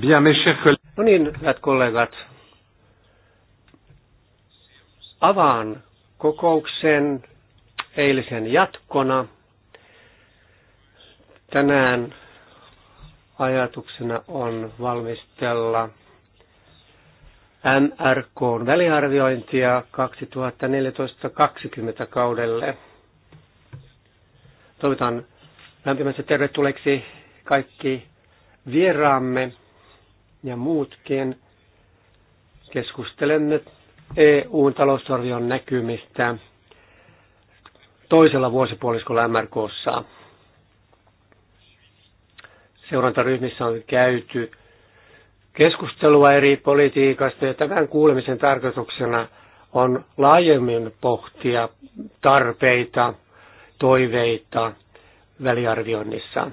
Bien, mes chers collègues. No niin, hyvät kollegat. Avaan kokouksen eilisen jatkona. Tänään ajatuksena on valmistella MRKn väliarviointia 2014-2020 kaudelle. Toivotan lämpimästi tervetulleeksi kaikki vieraamme ja muutkin keskustelemme EUn talousarvion näkymistä toisella vuosipuoliskolla MRKssa. Seurantaryhmissä on käyty keskustelua eri politiikasta ja tämän kuulemisen tarkoituksena on laajemmin pohtia tarpeita, toiveita väliarvioinnissa.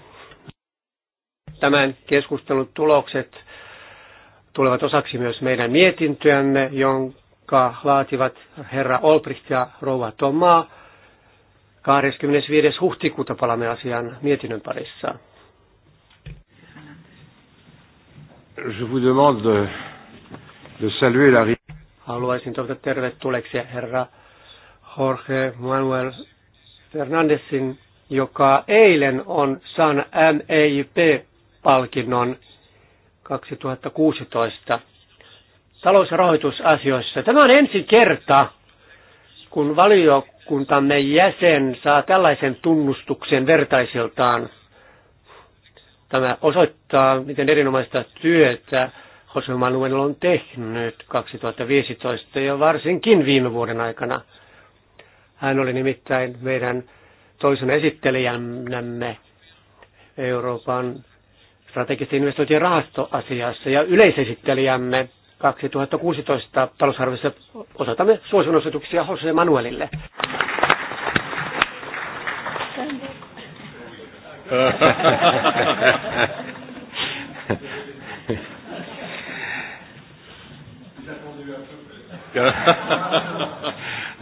Tämän keskustelun tulokset tulevat osaksi myös meidän mietintöämme, jonka laativat herra Olbricht ja rouva Tomaa. 25. huhtikuuta palamme asian mietinnön parissa. Je vous demande de, de saluer la... Haluaisin toivottaa tervetulleeksi herra Jorge Manuel Fernandesin, joka eilen on San meip palkinnon 2016 talous- ja rahoitusasioissa. Tämä on ensi kerta, kun valiokuntamme jäsen saa tällaisen tunnustuksen vertaisiltaan. Tämä osoittaa, miten erinomaista työtä Jose Manuel on tehnyt 2015 ja varsinkin viime vuoden aikana. Hän oli nimittäin meidän toisen esittelijämme Euroopan strategisten investointien rahastoasiassa ja yleisesittelijämme 2016 talousarviossa osoitamme suosionosoituksia Jose Manuelille.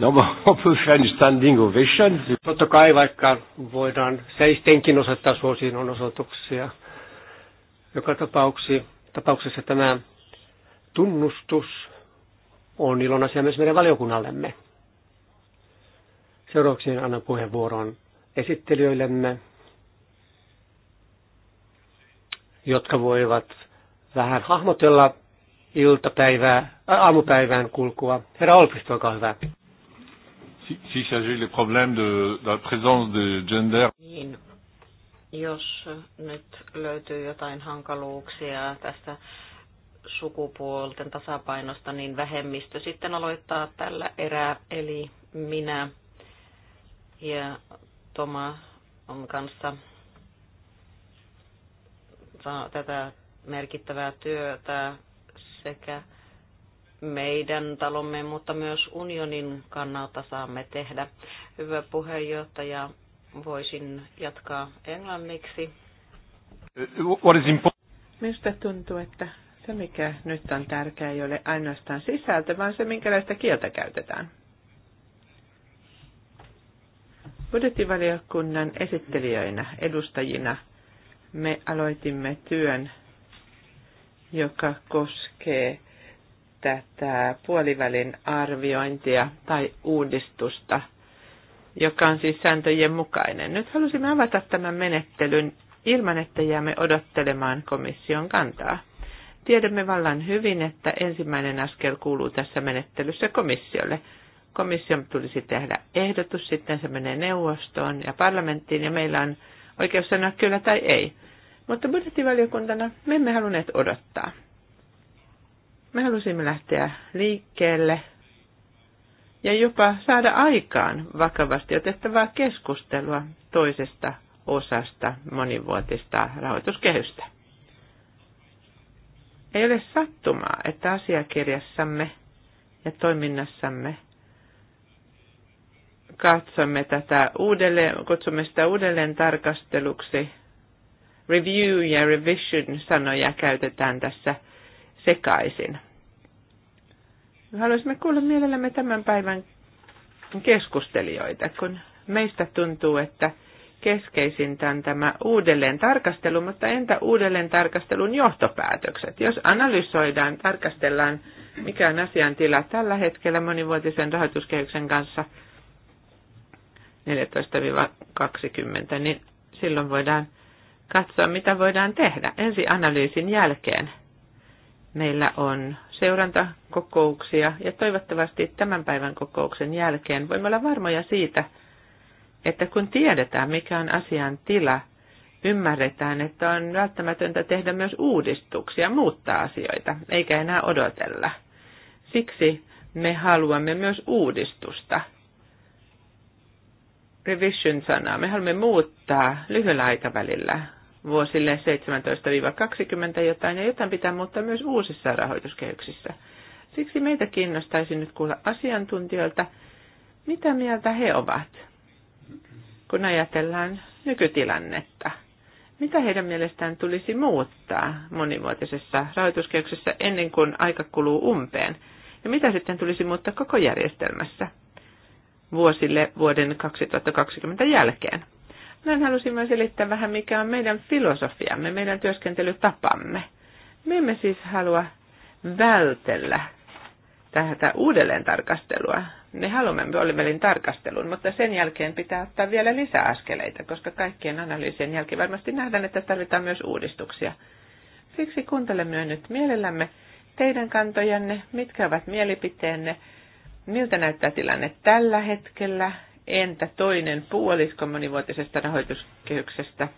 No, on peut faire standing ovation. Totta kai vaikka voidaan seistenkin osoittaa suosion osoituksia. Joka tapauksi, tapauksessa tämä tunnustus on ilon asia myös meidän valiokunnallemme. Seuraavaksi annan puheenvuoron esittelijöillemme, jotka voivat vähän hahmotella iltapäivää, aamupäivään kulkua. Herra Olpisto, olkaa hyvä. Si, si s'agit de, de la présence de gender. Niin jos nyt löytyy jotain hankaluuksia tästä sukupuolten tasapainosta, niin vähemmistö sitten aloittaa tällä erää, eli minä ja Toma on kanssa tätä merkittävää työtä sekä meidän talomme, mutta myös unionin kannalta saamme tehdä. Hyvä puheenjohtaja, voisin jatkaa englanniksi. What is Minusta tuntuu, että se mikä nyt on tärkeää ei ole ainoastaan sisältö, vaan se minkälaista kieltä käytetään. Budjettivaliokunnan esittelijöinä, edustajina me aloitimme työn, joka koskee tätä puolivälin arviointia tai uudistusta – joka on siis sääntöjen mukainen. Nyt halusimme avata tämän menettelyn ilman, että jäämme odottelemaan komission kantaa. Tiedämme vallan hyvin, että ensimmäinen askel kuuluu tässä menettelyssä komissiolle. Komission tulisi tehdä ehdotus, sitten se menee neuvostoon ja parlamenttiin ja meillä on oikeus sanoa kyllä tai ei. Mutta budjettivaliokuntana me emme halunneet odottaa. Me halusimme lähteä liikkeelle ja jopa saada aikaan vakavasti otettavaa keskustelua toisesta osasta monivuotista rahoituskehystä. Ei ole sattumaa, että asiakirjassamme ja toiminnassamme katsomme tätä uudelleen, kutsumme sitä uudelleen tarkasteluksi. Review ja revision sanoja käytetään tässä sekaisin. Haluaisimme kuulla mielellämme tämän päivän keskustelijoita, kun meistä tuntuu, että keskeisintä on tämä uudelleen tarkastelu, mutta entä uudelleen tarkastelun johtopäätökset? Jos analysoidaan, tarkastellaan, mikä on asiantila tällä hetkellä monivuotisen rahoituskehyksen kanssa 14-20, niin silloin voidaan katsoa, mitä voidaan tehdä. Ensi analyysin jälkeen meillä on seurantakokouksia ja toivottavasti tämän päivän kokouksen jälkeen voimme olla varmoja siitä, että kun tiedetään, mikä on asian tila, ymmärretään, että on välttämätöntä tehdä myös uudistuksia, muuttaa asioita, eikä enää odotella. Siksi me haluamme myös uudistusta. Revision-sanaa. Me haluamme muuttaa lyhyellä aikavälillä vuosille 17-20 jotain, ja jotain pitää muuttaa myös uusissa rahoituskehyksissä. Siksi meitä kiinnostaisi nyt kuulla asiantuntijoilta, mitä mieltä he ovat, kun ajatellaan nykytilannetta. Mitä heidän mielestään tulisi muuttaa monivuotisessa rahoituskehyksessä ennen kuin aika kuluu umpeen? Ja mitä sitten tulisi muuttaa koko järjestelmässä vuosille vuoden 2020 jälkeen? Näin halusin myös selittää vähän, mikä on meidän filosofiamme, meidän työskentelytapamme. Me emme siis halua vältellä tätä uudelleen tarkastelua. Me haluamme puolivälin tarkastelun, mutta sen jälkeen pitää ottaa vielä lisää askeleita, koska kaikkien analyysien jälkeen varmasti nähdään, että tarvitaan myös uudistuksia. Siksi kuuntelemme nyt mielellämme teidän kantojanne, mitkä ovat mielipiteenne, miltä näyttää tilanne tällä hetkellä Entä toinen puolisko monivuotisesta rahoituskehyksestä?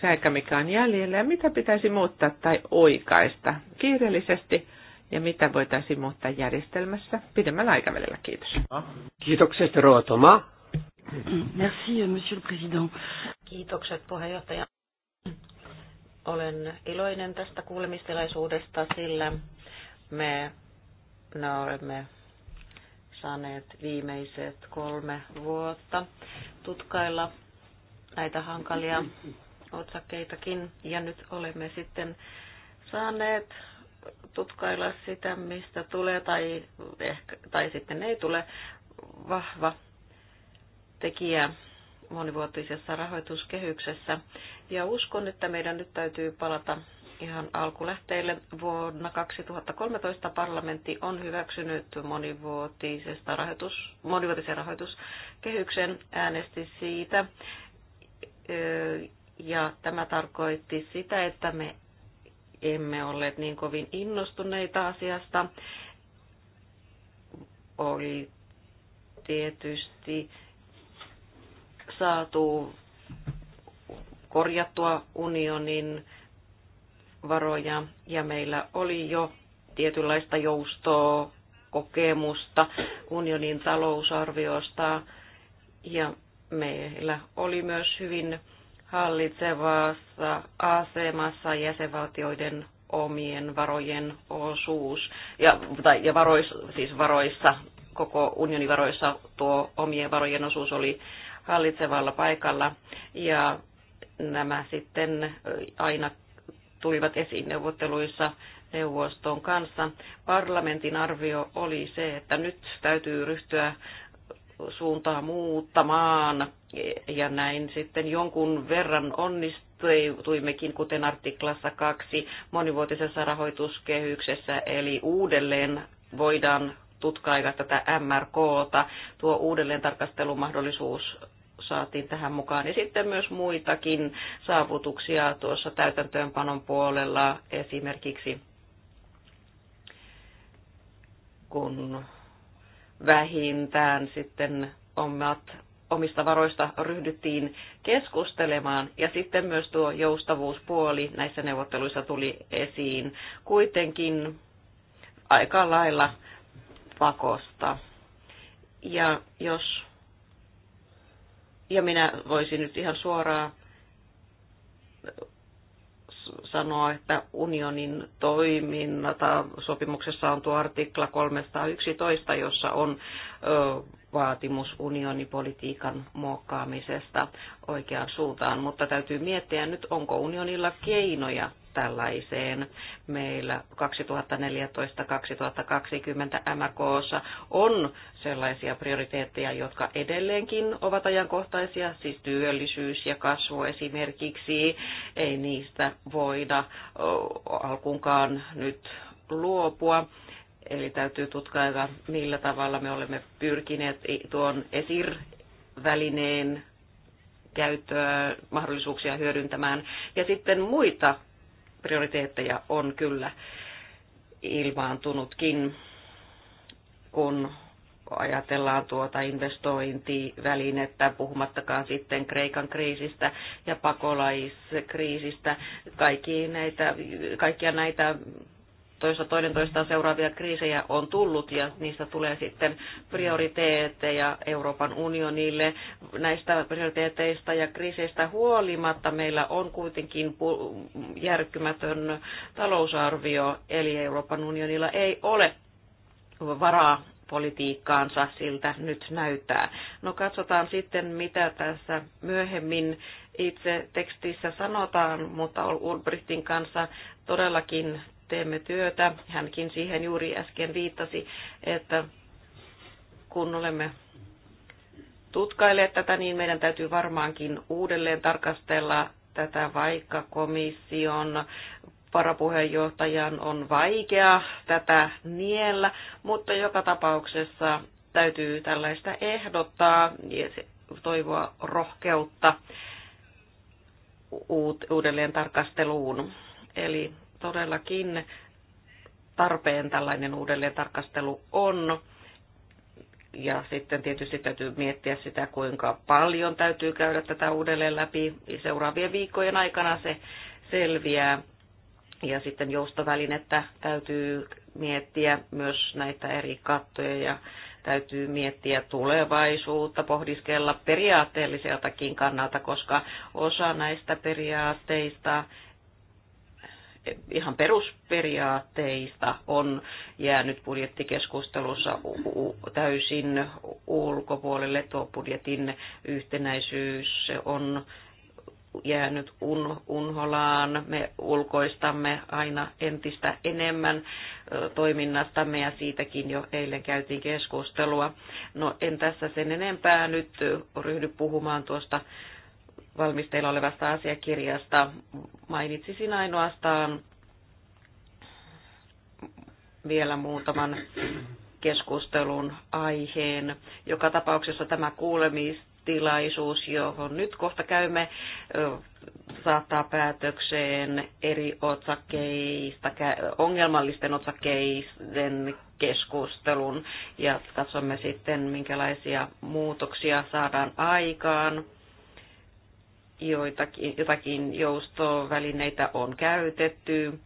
Se mikä on jäljellä ja mitä pitäisi muuttaa tai oikaista kiireellisesti ja mitä voitaisiin muuttaa järjestelmässä pidemmällä aikavälillä. Kiitos. Kiitokset, Toma. Merci, monsieur le président. Kiitokset, puheenjohtaja. Olen iloinen tästä kuulemistilaisuudesta, sillä me, me olemme saaneet viimeiset kolme vuotta tutkailla näitä hankalia otsakkeitakin. Ja nyt olemme sitten saaneet tutkailla sitä, mistä tulee tai, ehkä, tai sitten ei tule vahva tekijä monivuotisessa rahoituskehyksessä. Ja uskon, että meidän nyt täytyy palata ihan alkulähteille. Vuonna 2013 parlamentti on hyväksynyt monivuotisesta rahoitus, monivuotisen rahoituskehyksen äänesti siitä. Ja tämä tarkoitti sitä, että me emme olleet niin kovin innostuneita asiasta. Oli tietysti saatu korjattua unionin varoja ja meillä oli jo tietynlaista joustoa, kokemusta unionin talousarviosta ja meillä oli myös hyvin hallitsevassa asemassa jäsenvaltioiden omien varojen osuus, ja, tai, ja varoissa, siis varoissa, koko unionin varoissa tuo omien varojen osuus oli hallitsevalla paikalla, ja nämä sitten aina tulivat esiin neuvotteluissa neuvoston kanssa. Parlamentin arvio oli se, että nyt täytyy ryhtyä suuntaa muuttamaan ja näin sitten jonkun verran onnistuimmekin, kuten artiklassa kaksi monivuotisessa rahoituskehyksessä, eli uudelleen voidaan tutkailla tätä MRKta. Tuo uudelleen tarkastelumahdollisuus saatiin tähän mukaan. Ja sitten myös muitakin saavutuksia tuossa täytäntöönpanon puolella esimerkiksi kun vähintään sitten omat omista varoista ryhdyttiin keskustelemaan ja sitten myös tuo joustavuuspuoli näissä neuvotteluissa tuli esiin kuitenkin aika lailla pakosta. Ja jos ja minä voisin nyt ihan suoraan sanoa, että unionin toiminnata sopimuksessa on tuo artikla 311, jossa on ö, vaatimus unionipolitiikan muokkaamisesta oikeaan suuntaan, mutta täytyy miettiä nyt, onko unionilla keinoja tällaiseen. Meillä 2014-2020 MKssa on sellaisia prioriteetteja, jotka edelleenkin ovat ajankohtaisia, siis työllisyys ja kasvu esimerkiksi. Ei niistä voida alkuunkaan nyt luopua. Eli täytyy tutkailla, millä tavalla me olemme pyrkineet tuon ESIR-välineen käyttöä, mahdollisuuksia hyödyntämään. Ja sitten muita prioriteetteja on kyllä ilmaantunutkin, kun ajatellaan tuota investointivälinettä, puhumattakaan sitten Kreikan kriisistä ja pakolaiskriisistä. Kaikki näitä, kaikkia näitä toista toinen toistaan seuraavia kriisejä on tullut ja niistä tulee sitten prioriteetteja Euroopan unionille. Näistä prioriteeteista ja kriiseistä huolimatta meillä on kuitenkin järkkymätön talousarvio, eli Euroopan unionilla ei ole varaa politiikkaansa siltä nyt näyttää. No katsotaan sitten, mitä tässä myöhemmin itse tekstissä sanotaan, mutta Ulbrichtin kanssa todellakin teemme työtä. Hänkin siihen juuri äsken viittasi, että kun olemme tutkailleet tätä, niin meidän täytyy varmaankin uudelleen tarkastella tätä, vaikka komission varapuheenjohtajan on vaikea tätä niellä, mutta joka tapauksessa täytyy tällaista ehdottaa ja toivoa rohkeutta uudelleen tarkasteluun. Eli todellakin tarpeen tällainen uudelleen tarkastelu on. Ja sitten tietysti täytyy miettiä sitä, kuinka paljon täytyy käydä tätä uudelleen läpi. Seuraavien viikkojen aikana se selviää. Ja sitten joustovälinettä täytyy miettiä myös näitä eri kattoja ja täytyy miettiä tulevaisuutta, pohdiskella periaatteelliseltakin kannalta, koska osa näistä periaatteista ihan perusperiaatteista on jäänyt budjettikeskustelussa täysin ulkopuolelle. Tuo budjetin yhtenäisyys on jäänyt un, unholaan. Me ulkoistamme aina entistä enemmän toiminnastamme ja siitäkin jo eilen käytiin keskustelua. No en tässä sen enempää nyt ryhdy puhumaan tuosta valmisteilla olevasta asiakirjasta. Mainitsisin ainoastaan vielä muutaman keskustelun aiheen. Joka tapauksessa tämä kuulemistilaisuus, johon nyt kohta käymme, saattaa päätökseen eri otsakeista, ongelmallisten otsakeiden keskustelun ja katsomme sitten, minkälaisia muutoksia saadaan aikaan joitakin, jotakin joustovälineitä on käytetty.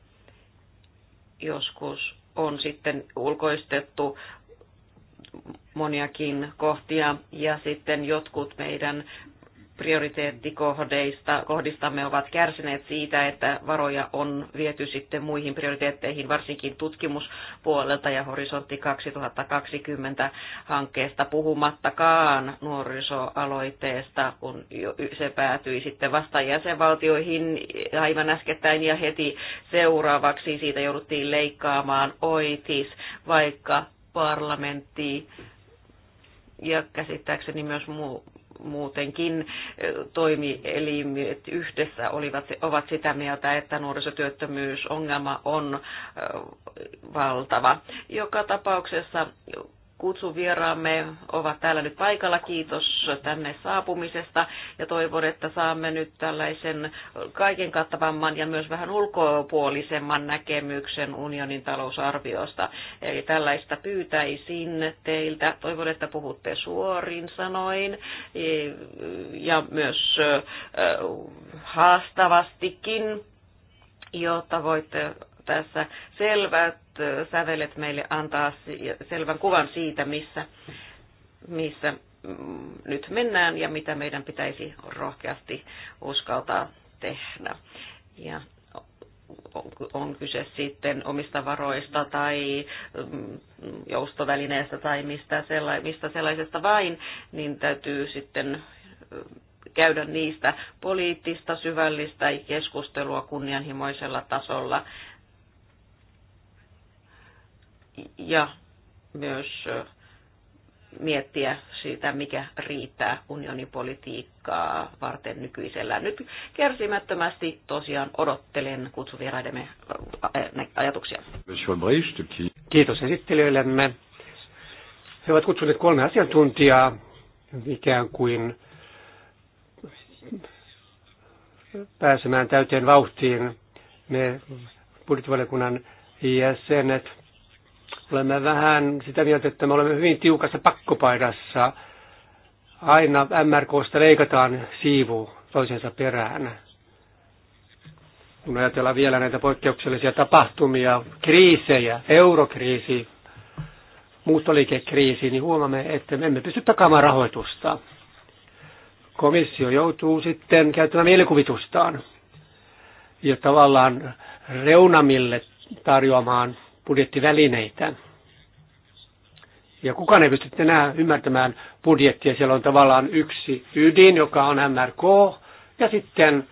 Joskus on sitten ulkoistettu moniakin kohtia ja sitten jotkut meidän prioriteettikohdeista kohdistamme ovat kärsineet siitä, että varoja on viety sitten muihin prioriteetteihin, varsinkin tutkimuspuolelta ja horisontti 2020 hankkeesta puhumattakaan nuorisoaloitteesta, kun se päätyi sitten vasta jäsenvaltioihin aivan äskettäin ja heti seuraavaksi siitä jouduttiin leikkaamaan oitis, vaikka parlamentti ja käsittääkseni myös muu muutenkin e, toimielimet yhdessä olivat, ovat sitä mieltä, että nuorisotyöttömyysongelma on e, valtava. Joka tapauksessa kutsuvieraamme ovat täällä nyt paikalla. Kiitos tänne saapumisesta ja toivon, että saamme nyt tällaisen kaiken kattavamman ja myös vähän ulkopuolisemman näkemyksen unionin talousarviosta. Eli tällaista pyytäisin teiltä. Toivon, että puhutte suorin sanoin ja myös äh, haastavastikin, jotta voitte tässä selvät sävelet meille antaa selvän kuvan siitä, missä, missä mm, nyt mennään ja mitä meidän pitäisi rohkeasti uskaltaa tehdä. Ja on kyse sitten omista varoista tai mm, joustovälineestä tai mistä, sella, mistä sellaisesta vain, niin täytyy sitten käydä niistä poliittista syvällistä keskustelua kunnianhimoisella tasolla ja myös miettiä siitä, mikä riittää unionipolitiikkaa varten nykyisellä Nyt kärsimättömästi tosiaan odottelen kutsuvieraidemme ajatuksia. Kiitos esittelijöillemme. He ovat kutsuneet kolme asiantuntijaa ikään kuin pääsemään täyteen vauhtiin. Me budjettivaliokunnan jäsenet Olemme vähän sitä mieltä, että me olemme hyvin tiukassa pakkopaidassa. Aina MRKsta leikataan siivu toisensa perään. Kun ajatellaan vielä näitä poikkeuksellisia tapahtumia, kriisejä, eurokriisi, muuttoliikekriisi, niin huomaamme, että me emme pysty takaamaan rahoitusta. Komissio joutuu sitten käyttämään mielikuvitustaan ja tavallaan reunamille tarjoamaan budjettivälineitä. Ja kukaan ei pysty enää ymmärtämään budjettia. Siellä on tavallaan yksi ydin, joka on MRK, ja sitten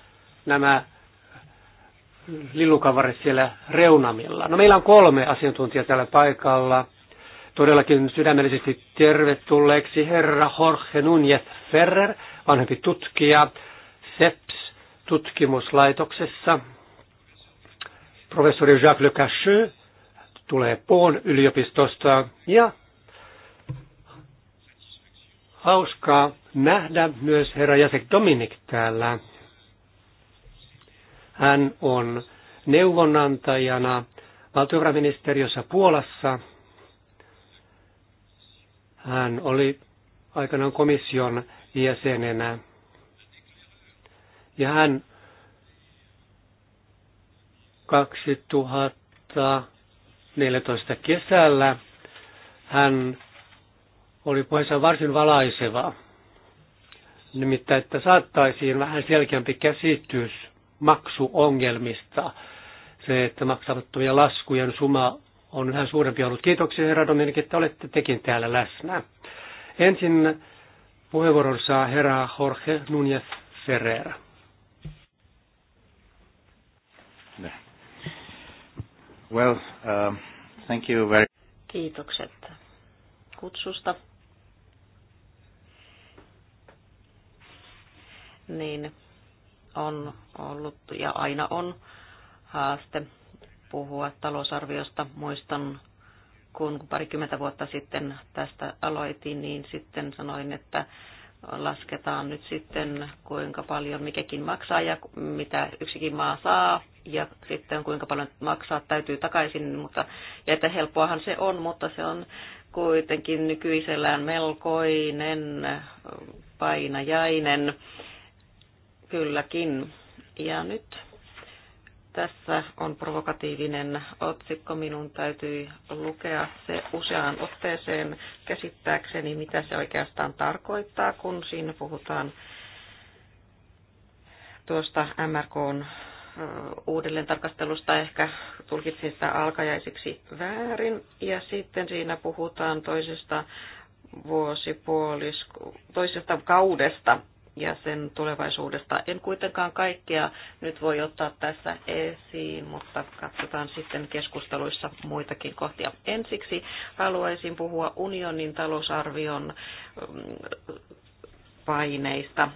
nämä lillukavarit siellä reunamilla. No meillä on kolme asiantuntijaa täällä paikalla. Todellakin sydämellisesti tervetulleeksi herra Jorge Nunez Ferrer, vanhempi tutkija SEPS-tutkimuslaitoksessa. Professori Jacques Le Cacheux, tulee Poon yliopistosta ja hauskaa nähdä myös herra Jasek Dominik täällä. Hän on neuvonantajana valtiovarainministeriössä Puolassa. Hän oli aikanaan komission jäsenenä. Ja hän 2000 2014 kesällä. Hän oli puheessa varsin valaiseva, nimittäin että saattaisiin vähän selkeämpi käsitys maksuongelmista. Se, että maksamattomia laskujen suma on yhä suurempi ollut. Kiitoksia herra Dominik, että olette tekin täällä läsnä. Ensin puheenvuoron saa herra Jorge Núñez Ferreira. Well, um, Thank you very... Kiitokset kutsusta. Niin on ollut ja aina on haaste puhua talousarviosta. Muistan, kun parikymmentä vuotta sitten tästä aloitin, niin sitten sanoin, että lasketaan nyt sitten, kuinka paljon mikäkin maksaa ja mitä yksikin maa saa ja sitten kuinka paljon maksaa täytyy takaisin, mutta, ja että helppoahan se on, mutta se on kuitenkin nykyisellään melkoinen painajainen kylläkin. Ja nyt tässä on provokatiivinen otsikko. Minun täytyy lukea se useaan otteeseen käsittääkseni, mitä se oikeastaan tarkoittaa, kun siinä puhutaan tuosta MRKn uudelleen tarkastelusta ehkä tulkitsin sitä alkajaisiksi väärin. Ja sitten siinä puhutaan toisesta vuosipuolis, toisesta kaudesta ja sen tulevaisuudesta. En kuitenkaan kaikkea nyt voi ottaa tässä esiin, mutta katsotaan sitten keskusteluissa muitakin kohtia. Ensiksi haluaisin puhua unionin talousarvion mm, paineista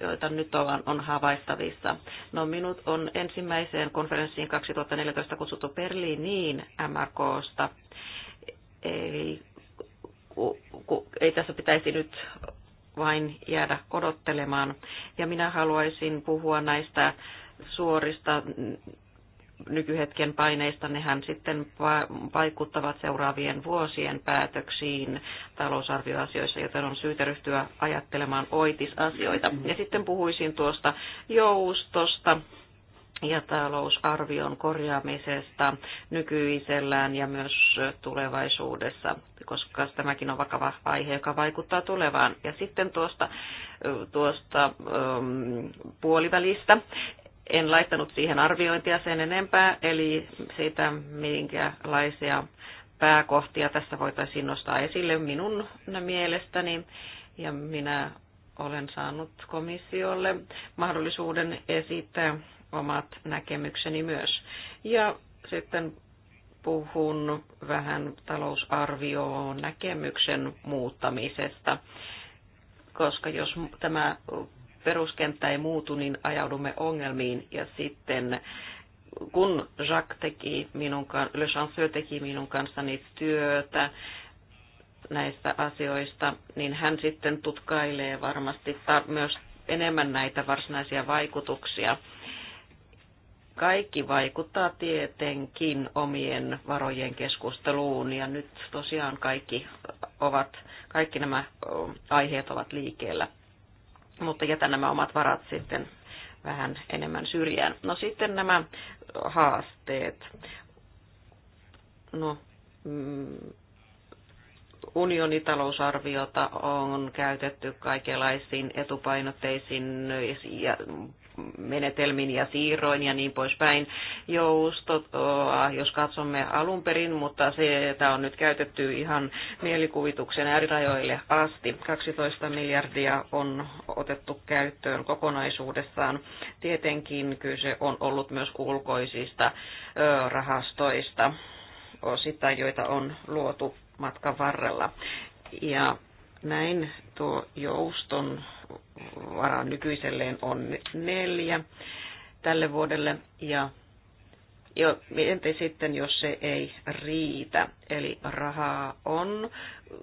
joita nyt ollaan, on havaittavissa. No, minut on ensimmäiseen konferenssiin 2014 kutsuttu Berliiniin MRKsta. Eli ei tässä pitäisi nyt vain jäädä odottelemaan. Ja minä haluaisin puhua näistä suorista nykyhetken paineista, nehän sitten vaikuttavat seuraavien vuosien päätöksiin talousarvioasioissa, joten on syytä ryhtyä ajattelemaan oitisasioita. Ja sitten puhuisin tuosta joustosta ja talousarvion korjaamisesta nykyisellään ja myös tulevaisuudessa, koska tämäkin on vakava aihe, joka vaikuttaa tulevaan. Ja sitten tuosta, tuosta um, puolivälistä. En laittanut siihen arviointia sen enempää, eli siitä, minkälaisia pääkohtia tässä voitaisiin nostaa esille minun mielestäni. Ja minä olen saanut komissiolle mahdollisuuden esittää omat näkemykseni myös. Ja sitten puhun vähän talousarvioon näkemyksen muuttamisesta, koska jos tämä peruskenttä ei muutu, niin ajaudumme ongelmiin ja sitten kun Jacques teki minun, Le Chanceux teki minun kanssani työtä, näistä asioista, niin hän sitten tutkailee varmasti myös enemmän näitä varsinaisia vaikutuksia. Kaikki vaikuttaa tietenkin omien varojen keskusteluun ja nyt tosiaan kaikki, ovat, kaikki nämä aiheet ovat liikkeellä. Mutta jätän nämä omat varat sitten vähän enemmän syrjään. No sitten nämä haasteet. No, mm, unionitalousarviota on käytetty kaikenlaisiin etupainotteisiin ja menetelmin ja siirroin ja niin poispäin joustot, äh, jos katsomme alun perin, mutta se tämä on nyt käytetty ihan mielikuvituksen äärirajoille asti. 12 miljardia on otettu käyttöön kokonaisuudessaan. Tietenkin kyse on ollut myös ulkoisista äh, rahastoista osittain, joita on luotu matkan varrella. Ja näin tuo jouston vara nykyiselleen on neljä tälle vuodelle ja jo, entä sitten, jos se ei riitä? Eli rahaa on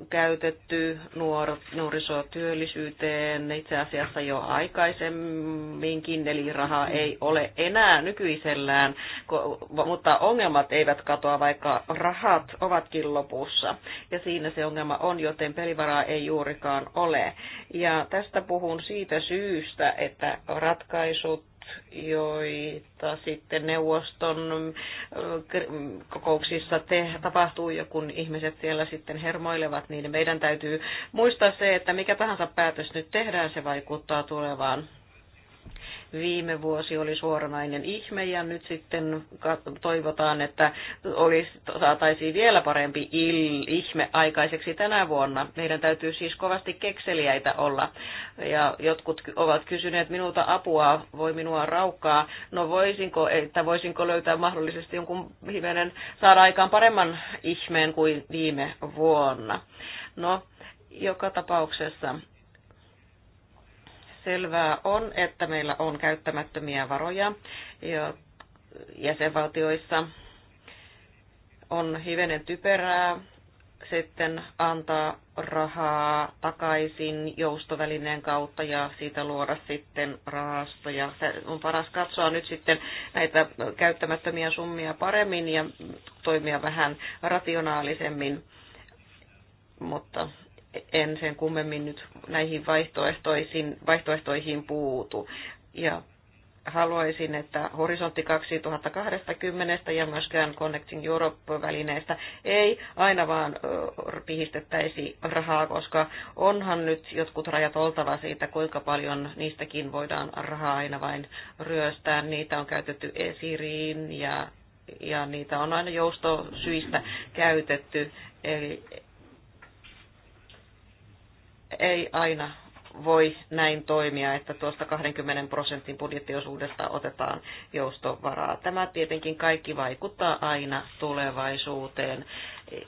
käytetty nuor- nuorisotyöllisyyteen itse asiassa jo aikaisemminkin, eli raha ei ole enää nykyisellään, mutta ongelmat eivät katoa, vaikka rahat ovatkin lopussa. Ja siinä se ongelma on, joten pelivaraa ei juurikaan ole. Ja tästä puhun siitä syystä, että ratkaisut joita sitten neuvoston kokouksissa te, tapahtuu ja kun ihmiset siellä sitten hermoilevat, niin meidän täytyy muistaa se, että mikä tahansa päätös nyt tehdään, se vaikuttaa tulevaan Viime vuosi oli suoranainen ihme ja nyt sitten toivotaan, että olisi, saataisiin vielä parempi il, ihme aikaiseksi tänä vuonna. Meidän täytyy siis kovasti kekseliäitä olla. Ja jotkut ovat kysyneet minulta apua, voi minua raukkaa. No voisinko, että voisinko löytää mahdollisesti jonkun hivenen saada aikaan paremman ihmeen kuin viime vuonna. No, joka tapauksessa Selvää on, että meillä on käyttämättömiä varoja jäsenvaltioissa. On hivenen typerää sitten antaa rahaa takaisin joustovälineen kautta ja siitä luoda sitten rahastoja. on paras katsoa nyt sitten näitä käyttämättömiä summia paremmin ja toimia vähän rationaalisemmin, mutta en sen kummemmin nyt näihin vaihtoehtoisiin, vaihtoehtoihin puutu. Ja haluaisin, että horisontti 2020 ja myöskään Connecting Europe-välineestä ei aina vaan pihistettäisi rahaa, koska onhan nyt jotkut rajat oltava siitä, kuinka paljon niistäkin voidaan rahaa aina vain ryöstää. Niitä on käytetty esiriin ja, ja niitä on aina joustosyistä käytetty. Eli ei aina voi näin toimia, että tuosta 20 prosentin budjettiosuudesta otetaan joustovaraa. Tämä tietenkin kaikki vaikuttaa aina tulevaisuuteen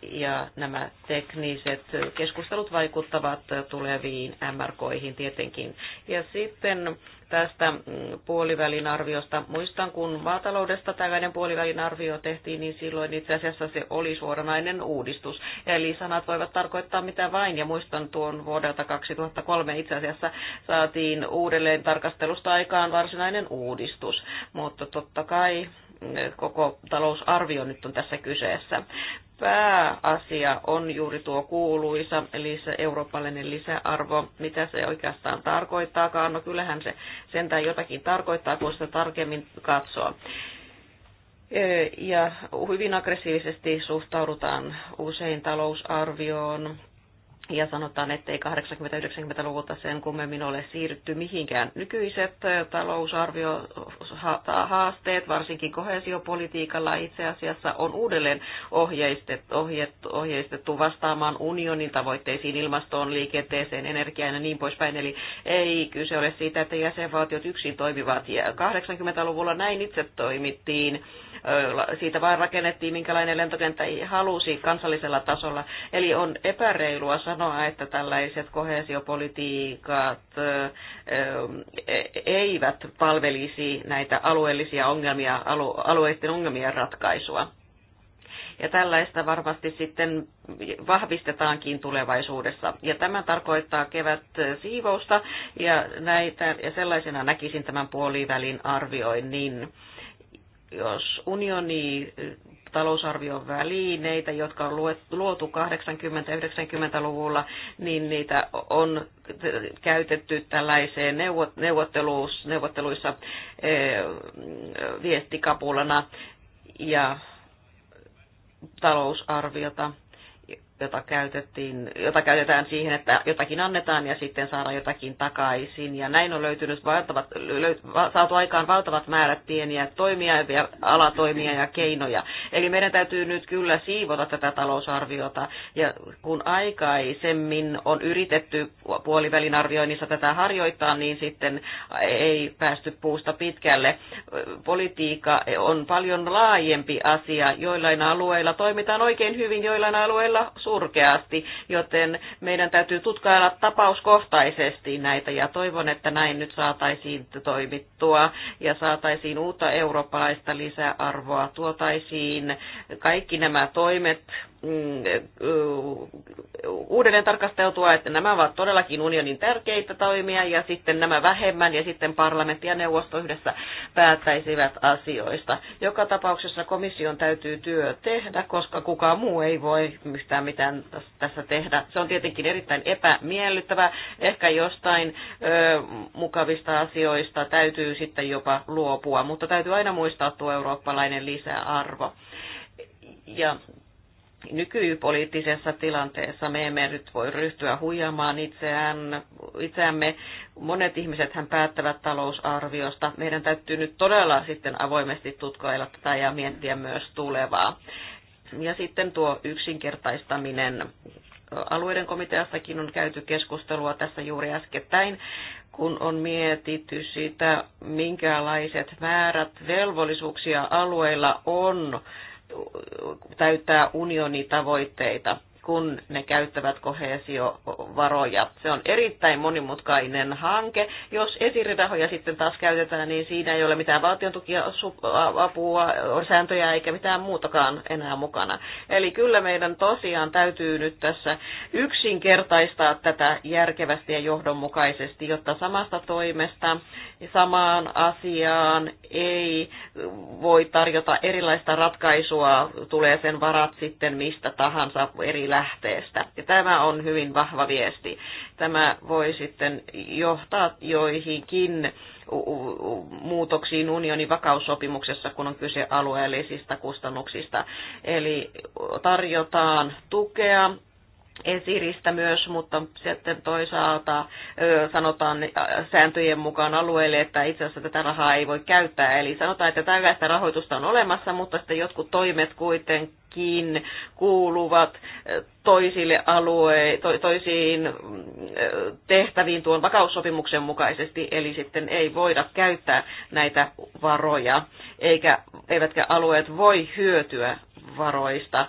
ja nämä tekniset keskustelut vaikuttavat tuleviin MRKihin tietenkin. Ja sitten tästä mm, puolivälin arviosta. Muistan, kun maataloudesta tällainen puolivälin arvio tehtiin, niin silloin itse asiassa se oli suoranainen uudistus. Eli sanat voivat tarkoittaa mitä vain, ja muistan tuon vuodelta 2003 itse asiassa saatiin uudelleen tarkastelusta aikaan varsinainen uudistus. Mutta totta kai koko talousarvio nyt on tässä kyseessä. Pääasia on juuri tuo kuuluisa se eurooppalainen lisäarvo. Mitä se oikeastaan tarkoittaakaan? No kyllähän se sentään jotakin tarkoittaa, kun sitä tarkemmin katsoa e, ja hyvin aggressiivisesti suhtaudutaan usein talousarvioon ja sanotaan, ettei 80-90-luvulta sen kummemmin ole siirrytty mihinkään. Nykyiset talousarviohaasteet, varsinkin kohesiopolitiikalla itse asiassa, on uudelleen ohjeistettu, ohjeistettu vastaamaan unionin tavoitteisiin, ilmastoon, liikenteeseen, energiaan ja niin poispäin. Eli ei kyse ole siitä, että jäsenvaltiot yksin toimivat. 80-luvulla näin itse toimittiin siitä vaan rakennettiin, minkälainen lentokenttä halusi kansallisella tasolla. Eli on epäreilua sanoa, että tällaiset kohesiopolitiikat e-, eivät palvelisi näitä alueellisia ongelmia, alueiden ongelmien ratkaisua. Ja tällaista varmasti sitten vahvistetaankin tulevaisuudessa. Ja tämä tarkoittaa kevät siivousta ja, näitä, ja sellaisena näkisin tämän puolivälin arvioinnin jos unioni eh, talousarvion välineitä, jotka on luotu 80-90-luvulla, niin niitä on käytetty tällaiseen neuvotteluissa eh, viestikapulana ja talousarviota jota, käytettiin, jota käytetään siihen, että jotakin annetaan ja sitten saadaan jotakin takaisin. Ja näin on löytynyt valtavat, löyt, saatu aikaan valtavat määrät pieniä toimia ja alatoimia ja keinoja. Eli meidän täytyy nyt kyllä siivota tätä talousarviota. Ja kun aikaisemmin on yritetty puolivälin arvioinnissa tätä harjoittaa, niin sitten ei päästy puusta pitkälle. Politiikka on paljon laajempi asia. Joillain alueilla toimitaan oikein hyvin, joillain alueilla su- surkeasti, joten meidän täytyy tutkailla tapauskohtaisesti näitä ja toivon, että näin nyt saataisiin toimittua ja saataisiin uutta eurooppalaista lisäarvoa, tuotaisiin kaikki nämä toimet mm, uudelleen tarkasteltua, että nämä ovat todellakin unionin tärkeitä toimia ja sitten nämä vähemmän ja sitten parlamentti ja neuvosto yhdessä päättäisivät asioista. Joka tapauksessa komission täytyy työ tehdä, koska kukaan muu ei voi yhtään mitään mitään tässä tehdä. Se on tietenkin erittäin epämiellyttävää. Ehkä jostain ö, mukavista asioista täytyy sitten jopa luopua, mutta täytyy aina muistaa tuo eurooppalainen lisäarvo. Ja nykypoliittisessa tilanteessa me emme nyt voi ryhtyä huijamaan itseään, itseämme. Monet ihmiset hän päättävät talousarviosta. Meidän täytyy nyt todella sitten avoimesti tutkailla tätä ja miettiä myös tulevaa. Ja sitten tuo yksinkertaistaminen. Alueiden komiteassakin on käyty keskustelua tässä juuri äskettäin, kun on mietitty sitä, minkälaiset määrät velvollisuuksia alueilla on täyttää unionitavoitteita kun ne käyttävät kohesiovaroja. Se on erittäin monimutkainen hanke. Jos esirirahoja sitten taas käytetään, niin siinä ei ole mitään valtion tukia, apua, sääntöjä eikä mitään muutakaan enää mukana. Eli kyllä meidän tosiaan täytyy nyt tässä yksinkertaistaa tätä järkevästi ja johdonmukaisesti, jotta samasta toimesta samaan asiaan ei voi tarjota erilaista ratkaisua, tulee sen varat sitten mistä tahansa eri lähteestä. Ja tämä on hyvin vahva viesti. Tämä voi sitten johtaa joihinkin muutoksiin unionin vakaussopimuksessa, kun on kyse alueellisista kustannuksista. Eli tarjotaan tukea esiristä myös, mutta sitten toisaalta sanotaan sääntöjen mukaan alueelle, että itse asiassa tätä rahaa ei voi käyttää. Eli sanotaan, että tällaista rahoitusta on olemassa, mutta sitten jotkut toimet kuitenkin kuuluvat toisille alue, to, toisiin tehtäviin tuon vakaussopimuksen mukaisesti, eli sitten ei voida käyttää näitä varoja, eikä, eivätkä alueet voi hyötyä varoista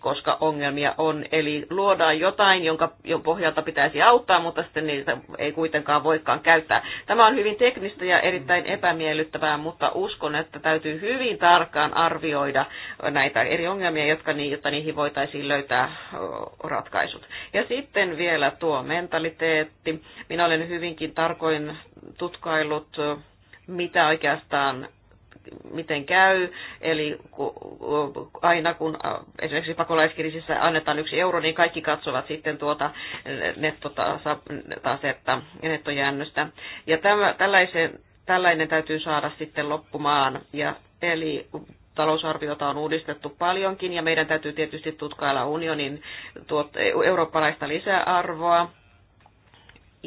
koska ongelmia on. Eli luodaan jotain, jonka pohjalta pitäisi auttaa, mutta sitten niitä ei kuitenkaan voikaan käyttää. Tämä on hyvin teknistä ja erittäin epämiellyttävää, mutta uskon, että täytyy hyvin tarkkaan arvioida näitä eri ongelmia, jotka, niin, jotta niihin voitaisiin löytää ratkaisut. Ja sitten vielä tuo mentaliteetti. Minä olen hyvinkin tarkoin tutkailut, mitä oikeastaan miten käy. Eli aina kun äh, esimerkiksi pakolaiskirisissä annetaan yksi euro, niin kaikki katsovat sitten tuota nettotasetta ja nettojäännöstä. Ja tällaisen, tällainen täytyy saada sitten loppumaan. Ja, eli talousarviota on uudistettu paljonkin ja meidän täytyy tietysti tutkailla unionin tuot, eurooppalaista lisäarvoa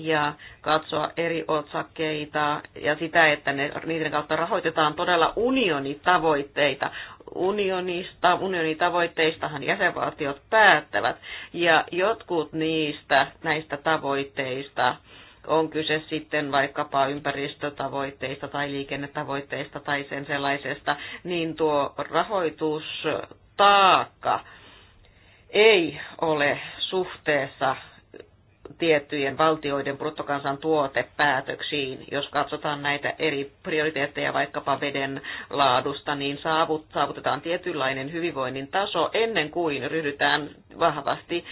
ja katsoa eri otsakkeita ja sitä, että ne, niiden kautta rahoitetaan todella unionin tavoitteita. Unionista, unionin jäsenvaltiot päättävät ja jotkut niistä näistä tavoitteista on kyse sitten vaikkapa ympäristötavoitteista tai liikennetavoitteista tai sen sellaisesta, niin tuo rahoitustaakka ei ole suhteessa tiettyjen valtioiden bruttokansantuotepäätöksiin. Jos katsotaan näitä eri prioriteetteja vaikkapa veden laadusta, niin saavut, saavutetaan tietynlainen hyvinvoinnin taso ennen kuin ryhdytään vahvasti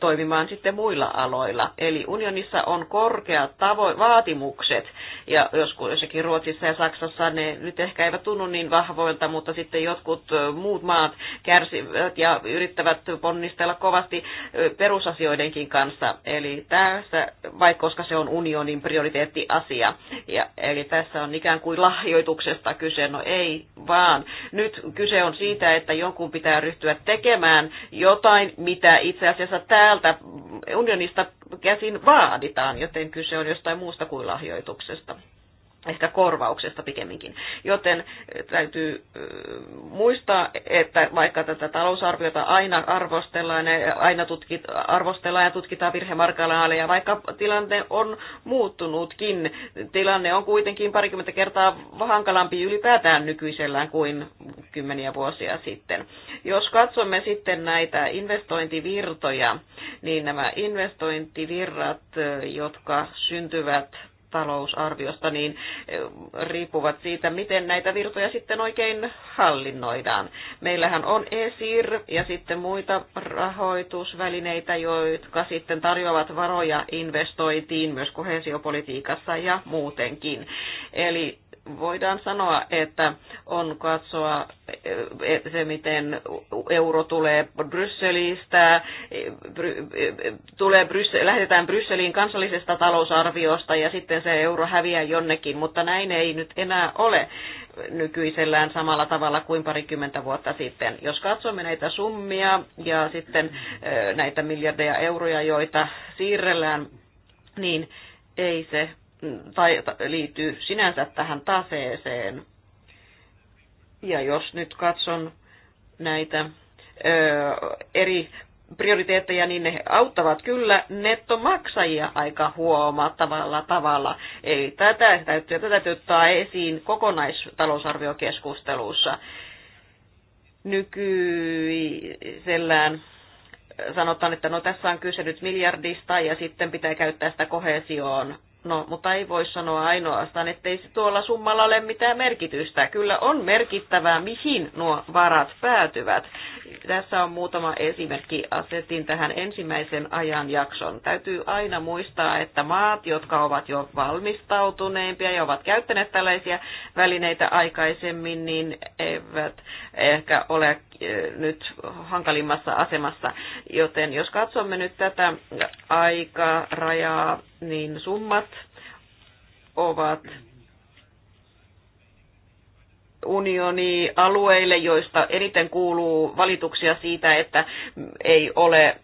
toimimaan sitten muilla aloilla. Eli unionissa on korkeat tavo- vaatimukset, ja joskus jossakin Ruotsissa ja Saksassa ne nyt ehkä eivät tunnu niin vahvoilta, mutta sitten jotkut muut maat kärsivät ja yrittävät ponnistella kovasti perusasioidenkin kanssa. Eli tässä, vaikka koska se on unionin prioriteettiasia. Ja, eli tässä on ikään kuin lahjoituksesta kyse, no ei vaan. Nyt kyse on siitä, että jonkun pitää ryhtyä tekemään jotain, mitä itse asiassa täältä unionista käsin vaaditaan, joten kyse on jostain muusta kuin lahjoituksesta ehkä korvauksesta pikemminkin. Joten eh, täytyy eh, muistaa, että vaikka tätä talousarviota aina arvostellaan, eh, aina tutkit, arvostellaan ja tutkitaan ja vaikka tilanne on muuttunutkin, tilanne on kuitenkin parikymmentä kertaa hankalampi ylipäätään nykyisellään kuin kymmeniä vuosia sitten. Jos katsomme sitten näitä investointivirtoja, niin nämä investointivirrat, jotka syntyvät talousarviosta, niin eh, riippuvat siitä, miten näitä virtoja sitten oikein hallinnoidaan. Meillähän on ESIR ja sitten muita rahoitusvälineitä, jotka sitten tarjoavat varoja investointiin myös kohesiopolitiikassa ja muutenkin. Eli voidaan sanoa, että on katsoa eh, se, miten euro tulee Brysselistä, tulee Bryssel, lähdetään Brysseliin kansallisesta talousarviosta ja sitten se euro häviää jonnekin, mutta näin ei nyt enää ole nykyisellään samalla tavalla kuin parikymmentä vuotta sitten. Jos katsomme näitä summia ja sitten eh, näitä miljardeja euroja, joita siirrellään, niin ei se tai liittyy sinänsä tähän taseeseen. Ja jos nyt katson näitä ö, eri prioriteetteja, niin ne auttavat kyllä nettomaksajia aika huomattavalla tavalla. Eli tätä täytyy, tätä täytyy ottaa esiin kokonaistalousarviokeskustelussa. Nykyisellään sanotaan, että no tässä on kyse nyt miljardista ja sitten pitää käyttää sitä kohesioon No, mutta ei voi sanoa ainoastaan, ettei se tuolla summalla ole mitään merkitystä. Kyllä on merkittävää, mihin nuo varat päätyvät. Tässä on muutama esimerkki. Asetin tähän ensimmäisen ajanjakson. Täytyy aina muistaa, että maat, jotka ovat jo valmistautuneimpia ja ovat käyttäneet tällaisia välineitä aikaisemmin, niin eivät ehkä ole Eh, nyt hankalimmassa asemassa. Joten jos katsomme nyt tätä aikarajaa, niin summat ovat unioni alueille, joista eniten kuuluu valituksia siitä, että ei ole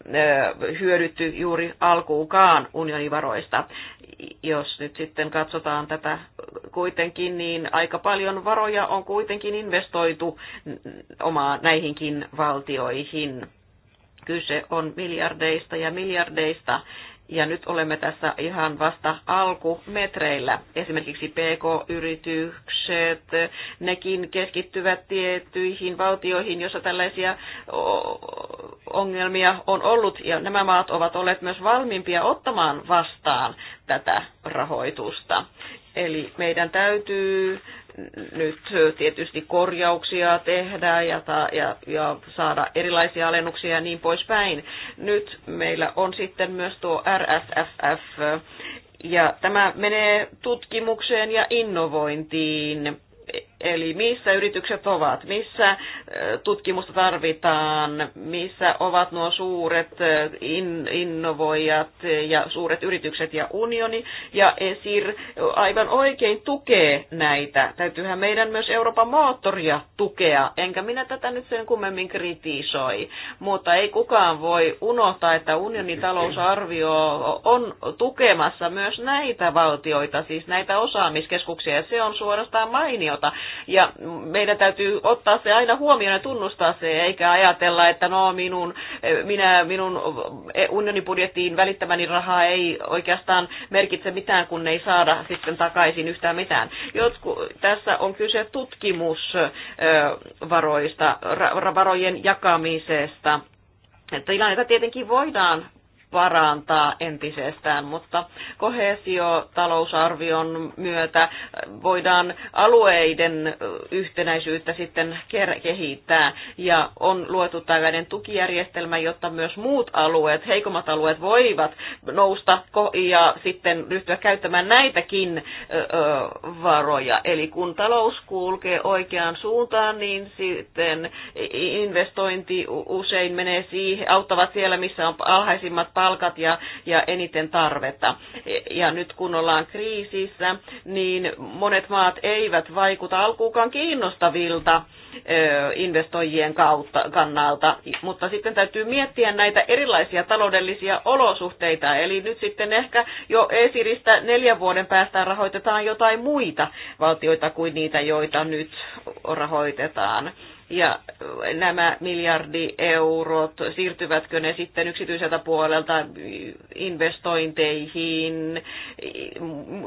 hyödytty juuri alkuukaan unionivaroista. Jos nyt sitten katsotaan tätä kuitenkin, niin aika paljon varoja on kuitenkin investoitu omaa näihinkin valtioihin. Kyse on miljardeista ja miljardeista ja nyt olemme tässä ihan vasta alkumetreillä. Esimerkiksi PK-yritykset, nekin keskittyvät tiettyihin valtioihin, joissa tällaisia ongelmia on ollut. Ja nämä maat ovat olleet myös valmiimpia ottamaan vastaan tätä rahoitusta. Eli meidän täytyy nyt tietysti korjauksia tehdä ja, ta, ja, ja saada erilaisia alennuksia ja niin poispäin. Nyt meillä on sitten myös tuo RFFF ja tämä menee tutkimukseen ja innovointiin Eli missä yritykset ovat, missä tutkimusta tarvitaan, missä ovat nuo suuret innovoijat ja suuret yritykset ja unioni. Ja ESIR aivan oikein tukee näitä. Täytyyhän meidän myös Euroopan moottoria tukea, enkä minä tätä nyt sen kummemmin kritisoi. Mutta ei kukaan voi unohtaa, että unionin talousarvio on tukemassa myös näitä valtioita, siis näitä osaamiskeskuksia, ja se on suorastaan mainiota. Ja meidän täytyy ottaa se aina huomioon ja tunnustaa se, eikä ajatella, että no minun, minä, minun unionibudjettiin välittämäni rahaa ei oikeastaan merkitse mitään, kun ei saada sitten takaisin yhtään mitään. Jotku, tässä on kyse tutkimusvaroista, varojen jakamisesta tilannetta tietenkin voidaan parantaa entisestään, mutta kohesiotalousarvion myötä voidaan alueiden yhtenäisyyttä sitten kehittää ja on luotu tällainen tukijärjestelmä, jotta myös muut alueet, heikommat alueet voivat nousta ja sitten ryhtyä käyttämään näitäkin varoja. Eli kun talous kulkee oikeaan suuntaan, niin sitten investointi usein menee siihen, auttavat siellä, missä on alhaisimmat palvelut, palkat ja, ja eniten tarvetta. Ja nyt kun ollaan kriisissä, niin monet maat eivät vaikuta alkuukaan kiinnostavilta investoijien kautta, kannalta, mutta sitten täytyy miettiä näitä erilaisia taloudellisia olosuhteita, eli nyt sitten ehkä jo esiristä neljän vuoden päästä rahoitetaan jotain muita valtioita kuin niitä, joita nyt rahoitetaan ja nämä miljardi eurot, siirtyvätkö ne sitten yksityiseltä puolelta investointeihin,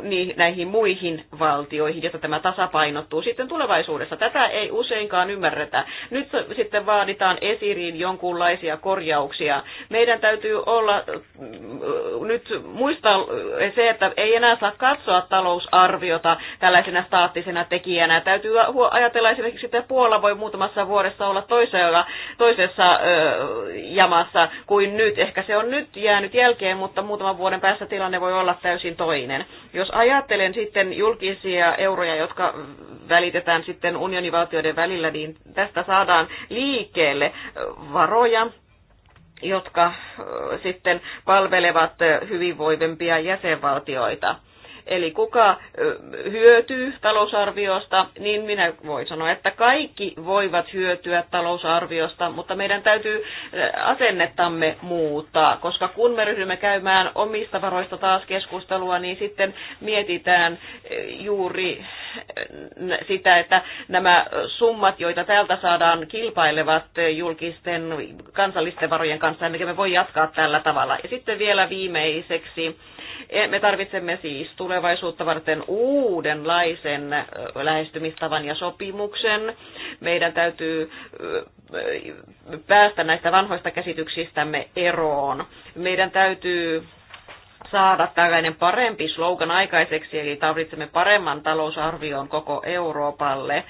niin näihin muihin valtioihin, jotta tämä tasapainottuu sitten tulevaisuudessa. Tätä ei useinkaan ymmärretä. Nyt sitten vaaditaan esiriin jonkunlaisia korjauksia. Meidän täytyy olla mm, nyt muistaa se, että ei enää saa katsoa talousarviota tällaisena staattisena tekijänä. Täytyy ajatella esimerkiksi, että Puola voi muutamassa puolessa vuodessa olla toisella, toisessa ö, jamassa kuin nyt. Ehkä se on nyt jäänyt jälkeen, mutta muutaman vuoden päässä tilanne voi olla täysin toinen. Jos ajattelen sitten julkisia euroja, jotka välitetään sitten unionivaltioiden välillä, niin tästä saadaan liikkeelle varoja, jotka sitten palvelevat hyvinvoivempia jäsenvaltioita eli kuka hyötyy talousarviosta, niin minä voin sanoa, että kaikki voivat hyötyä talousarviosta, mutta meidän täytyy asennettamme muuttaa, koska kun me ryhdymme käymään omista varoista taas keskustelua, niin sitten mietitään juuri sitä, että nämä summat, joita täältä saadaan, kilpailevat julkisten kansallisten varojen kanssa, emmekä niin me voi jatkaa tällä tavalla. Ja sitten vielä viimeiseksi E, me tarvitsemme siis tulevaisuutta varten uudenlaisen lähestymistavan ja sopimuksen. Meidän täytyy päästä näistä vanhoista käsityksistämme eroon. Meidän täytyy saada tällainen parempi slogan aikaiseksi, eli tarvitsemme paremman talousarvion koko Euroopalle.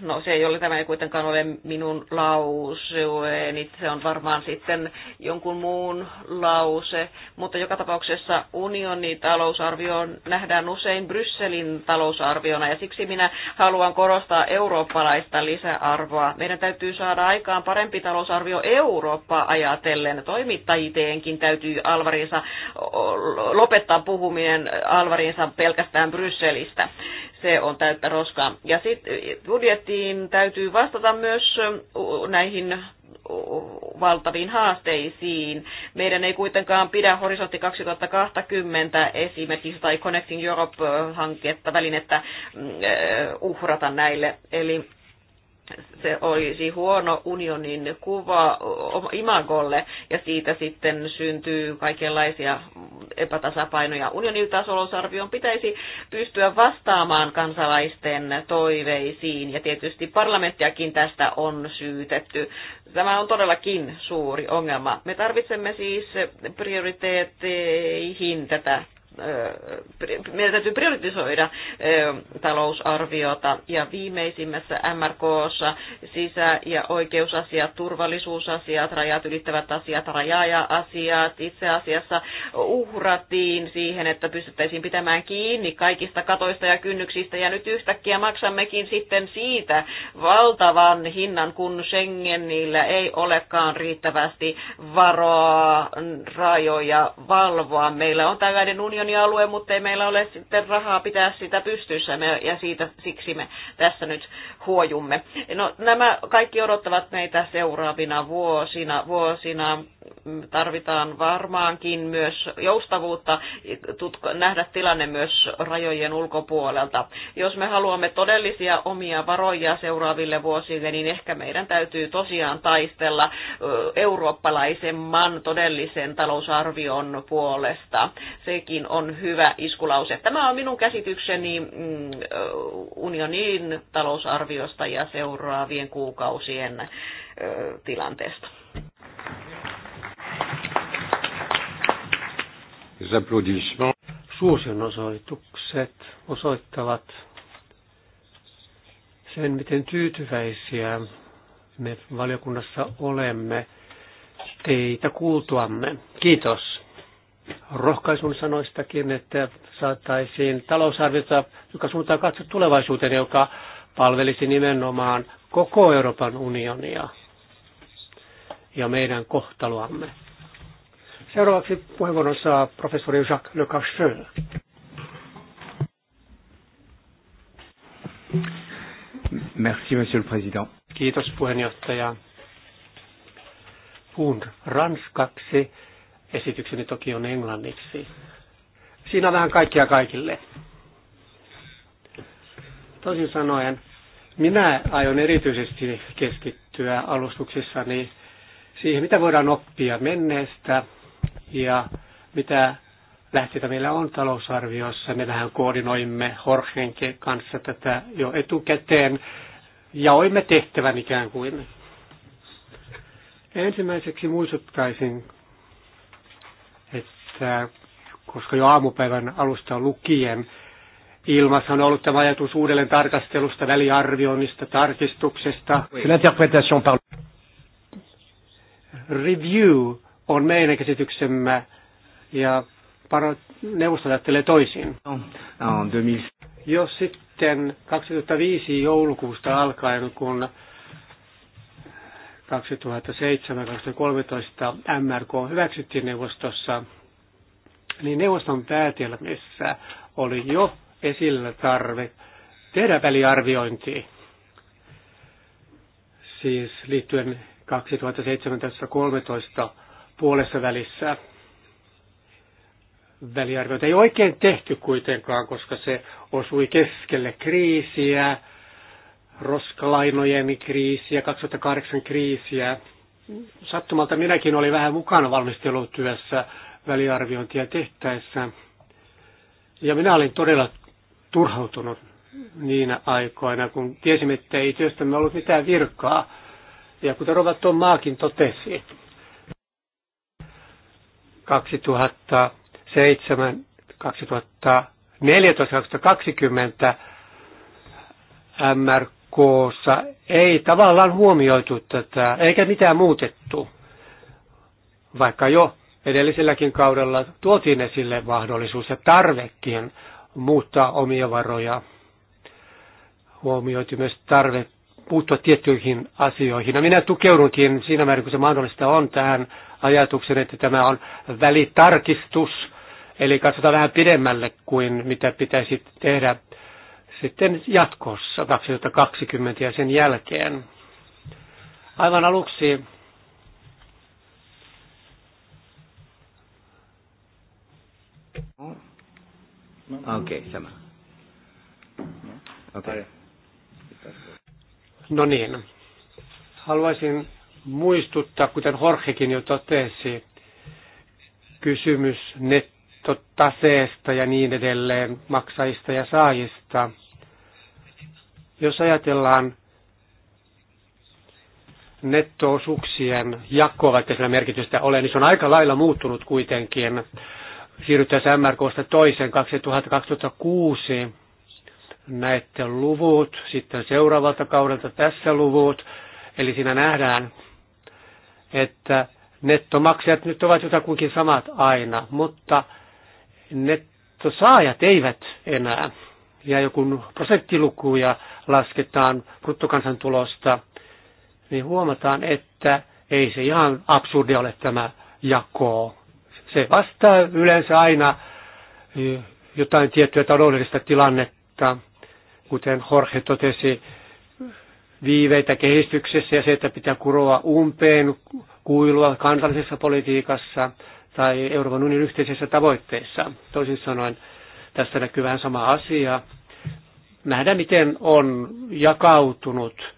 No se ei ole tämä ei kuitenkaan ole minun lauseeni, se on varmaan sitten jonkun muun lause, mutta joka tapauksessa unionin talousarvio nähdään usein Brysselin talousarviona ja siksi minä haluan korostaa eurooppalaista lisäarvoa. Meidän täytyy saada aikaan parempi talousarvio Eurooppaa ajatellen. Toimittajiteenkin täytyy Alvarinsa lopettaa puhuminen Alvarinsa pelkästään Brysselistä. Se on täyttä roskaa. Ja sitten budjettiin täytyy vastata myös näihin valtaviin haasteisiin. Meidän ei kuitenkaan pidä Horisontti 2020 esimerkiksi tai Connecting Europe-hanketta, välinettä mm, uhrata näille. Eli se olisi huono unionin kuva imagolle ja siitä sitten syntyy kaikenlaisia epätasapainoja. Unionin talousarvion pitäisi pystyä vastaamaan kansalaisten toiveisiin ja tietysti parlamenttiakin tästä on syytetty. Tämä on todellakin suuri ongelma. Me tarvitsemme siis prioriteetteihin tätä meidän täytyy prioritisoida talousarviota ja viimeisimmässä MRKssa sisä- ja oikeusasiat, turvallisuusasiat, rajat ylittävät asiat, rajaaja-asiat itse asiassa uhrattiin siihen, että pystyttäisiin pitämään kiinni kaikista katoista ja kynnyksistä ja nyt yhtäkkiä maksammekin sitten siitä valtavan hinnan, kun Schengenillä ei olekaan riittävästi varoa rajoja valvoa. Meillä on tällainen unioni unionialue, mutta ei meillä ole sitten rahaa pitää sitä pystyssä me, ja siitä siksi me tässä nyt huojumme. No, nämä kaikki odottavat meitä seuraavina vuosina. vuosina tarvitaan varmaankin myös joustavuutta tutko, nähdä tilanne myös rajojen ulkopuolelta. Jos me haluamme todellisia omia varoja seuraaville vuosille, niin ehkä meidän täytyy tosiaan taistella eurooppalaisemman todellisen talousarvion puolesta. Sekin on hyvä iskulause. Tämä on minun käsitykseni mm, unionin talousarviosta ja seuraavien kuukausien tilanteesta. Suosionosoitukset osoittavat sen, miten tyytyväisiä me valiokunnassa olemme teitä kuultuamme. Kiitos rohkaisun sanoistakin, että saataisiin talousarviota, joka suuntaa katso tulevaisuuteen, joka palvelisi nimenomaan koko Euroopan unionia ja meidän kohtaloamme. Seuraavaksi puheenvuoron saa professori Jacques Le Cacheux. Merci, monsieur le président. Kiitos puheenjohtaja. Puhun ranskaksi Esitykseni toki on englanniksi. Siinä on vähän kaikkia kaikille. Toisin sanoen, minä aion erityisesti keskittyä alustuksissani siihen, mitä voidaan oppia menneestä ja mitä lähteitä meillä on talousarviossa. vähän koordinoimme Horhenke kanssa tätä jo etukäteen. oimme tehtävän ikään kuin. Ensimmäiseksi muistuttaisin tässä, koska jo aamupäivän alusta lukien ilmassa on ollut tämä ajatus uudelleen tarkastelusta, väliarvioinnista, tarkistuksesta. Par... Review on meidän käsityksemme ja neuvosto ajattelee toisin. Jos sitten 2005 joulukuusta alkaen, kun 2007-2013 MRK hyväksyttiin neuvostossa, niin neuvoston päätelmissä oli jo esillä tarve tehdä väliarviointi, siis liittyen 2017-2013 puolessa välissä. väliarviointi ei oikein tehty kuitenkaan, koska se osui keskelle kriisiä, roskalainojen kriisiä, 2008 kriisiä. Sattumalta minäkin olin vähän mukana valmistelutyössä väliarviointia tehtäessä. Ja minä olin todella turhautunut niinä aikoina, kun tiesimme, että ei työstämme ollut mitään virkaa. Ja kuten Robert tuon Maakin totesi, 2007, 2014, 2020 MRKssa ei tavallaan huomioitu tätä, eikä mitään muutettu, vaikka jo edelliselläkin kaudella tuotiin esille mahdollisuus ja tarvekin muuttaa omia varoja. Huomioiti myös tarve puuttua tiettyihin asioihin. Ja no, minä tukeudunkin siinä määrin, kun se mahdollista on, tähän ajatuksen, että tämä on välitarkistus, eli katsotaan vähän pidemmälle kuin mitä pitäisi tehdä sitten jatkossa 2020 ja sen jälkeen. Aivan aluksi No. Okei, okay, sama. No. Okei. Okay. No niin. Haluaisin muistuttaa, kuten Horhekin jo totesi, kysymys nettotaseesta ja niin edelleen, maksajista ja saajista. Jos ajatellaan nettoosuuksien jakoa, vaikka sillä merkitystä ole, niin se on aika lailla muuttunut kuitenkin siirryttäisiin MRKsta toisen 2006. Näette luvut, sitten seuraavalta kaudelta tässä luvut. Eli siinä nähdään, että nettomaksajat nyt ovat jotakuinkin samat aina, mutta nettosaajat eivät enää. Ja joku prosenttilukuja lasketaan bruttokansantulosta, niin huomataan, että ei se ihan absurdi ole tämä jakoo. Se vastaa yleensä aina e, jotain tiettyä taloudellista tilannetta, kuten Jorge totesi, viiveitä kehityksessä ja se, että pitää kuroa umpeen kuilua kansallisessa politiikassa tai Euroopan unionin yhteisissä tavoitteissa. Toisin sanoen, tässä näkyy vähän sama asia. Nähdään, miten on jakautunut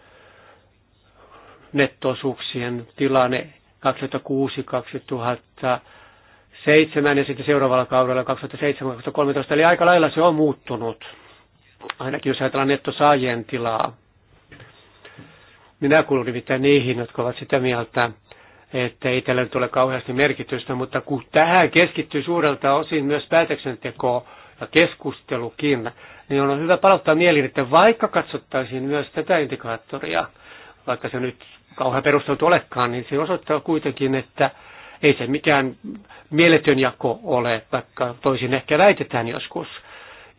nettoosuuksien tilanne 2006 2000 2007 ja sitten seuraavalla kaudella 2007-2013, eli aika lailla se on muuttunut, ainakin jos ajatellaan nettosaajien tilaa. Minä kuulun nimittäin niihin, jotka ovat sitä mieltä, että ei tällä nyt ole kauheasti merkitystä, mutta kun tähän keskittyy suurelta osin myös päätöksenteko ja keskustelukin, niin on hyvä palauttaa mieliin, että vaikka katsottaisiin myös tätä indikaattoria, vaikka se nyt kauhean perusteltu olekaan, niin se osoittaa kuitenkin, että ei se mikään mieletön jako ole, vaikka toisin ehkä väitetään joskus.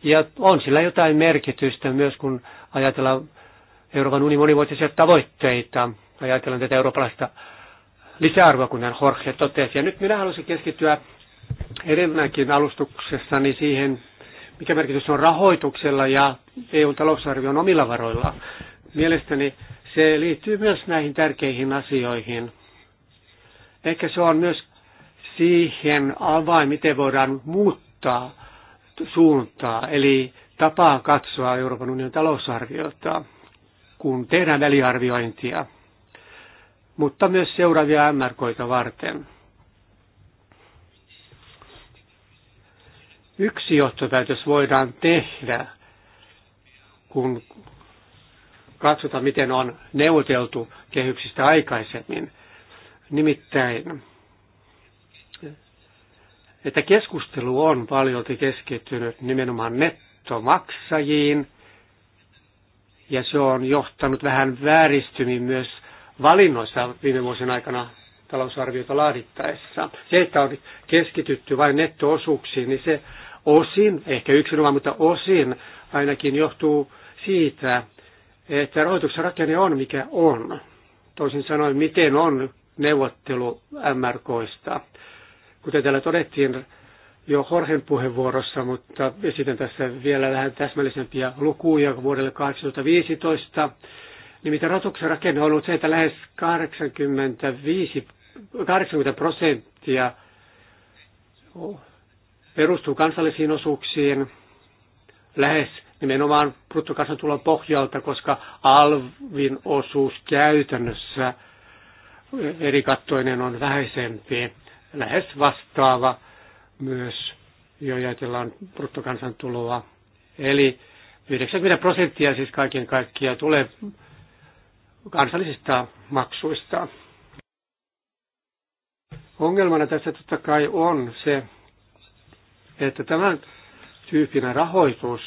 Ja on sillä jotain merkitystä myös, kun ajatellaan Euroopan unionin monivuotisia tavoitteita, ajatellaan tätä eurooppalaista lisäarvoa, kuten Jorge totesi. Ja nyt minä haluaisin keskittyä enemmänkin alustuksessani siihen, mikä merkitys on rahoituksella ja EUn talousarvion omilla varoilla. Mielestäni se liittyy myös näihin tärkeihin asioihin. Ehkä se on myös siihen avain, miten voidaan muuttaa suuntaa, eli tapaa katsoa Euroopan unionin talousarviota, kun tehdään väliarviointia, mutta myös seuraavia MRKita varten. Yksi johtopäätös voidaan tehdä, kun katsotaan, miten on neuvoteltu kehyksistä aikaisemmin, Nimittäin, että keskustelu on paljon keskittynyt nimenomaan nettomaksajiin, ja se on johtanut vähän vääristymiin myös valinnoissa viime vuosien aikana talousarviota laadittaessa. Se, että on keskitytty vain nettoosuuksiin, niin se osin, ehkä yksinomaan, mutta osin ainakin johtuu siitä, että rahoituksen rakenne on mikä on. Toisin sanoen, miten on neuvottelu MRKista. Kuten täällä todettiin jo Horhen puheenvuorossa, mutta esitän tässä vielä vähän täsmällisempiä lukuja vuodelle 2015. Nimittäin ratuksen rakenne on ollut se, että lähes 85, 80 prosenttia perustuu kansallisiin osuuksiin, lähes nimenomaan bruttokansantulon pohjalta, koska alvin osuus käytännössä – eri kattoinen on vähäisempi, lähes vastaava myös, jo ajatellaan bruttokansantuloa. Eli 90 prosenttia siis kaiken kaikkiaan tulee kansallisista maksuista. Ongelmana tässä totta kai on se, että tämän tyyppinen rahoitus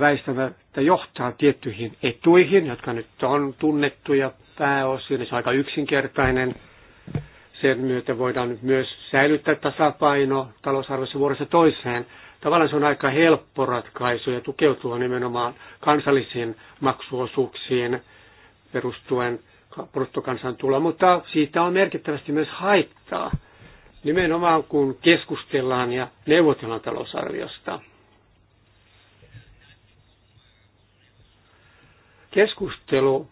väistämättä johtaa tiettyihin etuihin, jotka nyt on tunnettuja pääosin, se on aika yksinkertainen. Sen myötä voidaan myös säilyttää tasapaino talousarvossa vuodessa toiseen. Tavallaan se on aika helppo ratkaisu ja tukeutua nimenomaan kansallisiin maksuosuuksiin perustuen bruttokansantuloon, mutta siitä on merkittävästi myös haittaa, nimenomaan kun keskustellaan ja neuvotellaan talousarviosta. Keskustelu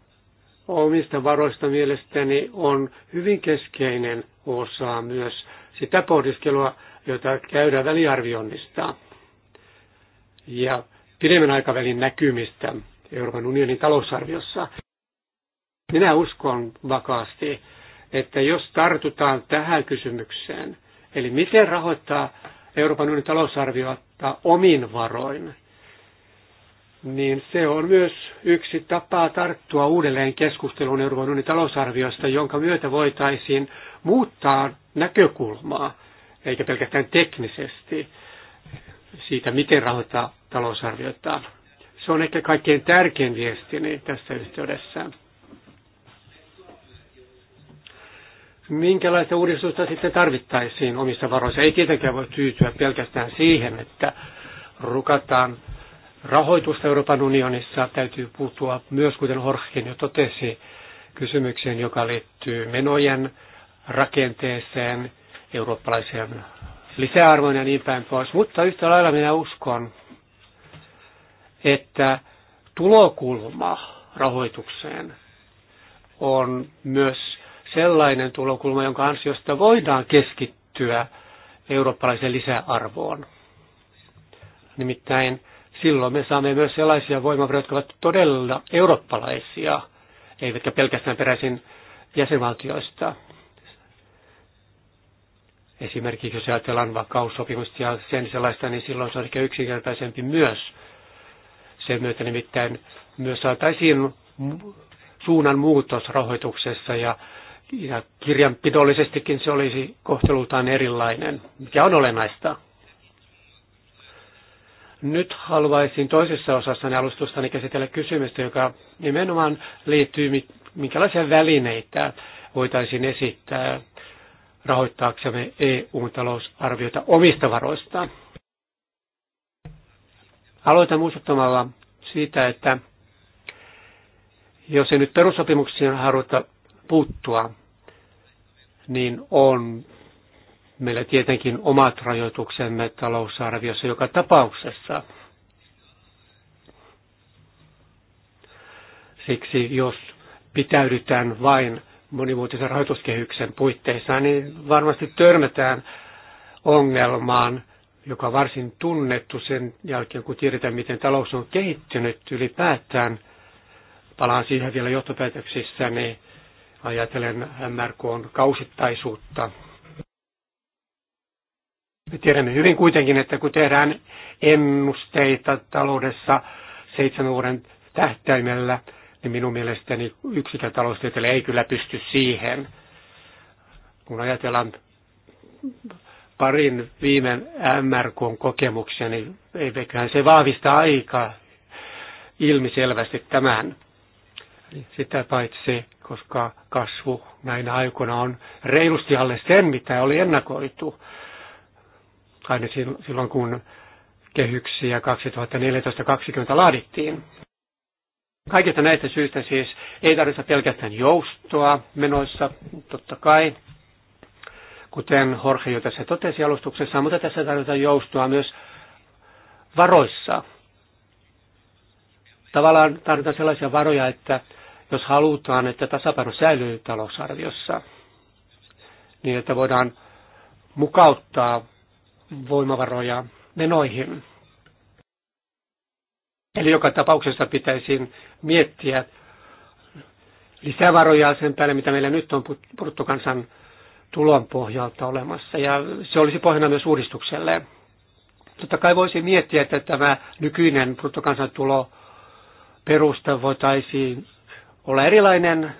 omista varoista mielestäni on hyvin keskeinen osa myös sitä pohdiskelua, jota käydään väliarvioinnista ja pidemmän aikavälin näkymistä Euroopan unionin talousarviossa. Minä uskon vakaasti, että jos tartutaan tähän kysymykseen, eli miten rahoittaa Euroopan unionin talousarviota omin varoin, niin se on myös yksi tapa tarttua uudelleen keskusteluun Euroopan unionin talousarviosta, jonka myötä voitaisiin muuttaa näkökulmaa, eikä pelkästään teknisesti siitä, miten rahoittaa talousarviota. Se on ehkä kaikkein tärkein viestini tässä yhteydessä. Minkälaista uudistusta sitten tarvittaisiin omissa varoissa? Ei tietenkään voi tyytyä pelkästään siihen, että rukataan rahoitusta Euroopan unionissa täytyy puuttua myös, kuten Horkin jo totesi, kysymykseen, joka liittyy menojen rakenteeseen, eurooppalaiseen lisäarvoon ja niin päin pois. Mutta yhtä lailla minä uskon, että tulokulma rahoitukseen on myös sellainen tulokulma, jonka ansiosta voidaan keskittyä eurooppalaiseen lisäarvoon. Nimittäin Silloin me saamme myös sellaisia voimavaroja, jotka ovat todella eurooppalaisia, eivätkä pelkästään peräisin jäsenvaltioista. Esimerkiksi jos ajatellaan vakaussopimusta ja sen sellaista, niin silloin se on ehkä yksinkertaisempi myös. Sen myötä nimittäin myös saataisiin suunnan muutos rahoituksessa ja, ja kirjanpidollisestikin se olisi kohtelultaan erilainen, mikä on olennaista. Nyt haluaisin toisessa osassa alustustani käsitellä kysymystä, joka nimenomaan liittyy, minkälaisia välineitä voitaisiin esittää rahoittaaksemme EU-talousarviota omista varoista. Aloitan muistuttamalla siitä, että jos ei nyt perussopimuksiin haluta puuttua, niin on meillä tietenkin omat rajoituksemme talousarviossa joka tapauksessa. Siksi jos pitäydytään vain monimuotoisen rahoituskehyksen puitteissa, niin varmasti törmätään ongelmaan, joka on varsin tunnettu sen jälkeen, kun tiedetään, miten talous on kehittynyt ylipäätään. Palaan siihen vielä johtopäätöksissä, niin ajatellen MRK on kausittaisuutta me tiedämme hyvin kuitenkin, että kun tehdään ennusteita taloudessa seitsemän vuoden tähtäimellä, niin minun mielestäni yksikään taloustieteilijä ei kyllä pysty siihen. Kun ajatellaan parin viime MRKn kokemuksia, niin eiköhän se vahvista aika ilmiselvästi tämän. Sitä paitsi, koska kasvu näinä aikoina on reilusti alle sen, mitä oli ennakoitu aina silloin kun kehyksiä 2014-2020 laadittiin. Kaikista näistä syistä siis ei tarvita pelkästään joustoa menoissa, totta kai, kuten Jorge jo tässä totesi alustuksessa, mutta tässä tarvitaan joustoa myös varoissa. Tavallaan tarvitaan sellaisia varoja, että jos halutaan, että tasapaino säilyy talousarviossa, niin että voidaan mukauttaa voimavaroja menoihin. Eli joka tapauksessa pitäisi miettiä lisävaroja sen päälle, mitä meillä nyt on bruttokansan tulon pohjalta olemassa. Ja se olisi pohjana myös uudistukselle. Totta kai voisi miettiä, että tämä nykyinen bruttokansantulo perusta voitaisiin olla erilainen,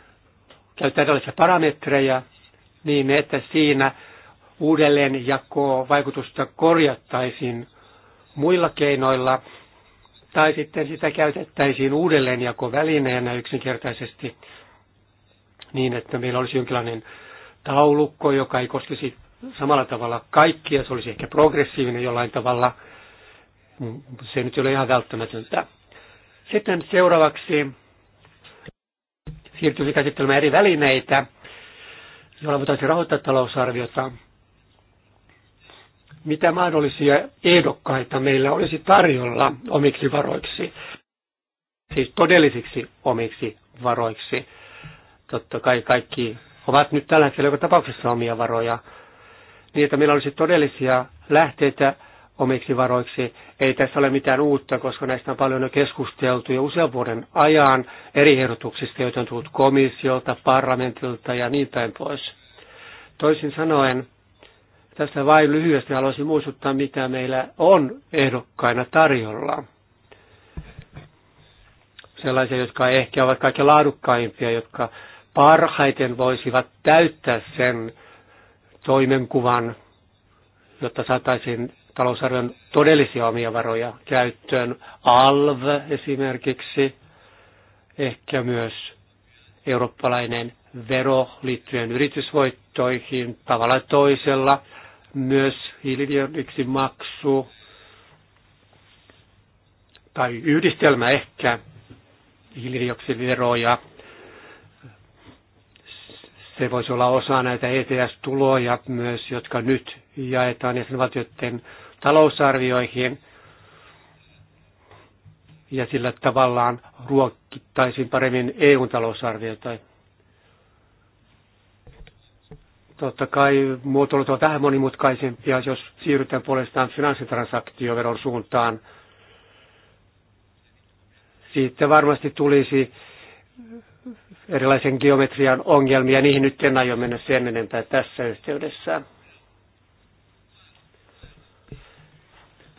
käyttää erilaisia parametreja niin, että siinä uudelleenjakoa vaikutusta korjattaisiin muilla keinoilla, tai sitten sitä käytettäisiin uudelleenjakovälineenä yksinkertaisesti niin, että meillä olisi jonkinlainen taulukko, joka ei koskisi samalla tavalla kaikkia, se olisi ehkä progressiivinen jollain tavalla, se nyt ei ole ihan välttämätöntä. Sitten seuraavaksi siirtyisi käsittelemään eri välineitä, joilla voitaisiin rahoittaa talousarviota mitä mahdollisia ehdokkaita meillä olisi tarjolla omiksi varoiksi, siis todellisiksi omiksi varoiksi. Totta kai kaikki ovat nyt tällä hetkellä joka tapauksessa omia varoja, niin että meillä olisi todellisia lähteitä omiksi varoiksi. Ei tässä ole mitään uutta, koska näistä on paljon jo keskusteltu jo usean vuoden ajan eri ehdotuksista, joita on tullut komissiolta, parlamentilta ja niin päin pois. Toisin sanoen, tässä vain lyhyesti haluaisin muistuttaa, mitä meillä on ehdokkaina tarjolla. Sellaisia, jotka ehkä ovat kaikkein laadukkaimpia, jotka parhaiten voisivat täyttää sen toimenkuvan, jotta saataisiin talousarvion todellisia omia varoja käyttöön. ALV esimerkiksi, ehkä myös eurooppalainen vero liittyen yritysvoittoihin tavalla toisella, myös maksu tai yhdistelmä ehkä hiilidioksidiveroja. Se voisi olla osa näitä ETS-tuloja myös, jotka nyt jaetaan jäsenvaltioiden talousarvioihin. Ja sillä tavallaan ruokittaisiin paremmin EU-talousarviota Totta kai muotoilut ovat vähän monimutkaisempia, jos siirrytään puolestaan finanssitransaktioveron suuntaan. Siitä varmasti tulisi erilaisen geometrian ongelmia. Niihin nyt en aio mennä sen enempää tässä yhteydessä.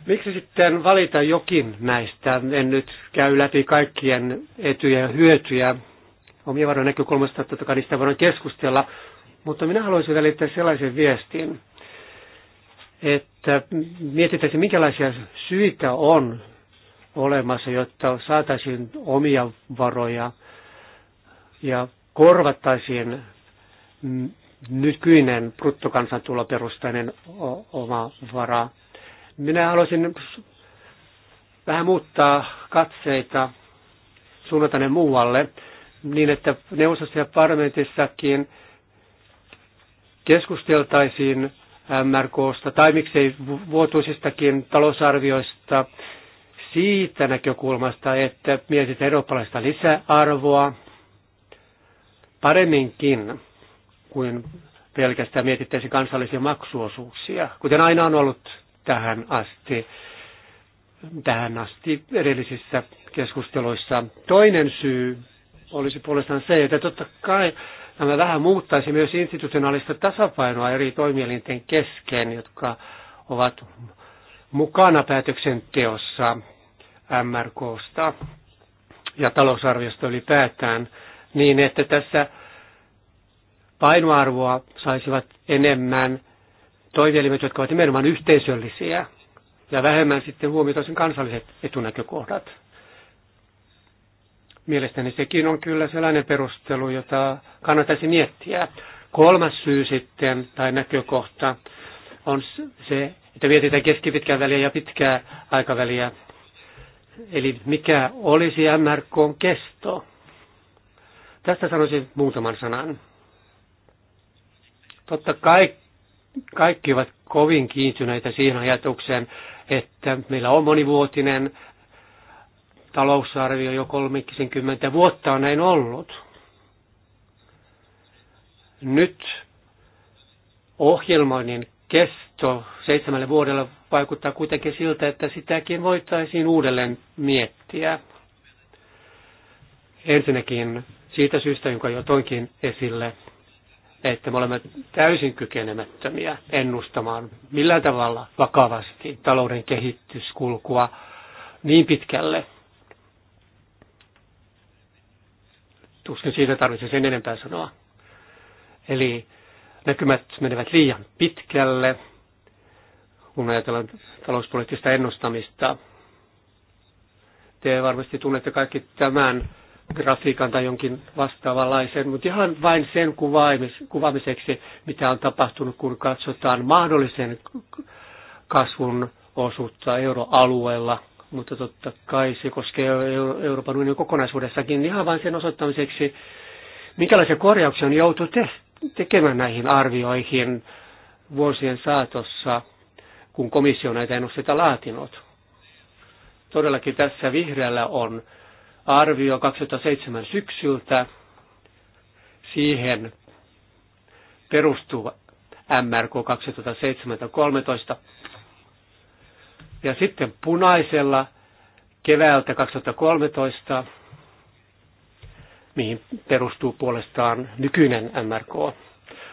Miksi sitten valita jokin näistä? En nyt käy läpi kaikkien etuja ja hyötyjä. Omien varojen näkökulmasta totta kai niistä voidaan keskustella, mutta minä haluaisin välittää sellaisen viestin, että mietitään, minkälaisia syitä on olemassa, jotta saataisiin omia varoja ja korvattaisiin nykyinen bruttokansantuloperustainen oma vara. Minä haluaisin vähän muuttaa katseita, suunnata ne muualle, niin että neuvostossa ja parlamentissakin – keskusteltaisiin MRKsta tai miksei vuotuisistakin talousarvioista siitä näkökulmasta, että mietitään eurooppalaista lisäarvoa paremminkin kuin pelkästään mietittäisiin kansallisia maksuosuuksia, kuten aina on ollut tähän asti, tähän asti edellisissä keskusteluissa. Toinen syy olisi puolestaan se, että totta kai Tämä vähän muuttaisi myös institutionaalista tasapainoa eri toimielinten kesken, jotka ovat mukana päätöksenteossa MRKsta ja talousarviosta ylipäätään, niin että tässä painoarvoa saisivat enemmän toimielimet, jotka ovat nimenomaan yhteisöllisiä, ja vähemmän sitten huomioitaisiin kansalliset etunäkökohdat. Mielestäni sekin on kyllä sellainen perustelu, jota kannattaisi miettiä. Kolmas syy sitten tai näkökohta on se, että mietitään keskipitkää väliä ja pitkää aikaväliä. Eli mikä olisi MRKn kesto? Tästä sanoisin muutaman sanan. Totta kai kaikki ovat kovin kiintyneitä siihen ajatukseen, että meillä on monivuotinen talousarvio jo 30 vuotta on näin ollut. Nyt ohjelmoinnin kesto seitsemälle vuodelle vaikuttaa kuitenkin siltä, että sitäkin voitaisiin uudelleen miettiä. Ensinnäkin siitä syystä, jonka jo toinkin esille, että me olemme täysin kykenemättömiä ennustamaan millään tavalla vakavasti talouden kehityskulkua niin pitkälle – tuskin siitä tarvitse sen enempää sanoa. Eli näkymät menevät liian pitkälle, kun ajatellaan talouspoliittista ennustamista. Te varmasti tunnette kaikki tämän grafiikan tai jonkin vastaavanlaisen, mutta ihan vain sen kuvaamiseksi, mitä on tapahtunut, kun katsotaan mahdollisen kasvun osuutta euroalueella mutta totta kai se koskee Euroopan unionin kokonaisuudessakin ihan vain sen osoittamiseksi, minkälaisia korjauksia on joutu te- tekemään näihin arvioihin vuosien saatossa, kun komissio näitä ennusteita laatinut. Todellakin tässä vihreällä on arvio 2007 syksyltä siihen perustuva MRK 2007-2013 ja sitten punaisella keväältä 2013, mihin perustuu puolestaan nykyinen MRK.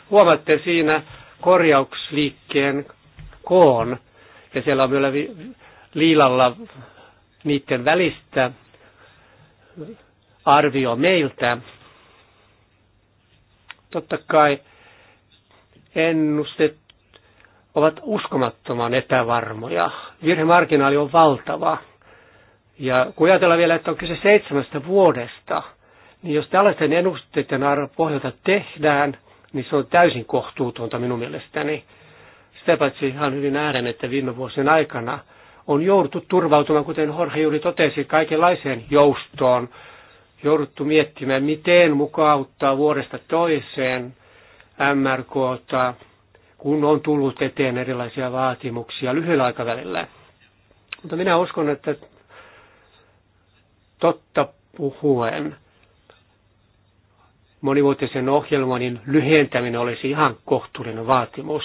Huomaatte siinä korjauksliikkeen koon, ja siellä on vielä liilalla niiden välistä arvio meiltä. Totta kai ennustet ovat uskomattoman epävarmoja. Virhemarginaali on valtava. Ja kun ajatellaan vielä, että on kyse seitsemästä vuodesta, niin jos tällaisten ennusteiden pohjalta tehdään, niin se on täysin kohtuutonta minun mielestäni. Sitä paitsi ihan hyvin nähdään, että viime vuosien aikana on jouduttu turvautumaan, kuten Jorge juuri totesi, kaikenlaiseen joustoon. Jouduttu miettimään, miten mukauttaa vuodesta toiseen MRKta kun on tullut eteen erilaisia vaatimuksia lyhyellä aikavälillä. Mutta minä uskon, että totta puhuen monivuotisen ohjelmoinnin lyhentäminen olisi ihan kohtuullinen vaatimus.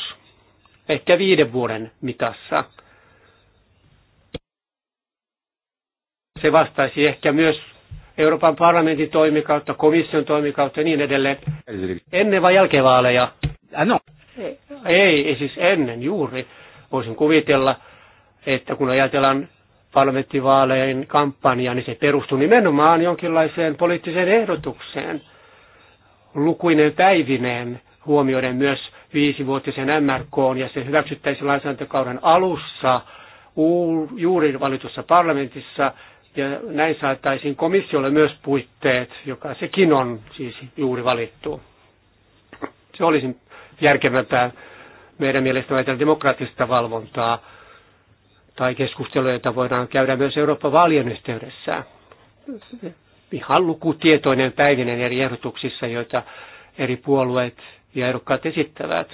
Ehkä viiden vuoden mitassa. Se vastaisi ehkä myös Euroopan parlamentin toimikautta, komission toimikautta ja niin edelleen. Ennen vai jälkeen vaaleja? Ah, no. Ei, ei siis ennen juuri. Voisin kuvitella, että kun ajatellaan parlamenttivaaleen kampanjaa, niin se perustuu nimenomaan jonkinlaiseen poliittiseen ehdotukseen lukuinen päivineen huomioiden myös viisivuotisen MRK ja se hyväksyttäisiin lainsäädäntökauden alussa juuri valitussa parlamentissa ja näin saataisiin komissiolle myös puitteet, joka sekin on siis juuri valittu. Se olisi järkevämpää meidän mielestä ajatella demokraattista valvontaa tai keskusteluja, joita voidaan käydä myös Euroopan vaalien yhteydessä. Ihan lukutietoinen päivinen eri ehdotuksissa, joita eri puolueet ja ehdokkaat esittävät.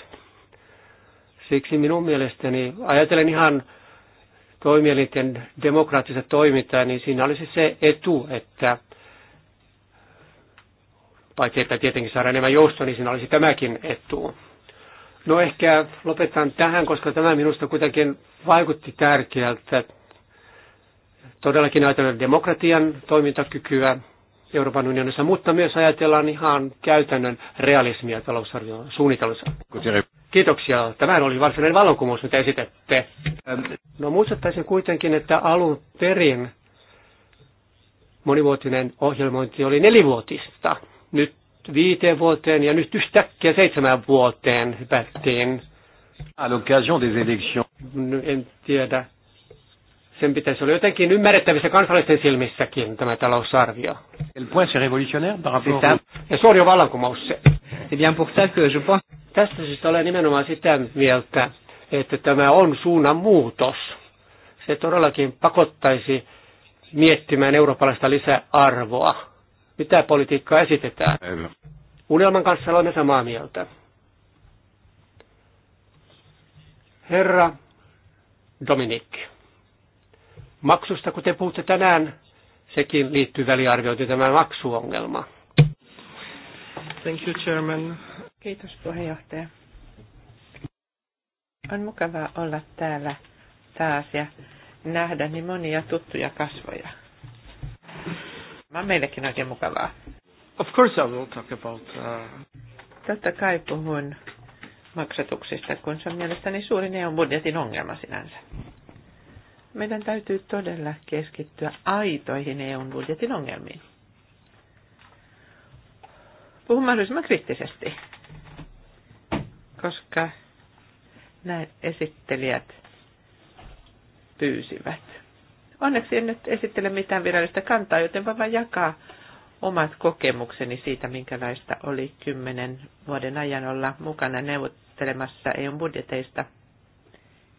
Siksi minun mielestäni, ajatellen ihan toimielinten demokraattista toimintaa, niin siinä olisi se etu, että paitsi että tietenkin saadaan enemmän joustoa, niin siinä olisi tämäkin etu. No ehkä lopetan tähän, koska tämä minusta kuitenkin vaikutti tärkeältä. Todellakin ajatellaan demokratian toimintakykyä Euroopan unionissa, mutta myös ajatellaan ihan käytännön realismia talousarvion suunnitelmassa. Kiitoksia. Tämä oli varsinainen valokumous, mitä esitette. No muistuttaisin kuitenkin, että alun perin monivuotinen ohjelmointi oli nelivuotista. Nyt viiteen vuoteen ja nyt yhtäkkiä seitsemän vuoteen hypättiin. À l'occasion des élections. En tiedä. Sen pitäisi olla jotenkin ymmärrettävissä kansalaisten silmissäkin tämä talousarvio. Quel point c'est révolutionnaire par rapport... Ja suuri on vallankumous se. Eh bien pour ça que je pense... Tästä siis olen nimenomaan sitä mieltä, että tämä on suunnan muutos. Se todellakin pakottaisi miettimään eurooppalaista lisäarvoa mitä politiikkaa esitetään. Unelman kanssa olemme samaa mieltä. Herra Dominik, maksusta kun te puhutte tänään, sekin liittyy väliarviointiin tämä maksuongelma. Thank you, Chairman. Kiitos puheenjohtaja. On mukavaa olla täällä taas ja nähdä niin monia tuttuja kasvoja. Mä meillekin oikein mukavaa. Of course I will talk about... Uh... Totta kai puhun maksatuksista, kun se on mielestäni suurin EU-budjetin ongelma sinänsä. Meidän täytyy todella keskittyä aitoihin EU-budjetin ongelmiin. Puhun mahdollisimman kriittisesti, koska nämä esittelijät pyysivät Onneksi en nyt esittele mitään virallista kantaa, joten voin vain jakaa omat kokemukseni siitä, minkälaista oli kymmenen vuoden ajan olla mukana neuvottelemassa EUn budjeteista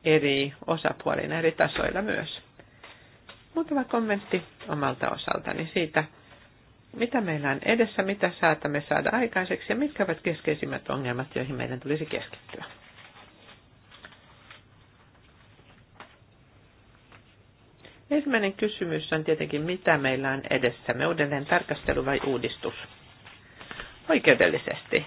eri osapuolina, eri tasoilla myös. Muutama kommentti omalta osaltani siitä, mitä meillä on edessä, mitä saatamme saada aikaiseksi ja mitkä ovat keskeisimmät ongelmat, joihin meidän tulisi keskittyä. Ensimmäinen kysymys on tietenkin, mitä meillä on edessämme, uudelleen tarkastelu vai uudistus? Oikeudellisesti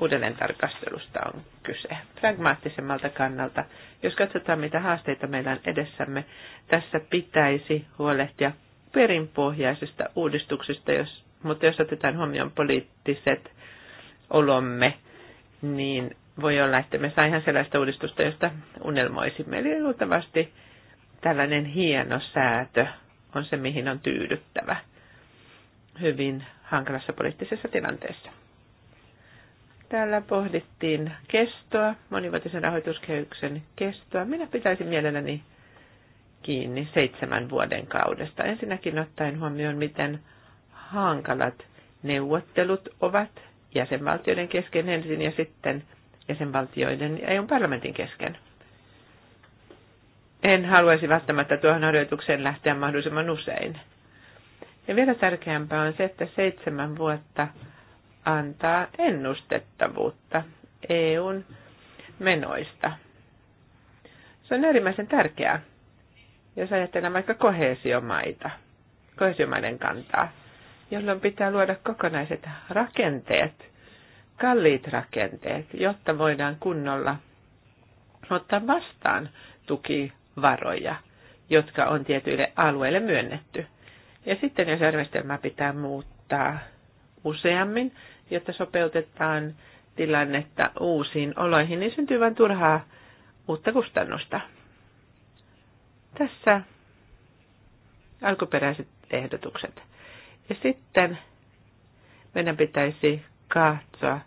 uudelleen tarkastelusta on kyse. Pragmaattisemmalta kannalta, jos katsotaan mitä haasteita meillä on edessämme, tässä pitäisi huolehtia perinpohjaisesta uudistuksesta, jos, mutta jos otetaan huomioon poliittiset olomme, niin voi olla, että me saa ihan sellaista uudistusta, josta unelmoisimme. Eli luultavasti tällainen hieno säätö on se, mihin on tyydyttävä hyvin hankalassa poliittisessa tilanteessa. Täällä pohdittiin kestoa, monivuotisen rahoituskehyksen kestoa. Minä pitäisin mielelläni kiinni seitsemän vuoden kaudesta. Ensinnäkin ottaen huomioon, miten hankalat neuvottelut ovat jäsenvaltioiden kesken ensin ja sitten jäsenvaltioiden ja eu parlamentin kesken en haluaisi välttämättä tuohon harjoitukseen lähteä mahdollisimman usein. Ja vielä tärkeämpää on se, että seitsemän vuotta antaa ennustettavuutta EUn menoista. Se on äärimmäisen tärkeää, jos ajatellaan vaikka kohesiomaita, kohesiomaiden kantaa, jolloin pitää luoda kokonaiset rakenteet, kalliit rakenteet, jotta voidaan kunnolla ottaa vastaan tuki varoja, jotka on tietyille alueille myönnetty. Ja sitten jos järjestelmää pitää muuttaa useammin, jotta sopeutetaan tilannetta uusiin oloihin, niin syntyy vain turhaa uutta kustannusta. Tässä alkuperäiset ehdotukset. Ja sitten meidän pitäisi katsoa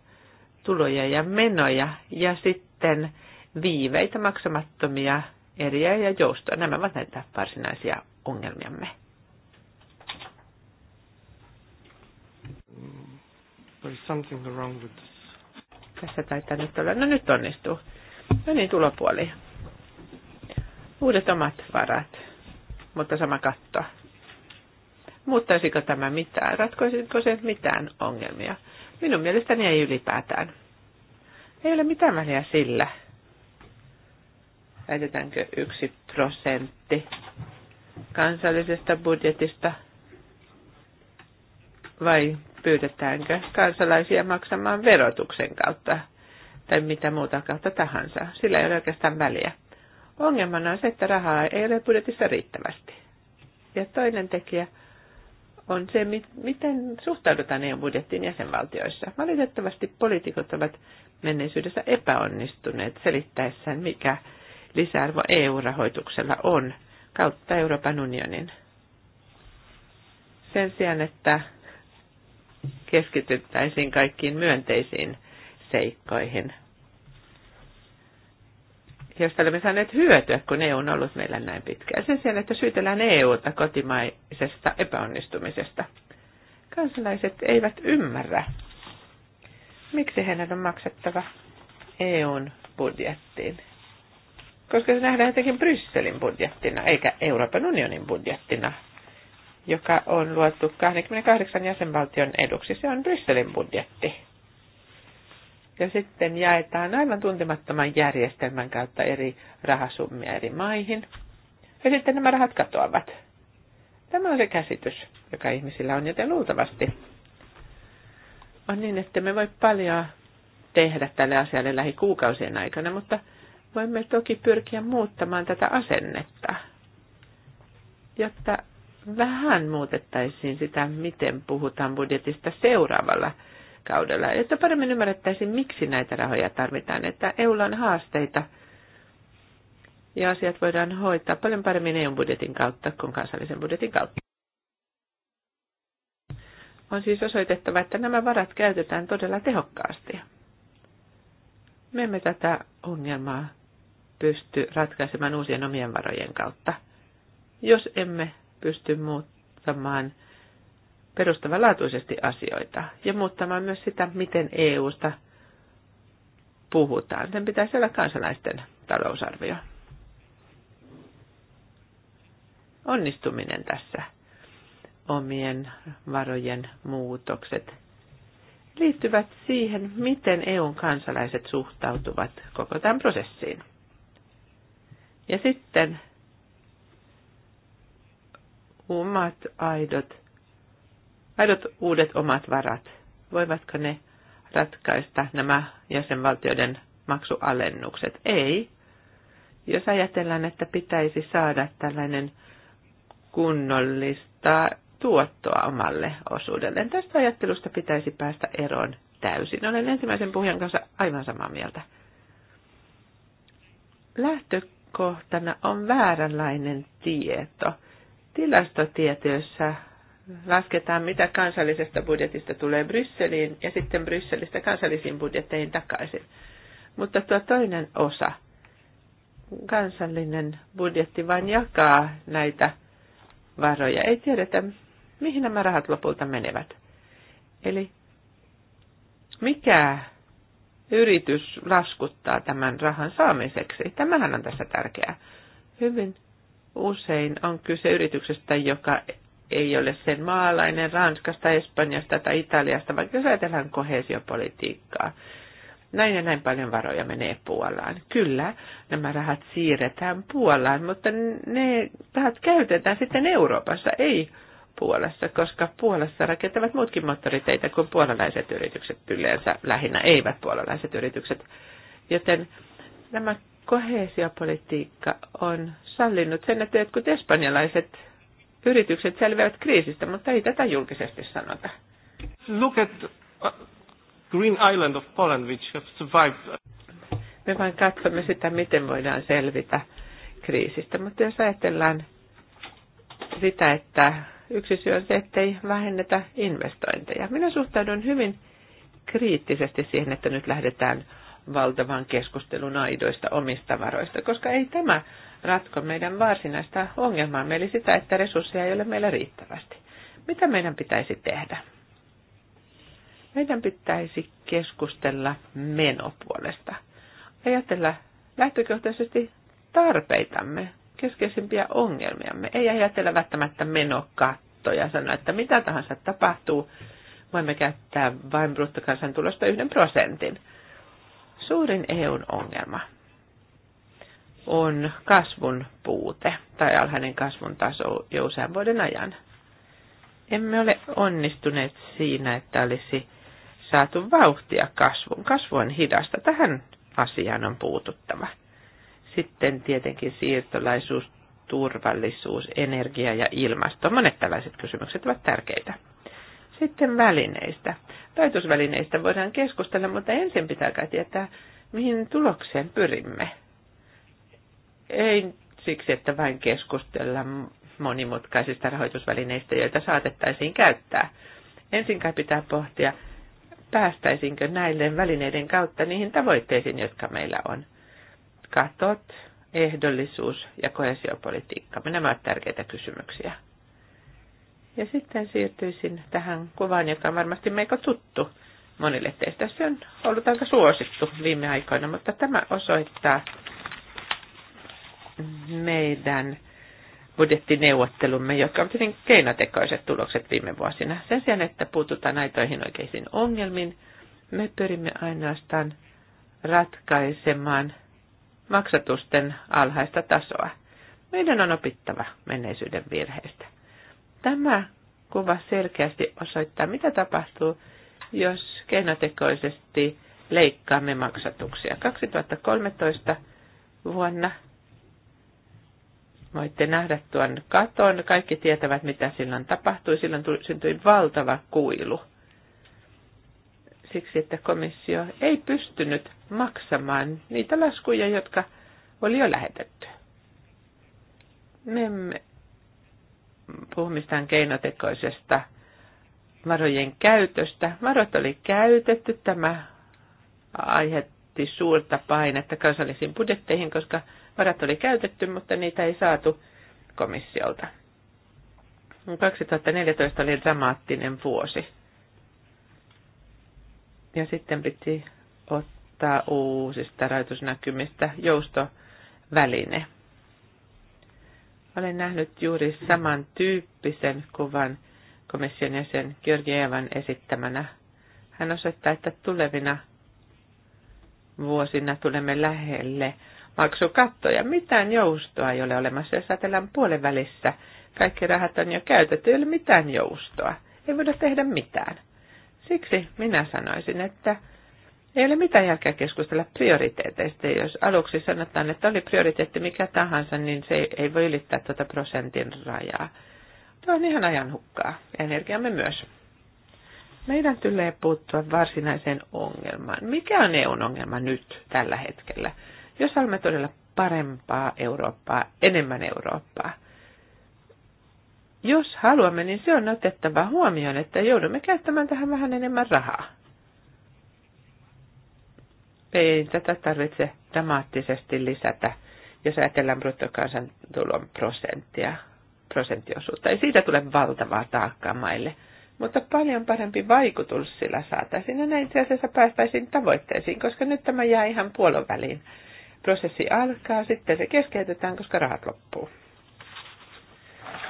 tuloja ja menoja ja sitten viiveitä maksamattomia eriä ja joustoa. Nämä ovat näitä varsinaisia ongelmiamme. There's something wrong with this. Tässä taitaa nyt olla. No nyt onnistuu. No niin, tulopuoli. Uudet omat varat, mutta sama katto. Muuttaisiko tämä mitään? Ratkoisiko se mitään ongelmia? Minun mielestäni ei ylipäätään. Ei ole mitään väliä sillä, Päätetäänkö yksi prosentti kansallisesta budjetista vai pyydetäänkö kansalaisia maksamaan verotuksen kautta tai mitä muuta kautta tahansa. Sillä ei ole oikeastaan väliä. Ongelmana on se, että rahaa ei ole budjetissa riittävästi. Ja toinen tekijä on se, miten suhtaudutaan EU-budjettiin jäsenvaltioissa. Valitettavasti poliitikot ovat menneisyydessä epäonnistuneet selittäessään, mikä lisäarvo EU-rahoituksella on kautta Euroopan unionin. Sen sijaan, että keskityttäisiin kaikkiin myönteisiin seikkoihin, josta olemme saaneet hyötyä, kun EU on ollut meillä näin pitkään. Sen sijaan, että syytellään EUta kotimaisesta epäonnistumisesta. Kansalaiset eivät ymmärrä, miksi heidän on maksettava EUn budjettiin koska se nähdään jotenkin Brysselin budjettina, eikä Euroopan unionin budjettina, joka on luotu 28 jäsenvaltion eduksi. Se on Brysselin budjetti. Ja sitten jaetaan aivan tuntemattoman järjestelmän kautta eri rahasummia eri maihin. Ja sitten nämä rahat katoavat. Tämä on se käsitys, joka ihmisillä on, joten luultavasti on niin, että me voi paljon tehdä tälle asialle lähikuukausien aikana, mutta Voimme toki pyrkiä muuttamaan tätä asennetta, jotta vähän muutettaisiin sitä, miten puhutaan budjetista seuraavalla kaudella, jotta paremmin ymmärrettäisiin, miksi näitä rahoja tarvitaan, että EUlla on haasteita ja asiat voidaan hoitaa paljon paremmin EU-budjetin kautta kuin kansallisen budjetin kautta. On siis osoitettava, että nämä varat käytetään todella tehokkaasti. Me emme tätä ongelmaa pysty ratkaisemaan uusien omien varojen kautta, jos emme pysty muuttamaan perustavanlaatuisesti asioita ja muuttamaan myös sitä, miten EUsta puhutaan. Sen pitäisi olla kansalaisten talousarvio. Onnistuminen tässä omien varojen muutokset liittyvät siihen, miten EUn kansalaiset suhtautuvat koko tämän prosessiin. Ja sitten omat aidot, aidot uudet omat varat. Voivatko ne ratkaista nämä jäsenvaltioiden maksualennukset? Ei. Jos ajatellaan, että pitäisi saada tällainen kunnollista tuottoa omalle osuudelle. Tästä ajattelusta pitäisi päästä eroon täysin. Olen ensimmäisen puhujan kanssa aivan samaa mieltä. Lähtö kohtana on vääränlainen tieto. Tilastotietoissa lasketaan, mitä kansallisesta budjetista tulee Brysseliin ja sitten Brysselistä kansallisiin budjetteihin takaisin. Mutta tuo toinen osa, kansallinen budjetti vain jakaa näitä varoja. Ei tiedetä, mihin nämä rahat lopulta menevät. Eli mikä yritys laskuttaa tämän rahan saamiseksi. Tämähän on tässä tärkeää. Hyvin usein on kyse yrityksestä, joka ei ole sen maalainen Ranskasta, Espanjasta tai Italiasta, vaikka jos ajatellaan kohesiopolitiikkaa. Näin ja näin paljon varoja menee Puolaan. Kyllä, nämä rahat siirretään Puolaan, mutta ne rahat käytetään sitten Euroopassa, ei Puolassa, koska Puolassa rakentavat muutkin moottoriteitä kuin puolalaiset yritykset yleensä, lähinnä eivät puolalaiset yritykset. Joten nämä kohesiopolitiikka on sallinut sen, että jotkut espanjalaiset yritykset selviävät kriisistä, mutta ei tätä julkisesti sanota. Look at uh, Green Island of Poland, which have survived. Me vain katsomme sitä, miten voidaan selvitä kriisistä, mutta jos ajatellaan sitä, että yksi syy on se, ettei vähennetä investointeja. Minä suhtaudun hyvin kriittisesti siihen, että nyt lähdetään valtavan keskustelun aidoista omista varoista, koska ei tämä ratko meidän varsinaista ongelmaa, eli sitä, että resursseja ei ole meillä riittävästi. Mitä meidän pitäisi tehdä? Meidän pitäisi keskustella menopuolesta. Ajatella lähtökohtaisesti tarpeitamme, keskeisimpiä me Ei ajatella välttämättä menokattoja, sanoa, että mitä tahansa tapahtuu, voimme käyttää vain bruttokansantulosta yhden prosentin. Suurin EUn ongelma on kasvun puute tai alhainen kasvun taso jo usean vuoden ajan. Emme ole onnistuneet siinä, että olisi saatu vauhtia kasvun. Kasvu on hidasta. Tähän asiaan on puututtava. Sitten tietenkin siirtolaisuus, turvallisuus, energia ja ilmasto. Monet tällaiset kysymykset ovat tärkeitä. Sitten välineistä. Taitusvälineistä voidaan keskustella, mutta ensin pitää kai tietää, mihin tulokseen pyrimme. Ei siksi, että vain keskustella monimutkaisista rahoitusvälineistä, joita saatettaisiin käyttää. Ensin kai pitää pohtia, päästäisinkö näille välineiden kautta niihin tavoitteisiin, jotka meillä on – katot, ehdollisuus ja kohesiopolitiikka. Nämä ovat tärkeitä kysymyksiä. Ja sitten siirtyisin tähän kuvaan, joka on varmasti meikä tuttu monille teistä. Se on ollut aika suosittu viime aikoina, mutta tämä osoittaa meidän budjettineuvottelumme, jotka ovat hyvin keinotekoiset tulokset viime vuosina. Sen sijaan, että puututaan aitoihin oikeisiin ongelmiin, me pyrimme ainoastaan ratkaisemaan – maksatusten alhaista tasoa. Meidän on opittava menneisyyden virheistä. Tämä kuva selkeästi osoittaa, mitä tapahtuu, jos keinotekoisesti leikkaamme maksatuksia. 2013 vuonna voitte nähdä tuon katon. Kaikki tietävät, mitä silloin tapahtui. Silloin syntyi valtava kuilu – siksi, että komissio ei pystynyt maksamaan niitä laskuja, jotka oli jo lähetetty. Me emme puhu mistään keinotekoisesta varojen käytöstä. Varot oli käytetty, tämä aiheutti suurta painetta kansallisiin budjetteihin, koska varat oli käytetty, mutta niitä ei saatu komissiolta. 2014 oli dramaattinen vuosi ja sitten piti ottaa uusista rajoitusnäkymistä joustoväline. Olen nähnyt juuri samantyyppisen kuvan komission jäsen Georgievan esittämänä. Hän osoittaa, että tulevina vuosina tulemme lähelle maksukattoja. Mitään joustoa ei ole olemassa. Jos ajatellaan puolen välissä, kaikki rahat on jo käytetty, ei ole mitään joustoa. Ei voida tehdä mitään. Siksi minä sanoisin, että ei ole mitään järkeä keskustella prioriteeteista. Jos aluksi sanotaan, että oli prioriteetti mikä tahansa, niin se ei voi ylittää tuota prosentin rajaa. Tuo on ihan ajan hukkaa. Energiamme myös. Meidän tulee puuttua varsinaiseen ongelmaan. Mikä on EUn ongelma nyt tällä hetkellä? Jos haluamme todella parempaa Eurooppaa, enemmän Eurooppaa – jos haluamme, niin se on otettava huomioon, että joudumme käyttämään tähän vähän enemmän rahaa. Ei tätä tarvitse dramaattisesti lisätä, jos ajatellaan bruttokansantulon prosenttia, prosenttiosuutta. Ei siitä tule valtavaa taakkaa maille mutta paljon parempi vaikutus sillä saataisiin, ja näin itse asiassa päästäisiin tavoitteisiin, koska nyt tämä jää ihan puolon väliin. Prosessi alkaa, sitten se keskeytetään, koska rahat loppuu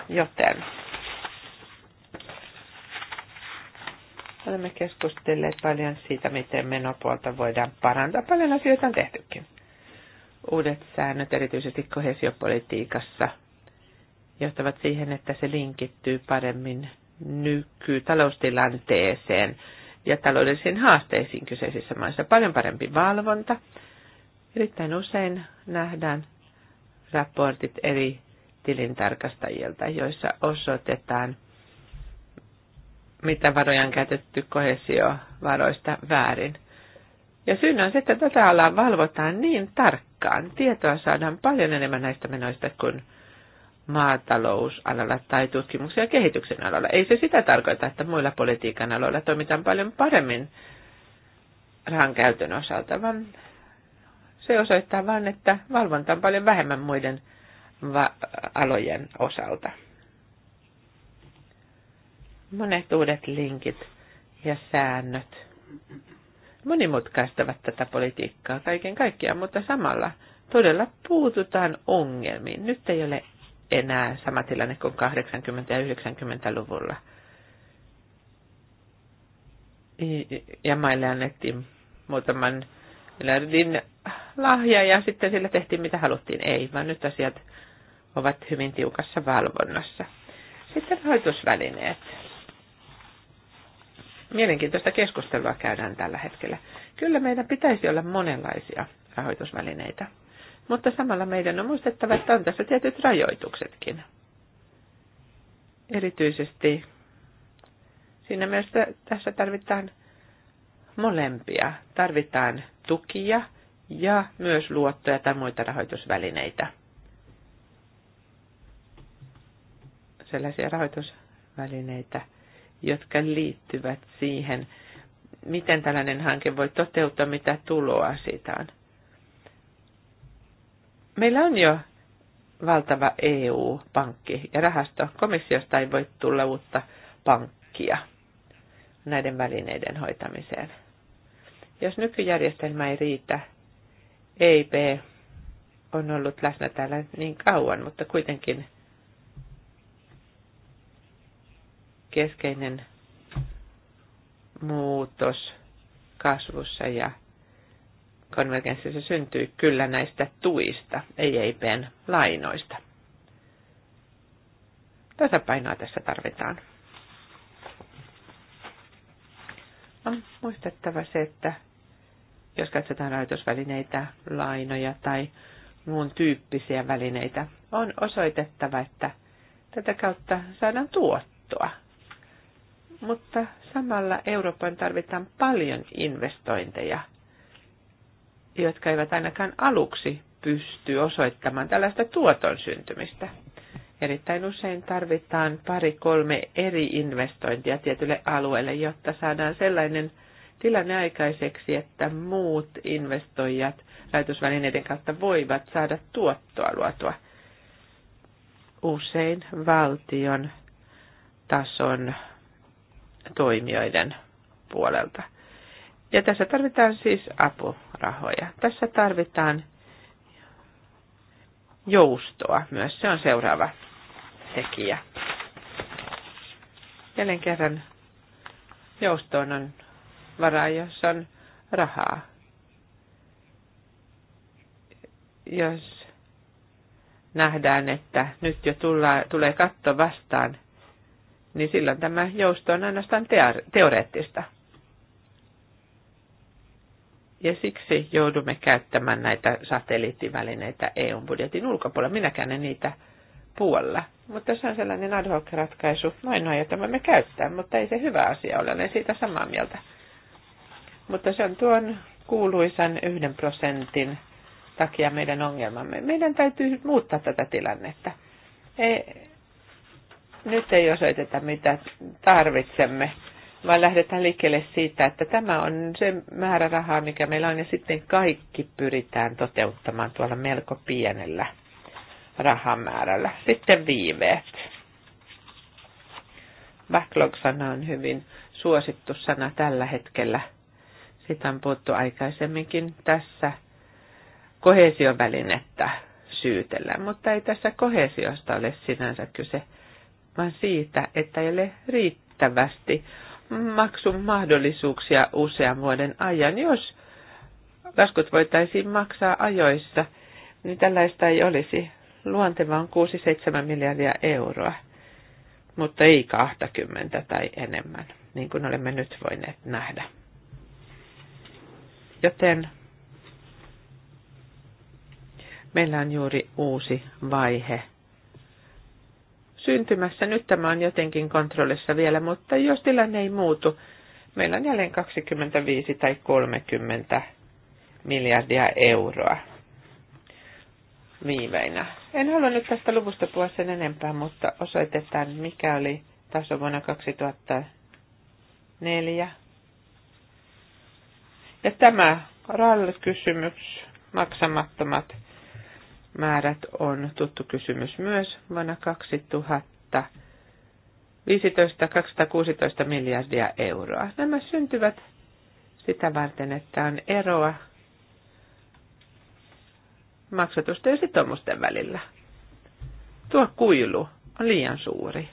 joten olemme keskustelleet paljon siitä, miten menopuolta voidaan parantaa. Paljon asioita on tehtykin. Uudet säännöt, erityisesti kohesiopolitiikassa, johtavat siihen, että se linkittyy paremmin nykytaloustilanteeseen ja taloudellisiin haasteisiin kyseisissä maissa. Paljon parempi valvonta. Erittäin usein nähdään raportit eri tilintarkastajilta, joissa osoitetaan, mitä varoja on käytetty kohesiovaroista väärin. Ja syynä on se, että tätä alaa valvotaan niin tarkkaan. Tietoa saadaan paljon enemmän näistä menoista kuin maatalousalalla tai tutkimuksen ja kehityksen alalla. Ei se sitä tarkoita, että muilla politiikan aloilla toimitaan paljon paremmin rahan käytön osalta, vaan se osoittaa vain, että valvonta on paljon vähemmän muiden alojen osalta. Monet uudet linkit ja säännöt monimutkaistavat tätä politiikkaa kaiken kaikkiaan, mutta samalla todella puututaan ongelmiin. Nyt ei ole enää sama tilanne kuin 80- ja 90-luvulla. Ja maille annettiin muutaman miljardin lahja ja sitten sillä tehtiin mitä haluttiin. Ei, vaan nyt asiat ovat hyvin tiukassa valvonnassa. Sitten rahoitusvälineet. Mielenkiintoista keskustelua käydään tällä hetkellä. Kyllä meidän pitäisi olla monenlaisia rahoitusvälineitä, mutta samalla meidän on muistettava, että on tässä tietyt rajoituksetkin. Erityisesti siinä mielessä tässä tarvitaan molempia. Tarvitaan tukia ja myös luottoja tai muita rahoitusvälineitä – sellaisia rahoitusvälineitä, jotka liittyvät siihen, miten tällainen hanke voi toteuttaa, mitä tuloa siitä on. Meillä on jo valtava EU-pankki ja rahasto. Komissiosta ei voi tulla uutta pankkia näiden välineiden hoitamiseen. Jos nykyjärjestelmä ei riitä, EIP on ollut läsnä täällä niin kauan, mutta kuitenkin – keskeinen muutos kasvussa ja konvergenssissa syntyy kyllä näistä tuista, ei EIPn lainoista. Tasapainoa tässä tarvitaan. On muistettava se, että jos katsotaan rahoitusvälineitä, lainoja tai muun tyyppisiä välineitä, on osoitettava, että tätä kautta saadaan tuottoa mutta samalla Euroopan tarvitaan paljon investointeja, jotka eivät ainakaan aluksi pysty osoittamaan tällaista tuoton syntymistä. Erittäin usein tarvitaan pari-kolme eri investointia tietylle alueelle, jotta saadaan sellainen tilanne aikaiseksi, että muut investoijat laitosvälineiden kautta voivat saada tuottoa luotua. Usein valtion tason toimijoiden puolelta. Ja tässä tarvitaan siis apurahoja. Tässä tarvitaan joustoa myös. Se on seuraava tekijä. Jälleen kerran joustoon on varaa, jos on rahaa. Jos nähdään, että nyt jo tulla, tulee katto vastaan – niin silloin tämä jousto on ainoastaan teoreettista. Ja siksi joudumme käyttämään näitä satelliittivälineitä EU-budjetin ulkopuolella. Minäkään en niitä puolella. Mutta se on sellainen ad hoc ratkaisu. Noin noin, jota me käyttää, mutta ei se hyvä asia ole. Olen siitä samaa mieltä. Mutta se on tuon kuuluisan yhden prosentin takia meidän ongelmamme. Meidän täytyy muuttaa tätä tilannetta. Ei, nyt ei osoiteta, mitä tarvitsemme, vaan lähdetään liikkeelle siitä, että tämä on se määrä rahaa, mikä meillä on, ja sitten kaikki pyritään toteuttamaan tuolla melko pienellä rahamäärällä. Sitten viiveet. Backlog-sana on hyvin suosittu sana tällä hetkellä. Sitä on puhuttu aikaisemminkin tässä kohesiovälinettä syytellä, mutta ei tässä kohesiosta ole sinänsä kyse vaan siitä, että ei ole riittävästi maksun mahdollisuuksia usean vuoden ajan. Jos laskut voitaisiin maksaa ajoissa, niin tällaista ei olisi. Luonteva on 6-7 miljardia euroa, mutta ei 20 tai enemmän, niin kuin olemme nyt voineet nähdä. Joten meillä on juuri uusi vaihe – syntymässä. Nyt tämä on jotenkin kontrollissa vielä, mutta jos tilanne ei muutu, meillä on jälleen 25 tai 30 miljardia euroa viiveinä. En halua nyt tästä luvusta puhua sen enempää, mutta osoitetaan, mikä oli taso vuonna 2004. Ja tämä RAL-kysymys, maksamattomat määrät on tuttu kysymys myös vuonna 2000. 15-216 miljardia euroa. Nämä syntyvät sitä varten, että on eroa maksatusten ja sitoumusten välillä. Tuo kuilu on liian suuri.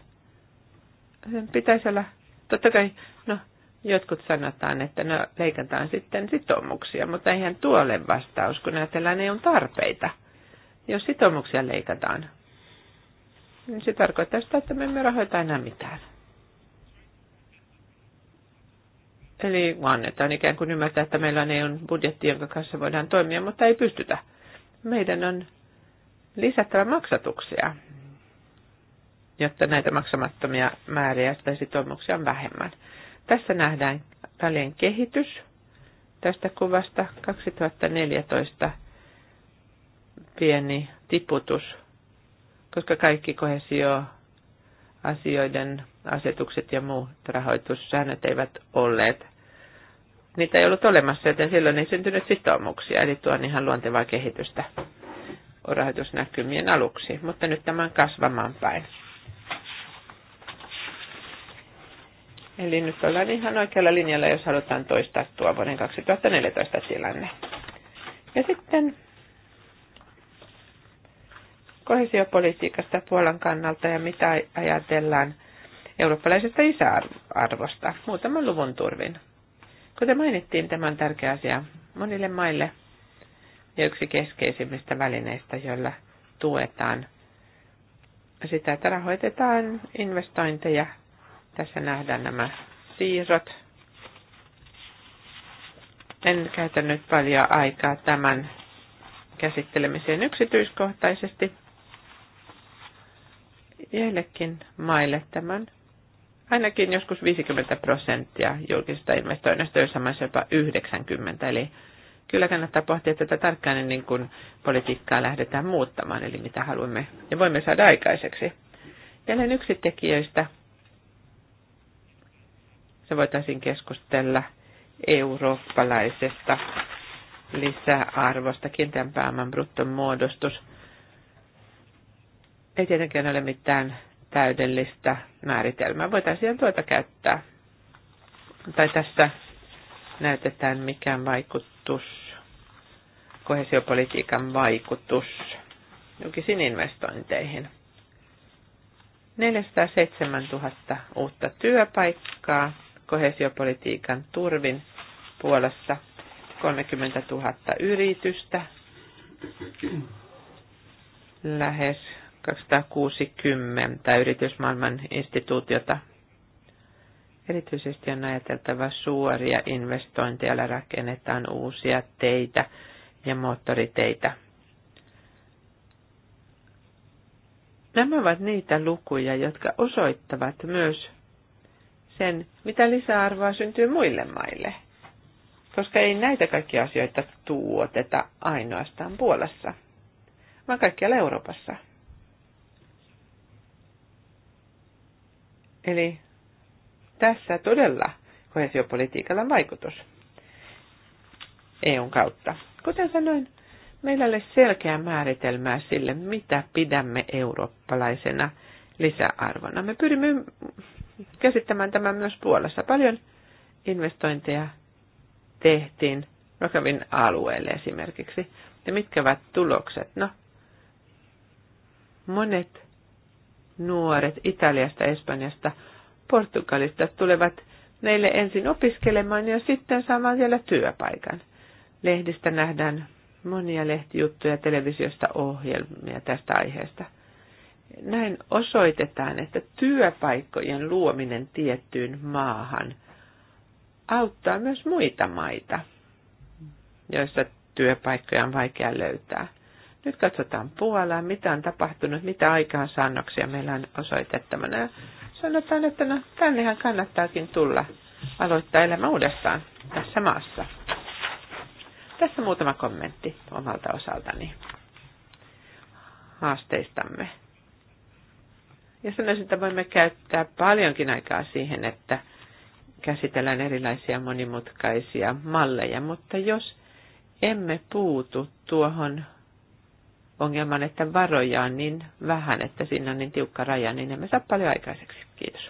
Sen pitäisi olla, totta kai, no, jotkut sanotaan, että no, leikataan sitten sitoumuksia, mutta eihän tuo ole vastaus, kun ajatellaan on tarpeita – jos sitoumuksia leikataan, niin se tarkoittaa sitä, että me emme rahoita enää mitään. Eli annetaan ikään kuin ymmärtää, että meillä on EUn budjetti, jonka kanssa voidaan toimia, mutta ei pystytä. Meidän on lisättävä maksatuksia, jotta näitä maksamattomia määriä tai sitoumuksia on vähemmän. Tässä nähdään talien kehitys tästä kuvasta 2014 pieni tiputus, koska kaikki kohesio asioiden asetukset ja muut rahoitussäännöt eivät olleet. Niitä ei ollut olemassa, joten silloin ei syntynyt sitoumuksia, eli tuo on ihan luontevaa kehitystä rahoitusnäkymien aluksi, mutta nyt tämän kasvamaan päin. Eli nyt ollaan ihan oikealla linjalla, jos halutaan toistaa tuo vuoden 2014 tilanne. Ja sitten kohesiopolitiikasta Puolan kannalta ja mitä ajatellaan eurooppalaisesta isäarvosta muutaman luvun turvin. Kuten mainittiin, tämä on tärkeä asia monille maille ja yksi keskeisimmistä välineistä, joilla tuetaan sitä, että rahoitetaan investointeja. Tässä nähdään nämä siirrot. En käytä nyt paljon aikaa tämän käsittelemiseen yksityiskohtaisesti joillekin maille tämän ainakin joskus 50 prosenttia julkisista investoinneista, joissa maissa jopa 90. Eli kyllä kannattaa pohtia tätä tarkkaan ennen niin kuin politiikkaa lähdetään muuttamaan, eli mitä haluamme ja voimme saada aikaiseksi. Jälleen yksi tekijöistä, se voitaisiin keskustella eurooppalaisesta lisäarvosta, kiinteän pääoman bruttomuodostus. muodostus ei tietenkään ole mitään täydellistä määritelmää. Voitaisiin tuota käyttää. Tai tässä näytetään, mikä vaikutus, kohesiopolitiikan vaikutus julkisiin investointeihin. 407 000 uutta työpaikkaa kohesiopolitiikan turvin puolessa 30 000 yritystä, lähes 260 yritysmaailman instituutiota. Erityisesti on ajateltava suoria investointeja, joilla rakennetaan uusia teitä ja moottoriteitä. Nämä ovat niitä lukuja, jotka osoittavat myös sen, mitä lisäarvoa syntyy muille maille, koska ei näitä kaikkia asioita tuoteta ainoastaan Puolassa, vaan kaikkialla Euroopassa. Eli tässä todella kohesiopolitiikalla on vaikutus EUn kautta. Kuten sanoin, meillä ei ole selkeää määritelmää sille, mitä pidämme eurooppalaisena lisäarvona. Me pyrimme käsittämään tämän myös Puolassa. Paljon investointeja tehtiin Rokavin alueelle esimerkiksi. Ja mitkä ovat tulokset? No, monet nuoret Italiasta, Espanjasta, Portugalista tulevat meille ensin opiskelemaan ja sitten saamaan siellä työpaikan. Lehdistä nähdään monia lehtijuttuja televisiosta ohjelmia tästä aiheesta. Näin osoitetaan, että työpaikkojen luominen tiettyyn maahan auttaa myös muita maita, joissa työpaikkoja on vaikea löytää. Nyt katsotaan Puolaa, mitä on tapahtunut, mitä aikaansaannoksia meillä on osoitettavana. Ja sanotaan, että no, tännehän kannattaakin tulla aloittaa elämä uudestaan tässä maassa. Tässä muutama kommentti omalta osaltani haasteistamme. Ja sanoisin, että voimme käyttää paljonkin aikaa siihen, että käsitellään erilaisia monimutkaisia malleja, mutta jos emme puutu tuohon ongelman, että varoja on niin vähän, että siinä on niin tiukka raja, niin emme saa paljon aikaiseksi. Kiitos.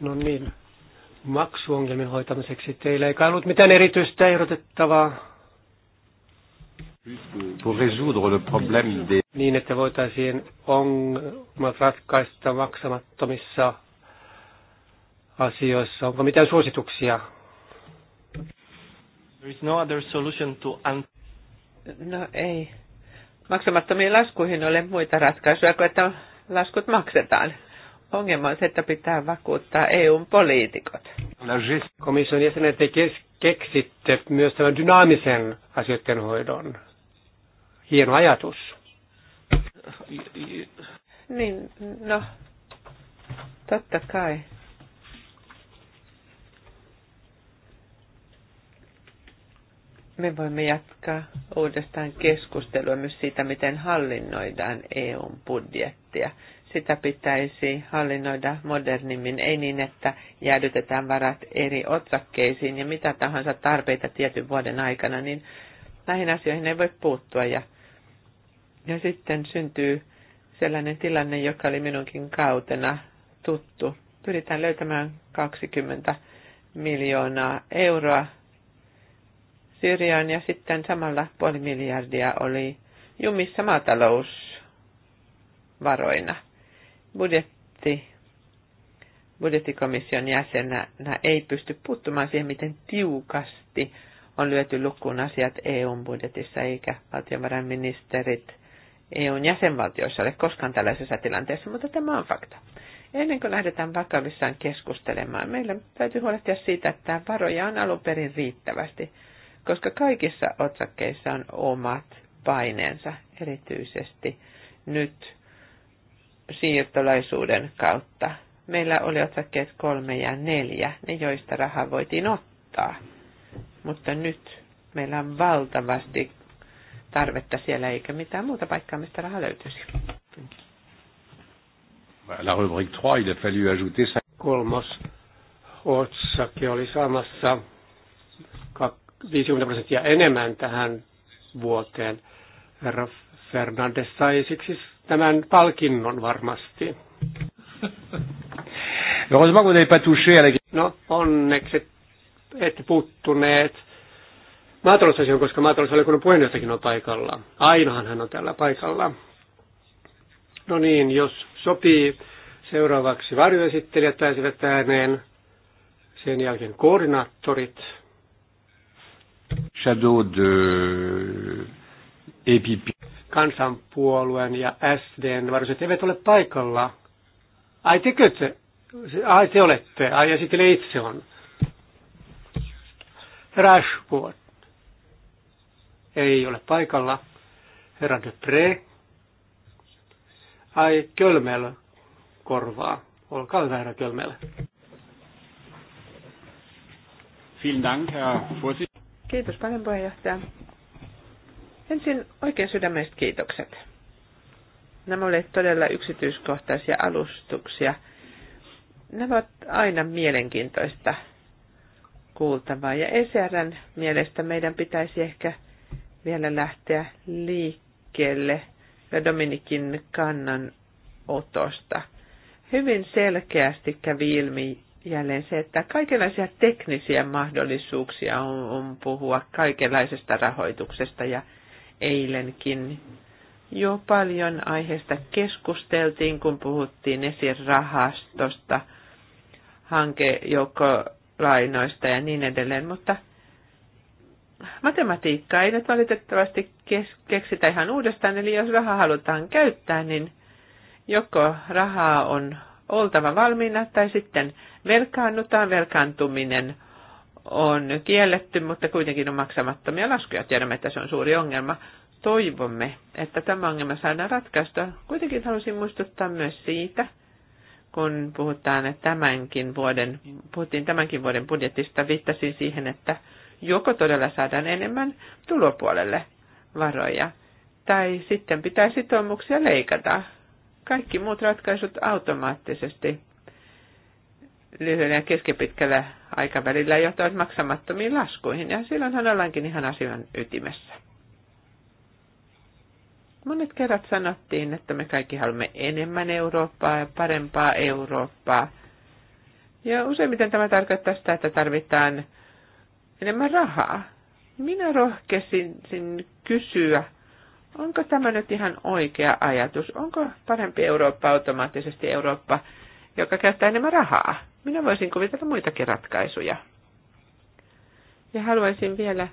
No niin, maksuongelmien hoitamiseksi teillä ei kai ollut mitään erityistä ehdotettavaa. Pour résoudre le problème des... Niin, että voitaisiin ongelmat ratkaista maksamattomissa asioissa? Onko mitään suosituksia? There is no other solution to no ei. Maksamattomiin laskuihin ole muita ratkaisuja kuin, että laskut maksetaan. Ongelma on se, että pitää vakuuttaa EUn poliitikot. Komission jäsenet, te keksitte myös tämän dynaamisen asioiden hoidon. Hieno ajatus. Niin, no, totta kai. me voimme jatkaa uudestaan keskustelua myös siitä, miten hallinnoidaan EUn budjettia. Sitä pitäisi hallinnoida modernimmin, ei niin, että jäädytetään varat eri otsakkeisiin ja mitä tahansa tarpeita tietyn vuoden aikana, niin näihin asioihin ei voi puuttua. Ja, ja sitten syntyy sellainen tilanne, joka oli minunkin kautena tuttu. Pyritään löytämään 20 miljoonaa euroa Syyriaan ja sitten samalla puoli miljardia oli jumissa maatalousvaroina. Budjetti, budjettikomission jäsenä ei pysty puuttumaan siihen, miten tiukasti on lyöty lukkuun asiat EUn budjetissa, eikä valtiovarainministerit EUn jäsenvaltioissa ole koskaan tällaisessa tilanteessa, mutta tämä on fakta. Ennen kuin lähdetään vakavissaan keskustelemaan, meillä täytyy huolehtia siitä, että varoja on alun perin riittävästi koska kaikissa otsakkeissa on omat paineensa, erityisesti nyt siirtolaisuuden kautta. Meillä oli otsakkeet kolme ja neljä, ne joista rahaa voitiin ottaa. Mutta nyt meillä on valtavasti tarvetta siellä eikä mitään muuta paikkaa, mistä raha löytyisi. La rubrique 3, il a fallu ajouter ça. otsake oli samassa 50 prosenttia enemmän tähän vuoteen. Herra Fernandes sai siksi tämän palkinnon varmasti. No onneksi et puuttuneet maatalousasioon, koska maatalousvaliokunnan puheenjohtajakin on paikalla. Ainahan hän on täällä paikalla. No niin, jos sopii, seuraavaksi varjoesittelijät pääsevät ääneen, sen jälkeen koordinaattorit, Shadow de EPP. Kansanpuolueen ja SDn varsin eivät ole paikalla. Ai tekö te? Ai te olette. Ai sitten itse on. Ashford. Ei ole paikalla. Herra de Pre. Ai Kölmel korvaa. Olkaa hyvä, herra Kölmel. Vielen Dank, Herr Vorsitz. Kiitos paljon puheenjohtaja. Ensin oikein sydämestä kiitokset. Nämä olivat todella yksityiskohtaisia alustuksia. Nämä ovat aina mielenkiintoista kuultavaa. Ja ECRn mielestä meidän pitäisi ehkä vielä lähteä liikkeelle Dominikin kannan otosta. Hyvin selkeästi kävi ilmi jälleen se, että kaikenlaisia teknisiä mahdollisuuksia on, on puhua kaikenlaisesta rahoituksesta ja eilenkin jo paljon aiheesta keskusteltiin, kun puhuttiin esirahastosta, hankejoukkolainoista ja niin edelleen, mutta matematiikkaa ei nyt valitettavasti keksitä ihan uudestaan, eli jos rahaa halutaan käyttää, niin joko rahaa on oltava valmiina tai sitten velkaannutaan. Velkaantuminen on kielletty, mutta kuitenkin on maksamattomia laskuja. Tiedämme, että se on suuri ongelma. Toivomme, että tämä ongelma saadaan ratkaistua. Kuitenkin haluaisin muistuttaa myös siitä, kun puhutaan tämänkin vuoden, puhuttiin tämänkin vuoden budjetista, viittasin siihen, että joko todella saadaan enemmän tulopuolelle varoja, tai sitten pitää sitoumuksia leikata kaikki muut ratkaisut automaattisesti lyhyellä ja keskipitkällä aikavälillä johtavat maksamattomiin laskuihin, ja silloinhan ollaankin ihan asian ytimessä. Monet kerrat sanottiin, että me kaikki haluamme enemmän Eurooppaa ja parempaa Eurooppaa. Ja useimmiten tämä tarkoittaa sitä, että tarvitaan enemmän rahaa. Minä rohkesin kysyä, Onko tämä nyt ihan oikea ajatus? Onko parempi Eurooppa automaattisesti Eurooppa, joka käyttää enemmän rahaa? Minä voisin kuvitella muitakin ratkaisuja. Ja haluaisin vielä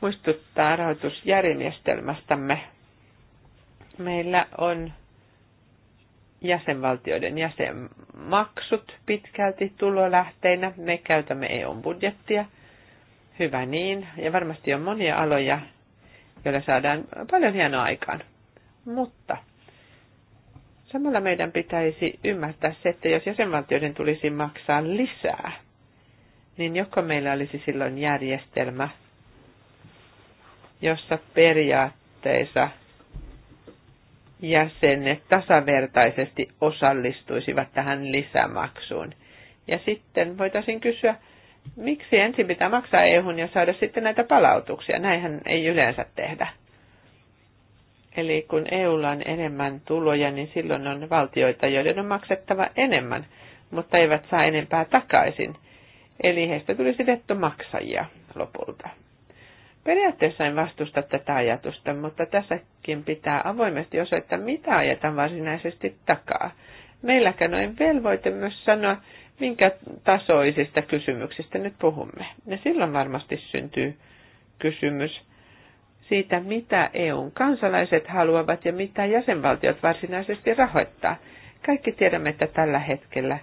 muistuttaa rahoitusjärjestelmästämme. Meillä on jäsenvaltioiden jäsenmaksut pitkälti tulolähteinä. Me käytämme eu budjettia. Hyvä niin. Ja varmasti on monia aloja, joilla saadaan paljon hienoa aikaan. Mutta samalla meidän pitäisi ymmärtää se, että jos jäsenvaltioiden tulisi maksaa lisää, niin joko meillä olisi silloin järjestelmä, jossa periaatteessa jäsenet tasavertaisesti osallistuisivat tähän lisämaksuun. Ja sitten voitaisiin kysyä, miksi ensin pitää maksaa EUhun ja saada sitten näitä palautuksia? Näinhän ei yleensä tehdä. Eli kun EUlla on enemmän tuloja, niin silloin on valtioita, joiden on maksettava enemmän, mutta eivät saa enempää takaisin. Eli heistä tulisi maksajia lopulta. Periaatteessa en vastusta tätä ajatusta, mutta tässäkin pitää avoimesti osoittaa, mitä ajetaan varsinaisesti takaa. Meilläkään on velvoite myös sanoa, minkä tasoisista kysymyksistä nyt puhumme. Ja silloin varmasti syntyy kysymys siitä, mitä EUn kansalaiset haluavat ja mitä jäsenvaltiot varsinaisesti rahoittaa. Kaikki tiedämme, että tällä hetkellä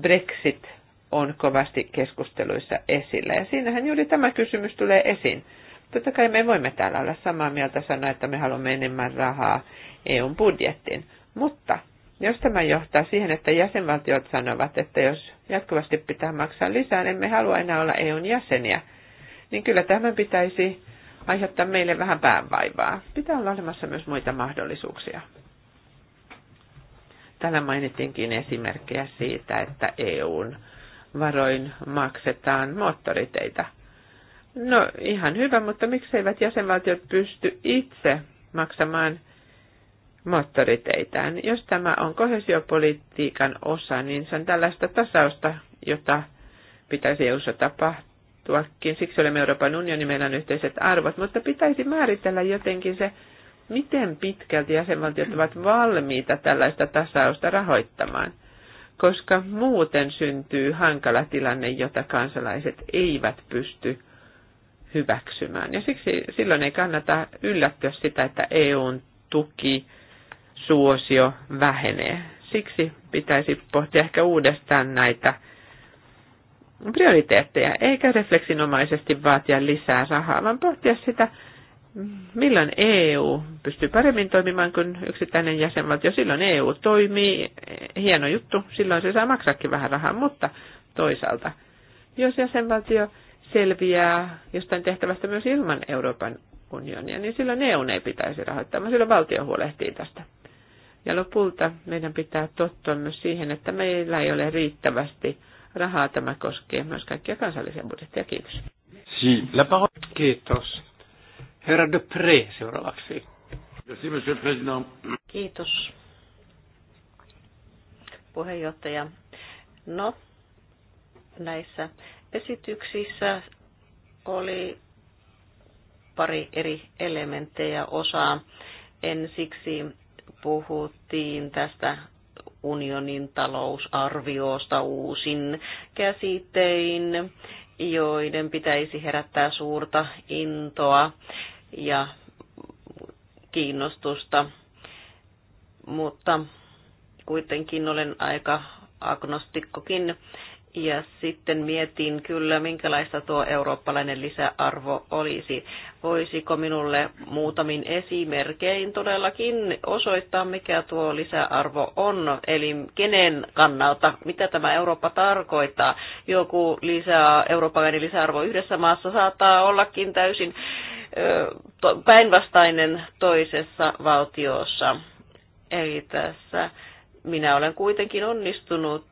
Brexit on kovasti keskusteluissa esillä. Ja siinähän juuri tämä kysymys tulee esiin. Totta kai me voimme täällä olla samaa mieltä sanoa, että me haluamme enemmän rahaa EUn budjettiin, mutta jos tämä johtaa siihen, että jäsenvaltiot sanovat, että jos jatkuvasti pitää maksaa lisää, emme niin halua enää olla EUn jäseniä, niin kyllä tämän pitäisi aiheuttaa meille vähän päänvaivaa. Pitää olla olemassa myös muita mahdollisuuksia. Täällä mainittiinkin esimerkkejä siitä, että EUn varoin maksetaan moottoriteitä. No ihan hyvä, mutta mikseivät jäsenvaltiot pysty itse maksamaan moottoriteitään. Jos tämä on kohesiopolitiikan osa, niin se on tällaista tasausta, jota pitäisi EU-ssa tapahtuakin. Siksi olemme Euroopan unioni, meillä on yhteiset arvot, mutta pitäisi määritellä jotenkin se, miten pitkälti jäsenvaltiot ovat valmiita tällaista tasausta rahoittamaan, koska muuten syntyy hankala tilanne, jota kansalaiset eivät pysty hyväksymään. Ja siksi silloin ei kannata yllättyä sitä, että EUn tuki suosio vähenee. Siksi pitäisi pohtia ehkä uudestaan näitä prioriteetteja, eikä refleksinomaisesti vaatia lisää rahaa, vaan pohtia sitä, milloin EU pystyy paremmin toimimaan kuin yksittäinen jäsenvaltio. Silloin EU toimii, hieno juttu, silloin se saa maksakin vähän rahaa, mutta toisaalta, jos jäsenvaltio selviää jostain tehtävästä myös ilman Euroopan unionia, niin silloin EU ei pitäisi rahoittaa, vaan silloin valtio huolehtii tästä. Ja lopulta meidän pitää tottua myös siihen, että meillä ei ole riittävästi rahaa. Tämä koskee myös kaikkia kansallisia budjetteja. Kiitos. Si, Kiitos. Herra de Pre seuraavaksi. Kiitos, puheenjohtaja. No, näissä esityksissä oli pari eri elementtejä osaa. En siksi puhuttiin tästä unionin talousarviosta uusin käsittein, joiden pitäisi herättää suurta intoa ja kiinnostusta, mutta kuitenkin olen aika agnostikkokin ja sitten mietin kyllä, minkälaista tuo eurooppalainen lisäarvo olisi. Voisiko minulle muutamin esimerkein todellakin osoittaa, mikä tuo lisäarvo on, eli kenen kannalta, mitä tämä Eurooppa tarkoittaa. Joku lisää, eurooppalainen lisäarvo yhdessä maassa saattaa ollakin täysin päinvastainen toisessa valtiossa. Eli tässä minä olen kuitenkin onnistunut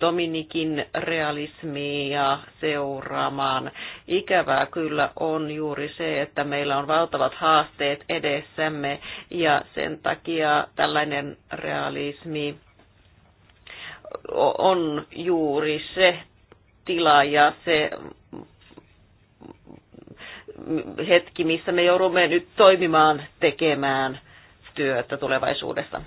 Dominikin realismia seuraamaan. Ikävää kyllä on juuri se, että meillä on valtavat haasteet edessämme ja sen takia tällainen realismi on juuri se tila ja se hetki, missä me joudumme nyt toimimaan, tekemään – työtä tulevaisuudessa.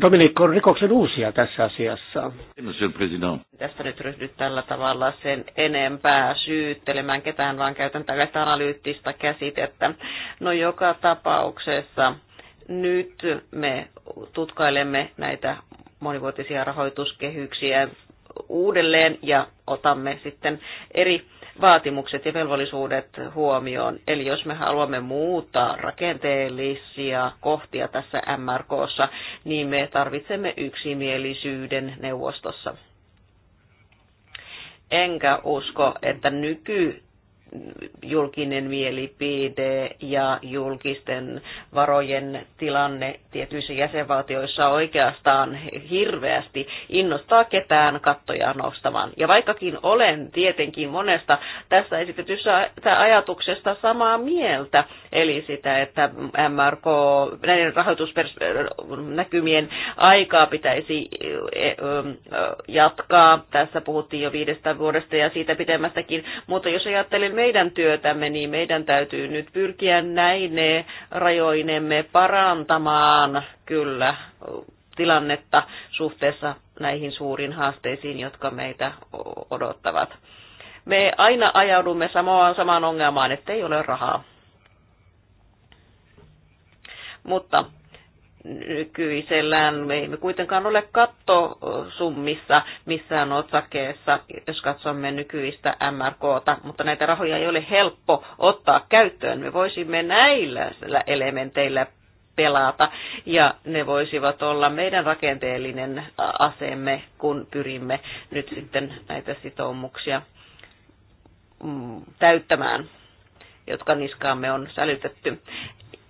Dominik on rikoksen uusia tässä asiassa. Monsieur President. Tästä nyt ryhdyt tällä tavalla sen enempää syyttelemään ketään, vaan käytän tällaista analyyttistä käsitettä. No joka tapauksessa nyt me tutkailemme näitä monivuotisia rahoituskehyksiä uudelleen ja otamme sitten eri vaatimukset ja velvollisuudet huomioon. Eli jos me haluamme muuttaa rakenteellisia kohtia tässä MRKssa, niin me tarvitsemme yksimielisyyden neuvostossa enkä usko, että nyky julkinen mielipide ja julkisten varojen tilanne tietyissä jäsenvaltioissa oikeastaan hirveästi innostaa ketään kattoja nostamaan. Ja vaikkakin olen tietenkin monesta tässä esitetyssä ajatuksesta samaa mieltä, eli sitä, että MRK, näiden rahoitusnäkymien aikaa pitäisi e, e, jatkaa. Tässä puhuttiin jo viidestä vuodesta ja siitä pitemmästäkin, mutta jos ajattelen meidän työtämme, niin meidän täytyy nyt pyrkiä näin ne rajoinemme parantamaan kyllä tilannetta suhteessa näihin suuriin haasteisiin, jotka meitä odottavat. Me aina ajaudumme samaan, samaan ongelmaan, ei ole rahaa. Mutta nykyisellään me emme kuitenkaan ole kattosummissa missään otsakeessa, jos katsomme nykyistä MRKta, mutta näitä rahoja ei ole helppo ottaa käyttöön. Me voisimme näillä elementeillä pelata ja ne voisivat olla meidän rakenteellinen asemme, kun pyrimme nyt sitten näitä sitoumuksia mm, täyttämään, jotka niskaamme on sälytetty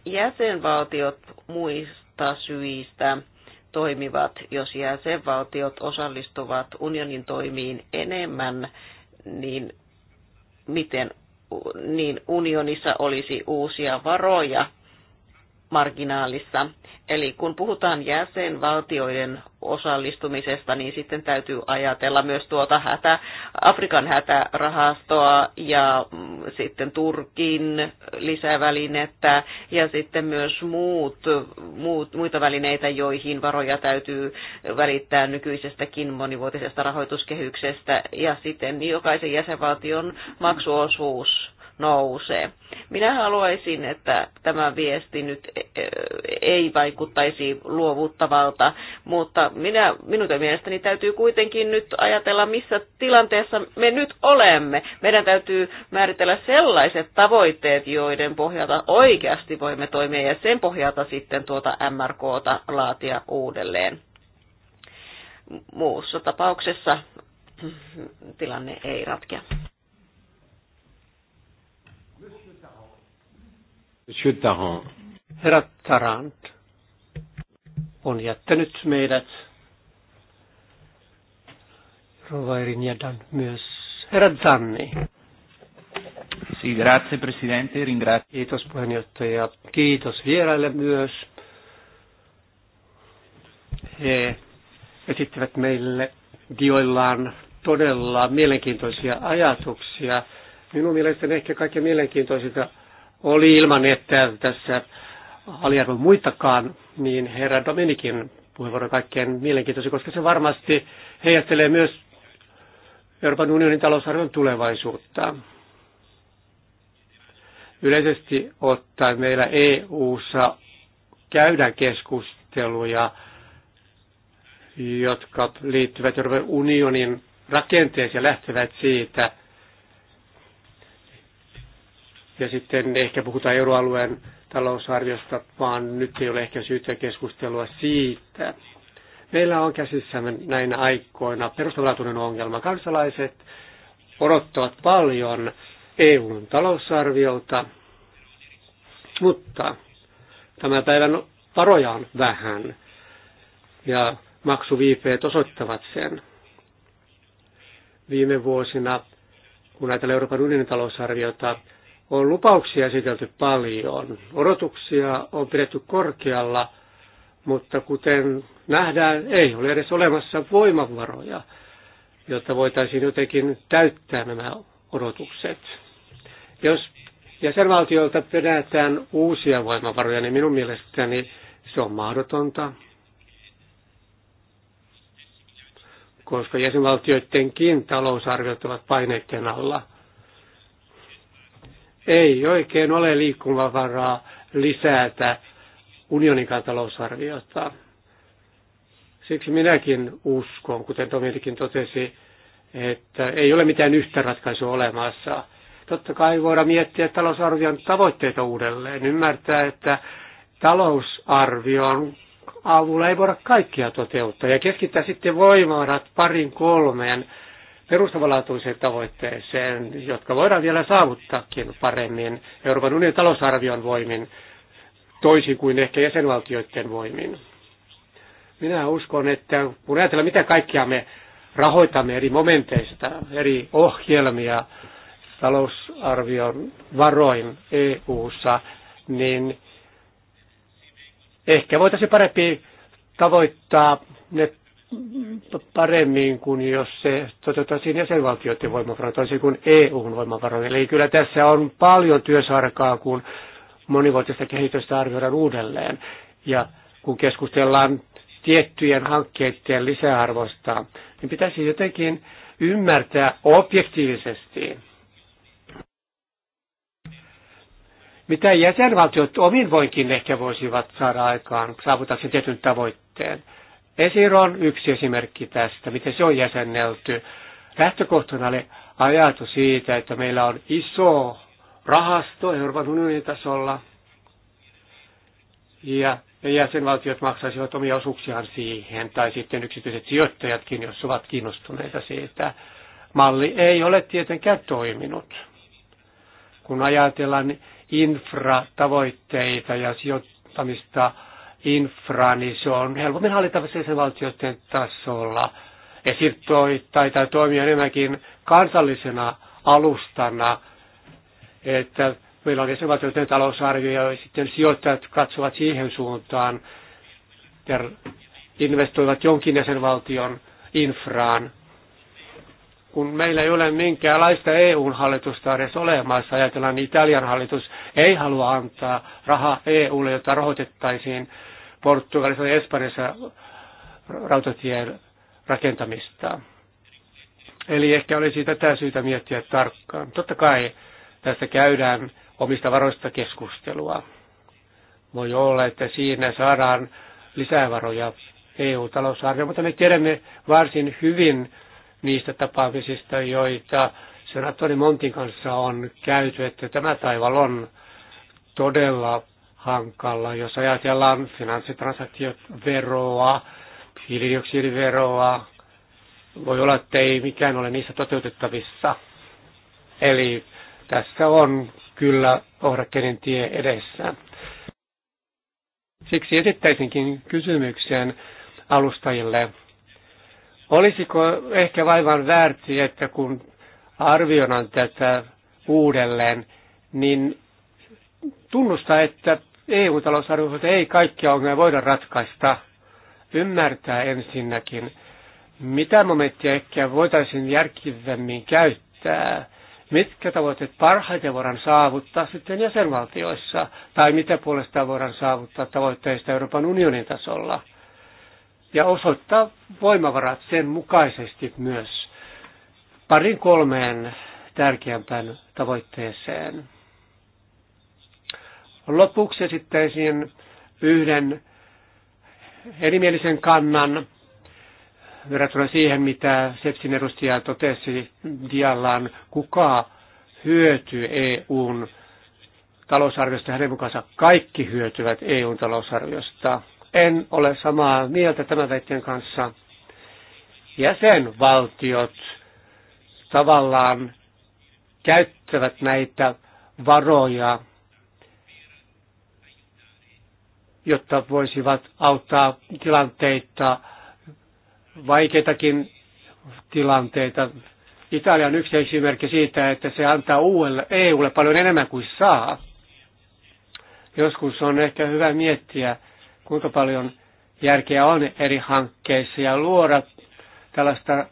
jäsenvaltiot muistavat muista syistä toimivat, jos jäsenvaltiot osallistuvat unionin toimiin enemmän, niin miten niin unionissa olisi uusia varoja marginaalissa. Eli kun puhutaan jäsenvaltioiden osallistumisesta, niin sitten täytyy ajatella myös tuota hätä, Afrikan hätärahastoa ja mm, sitten Turkin lisävälinettä ja sitten myös muut, muut, muita välineitä, joihin varoja täytyy välittää nykyisestäkin monivuotisesta rahoituskehyksestä ja sitten jokaisen jäsenvaltion maksuosuus nousee. Minä haluaisin, että tämä viesti nyt e, e, ei vaikuttaisi luovuttavalta, mutta minä, minun mielestäni täytyy kuitenkin nyt ajatella, missä tilanteessa me nyt olemme. Meidän täytyy määritellä sellaiset tavoitteet, joiden pohjalta oikeasti voimme toimia ja sen pohjalta sitten tuota MRKta laatia uudelleen. Muussa tapauksessa tilanne ei ratkea. Monsieur Tarant. Herra Tarant on jättänyt meidät Rovairin jätän myös. Herra Zanni. Si, grazie Presidente, ringrazio. Kiitos puheenjohtaja. Kiitos vieraille myös. He esittivät meille dioillaan todella mielenkiintoisia ajatuksia. Minun mielestäni ehkä kaikkein mielenkiintoisinta oli ilman, että tässä aliarvon muitakaan, niin herra Dominikin puheenvuoro kaikkein mielenkiintoisin, koska se varmasti heijastelee myös Euroopan unionin talousarvon tulevaisuutta. Yleisesti ottaen meillä EU-ssa käydään keskusteluja, jotka liittyvät Euroopan unionin rakenteeseen ja lähtevät siitä, ja sitten ehkä puhutaan euroalueen talousarviosta, vaan nyt ei ole ehkä syytä keskustelua siitä. Meillä on käsissämme näinä aikoina perustavanlaatuinen ongelma. Kansalaiset odottavat paljon EUn talousarviolta, mutta tämän päivän varoja on vähän ja maksuviipeet osoittavat sen. Viime vuosina, kun näitä Euroopan unionin talousarviota, on lupauksia esitelty paljon, odotuksia on pidetty korkealla, mutta kuten nähdään, ei ole edes olemassa voimavaroja, jotta voitaisiin jotenkin täyttää nämä odotukset. Jos jäsenvaltioilta penätään uusia voimavaroja, niin minun mielestäni se on mahdotonta, koska jäsenvaltioidenkin talousarviot ovat paineiden alla – ei oikein ole liikkumavaraa lisätä Unionin talousarviota. Siksi minäkin uskon, kuten Dominikin totesi, että ei ole mitään yhtä ratkaisua olemassa. Totta kai voidaan miettiä talousarvion tavoitteita uudelleen, ymmärtää, että talousarvion avulla ei voida kaikkia toteuttaa ja keskittää sitten voimarat parin kolmeen perustavanlaatuiseen tavoitteeseen, jotka voidaan vielä saavuttaakin paremmin Euroopan unionin talousarvion voimin, toisin kuin ehkä jäsenvaltioiden voimin. Minä uskon, että kun ajatellaan, mitä kaikkia me rahoitamme eri momenteista, eri ohjelmia talousarvion varoin EU-ssa, niin ehkä voitaisiin parempi tavoittaa ne paremmin kuin jos se toteutettaisiin jäsenvaltioiden voimavaroja, toisin kuin EUn voimavaroja. Eli kyllä tässä on paljon työsarkaa, kun monivuotista kehitystä arvioidaan uudelleen. Ja kun keskustellaan tiettyjen hankkeiden lisäarvosta, niin pitäisi jotenkin ymmärtää objektiivisesti, mitä jäsenvaltiot omin voinkin ehkä voisivat saada aikaan saavutakseen tietyn tavoitteen – Esir on yksi esimerkki tästä, miten se on jäsennelty. Lähtökohtana oli ajatus siitä, että meillä on iso rahasto Euroopan unionin tasolla, ja jäsenvaltiot maksaisivat omia osuuksiaan siihen, tai sitten yksityiset sijoittajatkin, jos ovat kiinnostuneita siitä. Malli ei ole tietenkään toiminut. Kun ajatellaan infratavoitteita ja sijoittamista infra, niin se on helpommin hallittavissa jäsenvaltioiden tasolla. Esir taitaa toimia enemmänkin kansallisena alustana, että meillä on jäsenvaltioiden talousarvio ja sitten sijoittajat katsovat siihen suuntaan ja investoivat jonkin jäsenvaltion infraan. Kun meillä ei ole minkäänlaista EU-hallitusta edes olemassa, ajatellaan, niin Italian hallitus ei halua antaa rahaa EUlle, jota rahoitettaisiin Portugalissa ja Espanjassa rautatien rakentamista. Eli ehkä olisi tätä syytä miettiä tarkkaan. Totta kai tässä käydään omista varoista keskustelua. Voi olla, että siinä saadaan lisävaroja EU-talousarvioon, mutta me tiedämme varsin hyvin niistä tapaamisista, joita senaattori Montin kanssa on käyty, että tämä taival on todella hankala, jos ajatellaan veroa, hiilidioksidiveroa. Voi olla, että ei mikään ole niissä toteutettavissa. Eli tässä on kyllä ohrakkeiden tie edessä. Siksi esittäisinkin kysymyksen alustajille. Olisiko ehkä vaivan väärti, että kun arvioidaan tätä uudelleen, niin tunnusta, että EU-talousarviossa ei kaikkia ongelmia voida ratkaista. Ymmärtää ensinnäkin, mitä momenttia ehkä voitaisiin järkivämmin käyttää, mitkä tavoitteet parhaiten voidaan saavuttaa sitten jäsenvaltioissa, tai mitä puolestaan voidaan saavuttaa tavoitteista Euroopan unionin tasolla, ja osoittaa voimavarat sen mukaisesti myös parin kolmeen tärkeämpään tavoitteeseen. Lopuksi esittäisin yhden erimielisen kannan verrattuna siihen, mitä Sepsin edustaja totesi diallaan, kuka hyötyy EUn talousarviosta. Hänen mukaansa kaikki hyötyvät EUn talousarviosta. En ole samaa mieltä tämän väitteen kanssa. Jäsenvaltiot tavallaan käyttävät näitä varoja jotta voisivat auttaa tilanteita, vaikeitakin tilanteita. Italia on yksi esimerkki siitä, että se antaa uudelle EUlle paljon enemmän kuin saa. Joskus on ehkä hyvä miettiä, kuinka paljon järkeä on eri hankkeissa ja luoda tällaista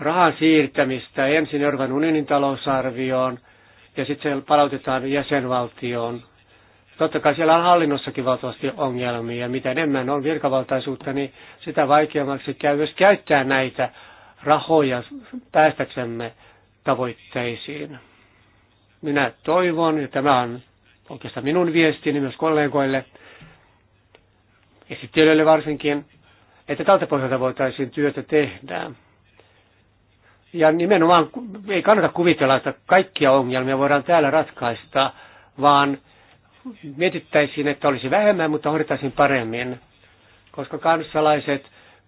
rahan siirtämistä ensin Euroopan unionin talousarvioon ja sitten se palautetaan jäsenvaltioon Totta kai siellä on hallinnossakin valtavasti ongelmia. Mitä enemmän on virkavaltaisuutta, niin sitä vaikeammaksi käy myös käyttää näitä rahoja päästäksemme tavoitteisiin. Minä toivon, ja tämä on oikeastaan minun viestini myös kollegoille, esittelijöille varsinkin, että tältä pohjalta voitaisiin työtä tehdä. Ja nimenomaan ei kannata kuvitella, että kaikkia ongelmia voidaan täällä ratkaista, vaan – mietittäisiin, että olisi vähemmän, mutta hoidettaisiin paremmin, koska kansalaiset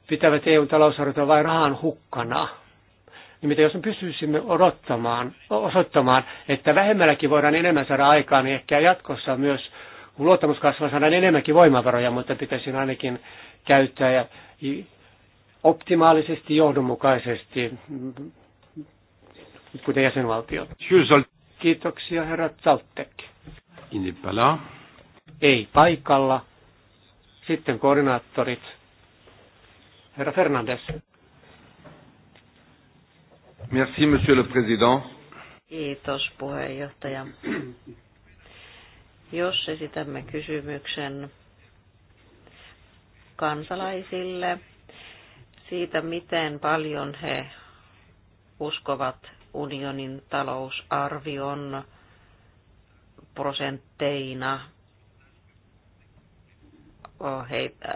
pitävät EUn talousarviota vain rahan hukkana. Nimittäin jos me pysyisimme odottamaan, osoittamaan, että vähemmälläkin voidaan enemmän saada aikaa, niin ehkä jatkossa myös kun luottamus kasvaa, saadaan enemmänkin voimavaroja, mutta pitäisi ainakin käyttää ja optimaalisesti, johdonmukaisesti, kuten jäsenvaltiot. Kiitoksia, herra Zaltek. Il n'est pas là. Ei paikalla. Sitten koordinaattorit. Herra Fernandes. Merci, monsieur le président. Kiitos puheenjohtaja. Jos esitämme kysymyksen kansalaisille siitä, miten paljon he uskovat unionin talousarvion prosentteina heitä,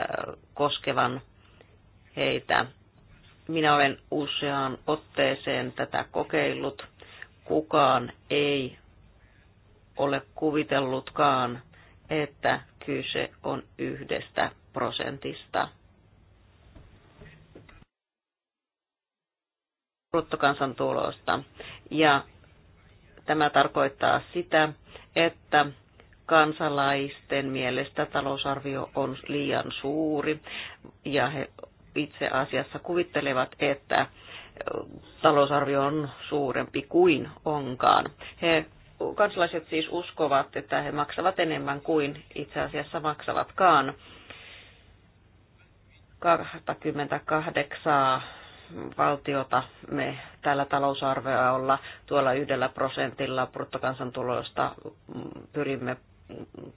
koskevan heitä. Minä olen useaan otteeseen tätä kokeillut. Kukaan ei ole kuvitellutkaan, että kyse on yhdestä prosentista. bruttokansantulosta. Ja tämä tarkoittaa sitä, että kansalaisten mielestä talousarvio on liian suuri ja he itse asiassa kuvittelevat, että talousarvio on suurempi kuin onkaan. He kansalaiset siis uskovat, että he maksavat enemmän kuin itse asiassa maksavatkaan. 28 valtiota me tällä talousarvioilla tuolla yhdellä prosentilla bruttokansantuloista pyrimme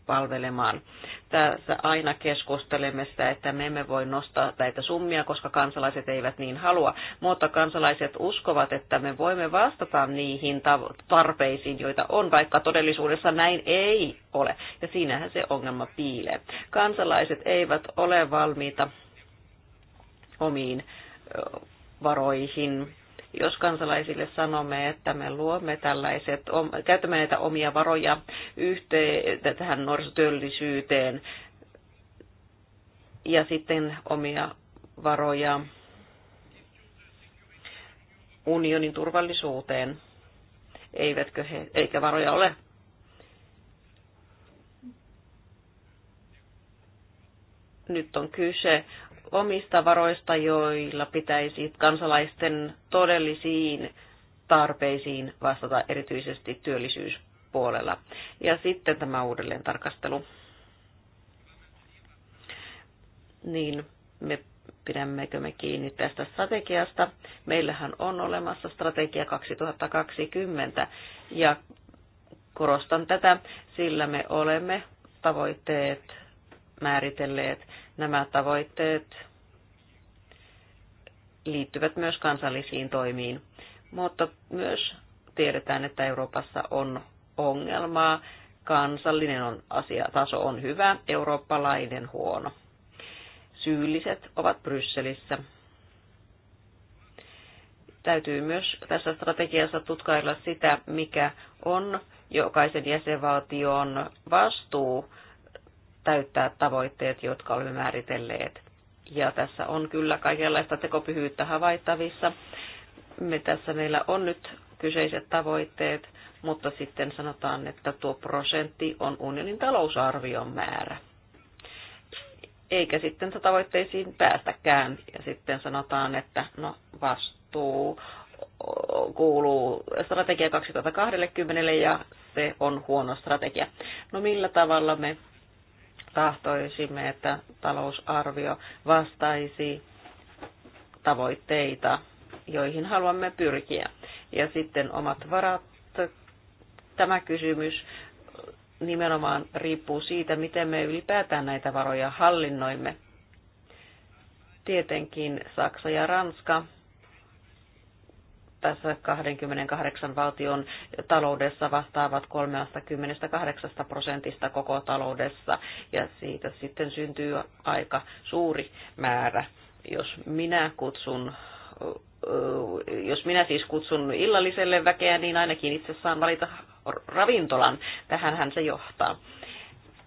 palvelemaan. Tässä aina keskustelemme sitä, että me emme voi nostaa näitä summia, koska kansalaiset eivät niin halua, mutta kansalaiset uskovat, että me voimme vastata niihin tarpeisiin, joita on, vaikka todellisuudessa näin ei ole. Ja siinähän se ongelma piilee. Kansalaiset eivät ole valmiita omiin varoihin. Jos kansalaisille sanomme, että me luomme tällaiset, käytämme näitä omia varoja yhteen, tähän nuorisotyöllisyyteen ja sitten omia varoja unionin turvallisuuteen, eivätkö he, eikä varoja ole nyt on kyse omista varoista, joilla pitäisi kansalaisten todellisiin tarpeisiin vastata erityisesti työllisyyspuolella. Ja sitten tämä uudelleen tarkastelu. Niin me pidämmekö me kiinni tästä strategiasta. Meillähän on olemassa strategia 2020 ja korostan tätä, sillä me olemme tavoitteet määritelleet Nämä tavoitteet liittyvät myös kansallisiin toimiin, mutta myös tiedetään, että Euroopassa on ongelmaa. Kansallinen on asia, taso on hyvä, eurooppalainen huono. Syylliset ovat Brysselissä. Täytyy myös tässä strategiassa tutkailla sitä, mikä on jokaisen jäsenvaltion vastuu täyttää tavoitteet, jotka olemme määritelleet. Ja tässä on kyllä kaikenlaista tekopyhyyttä havaittavissa. Me tässä meillä on nyt kyseiset tavoitteet, mutta sitten sanotaan, että tuo prosentti on unionin talousarvion määrä. Eikä sitten tavoitteisiin päästäkään. Ja sitten sanotaan, että no vastuu kuuluu strategia 2020 ja se on huono strategia. No millä tavalla me tahtoisimme, että talousarvio vastaisi tavoitteita, joihin haluamme pyrkiä. Ja sitten omat varat. Tämä kysymys nimenomaan riippuu siitä, miten me ylipäätään näitä varoja hallinnoimme. Tietenkin Saksa ja Ranska tässä 28 valtion taloudessa vastaavat 38 prosentista koko taloudessa ja siitä sitten syntyy aika suuri määrä. Jos minä kutsun jos minä siis kutsun illalliselle väkeä, niin ainakin itse saan valita ravintolan. Tähänhän se johtaa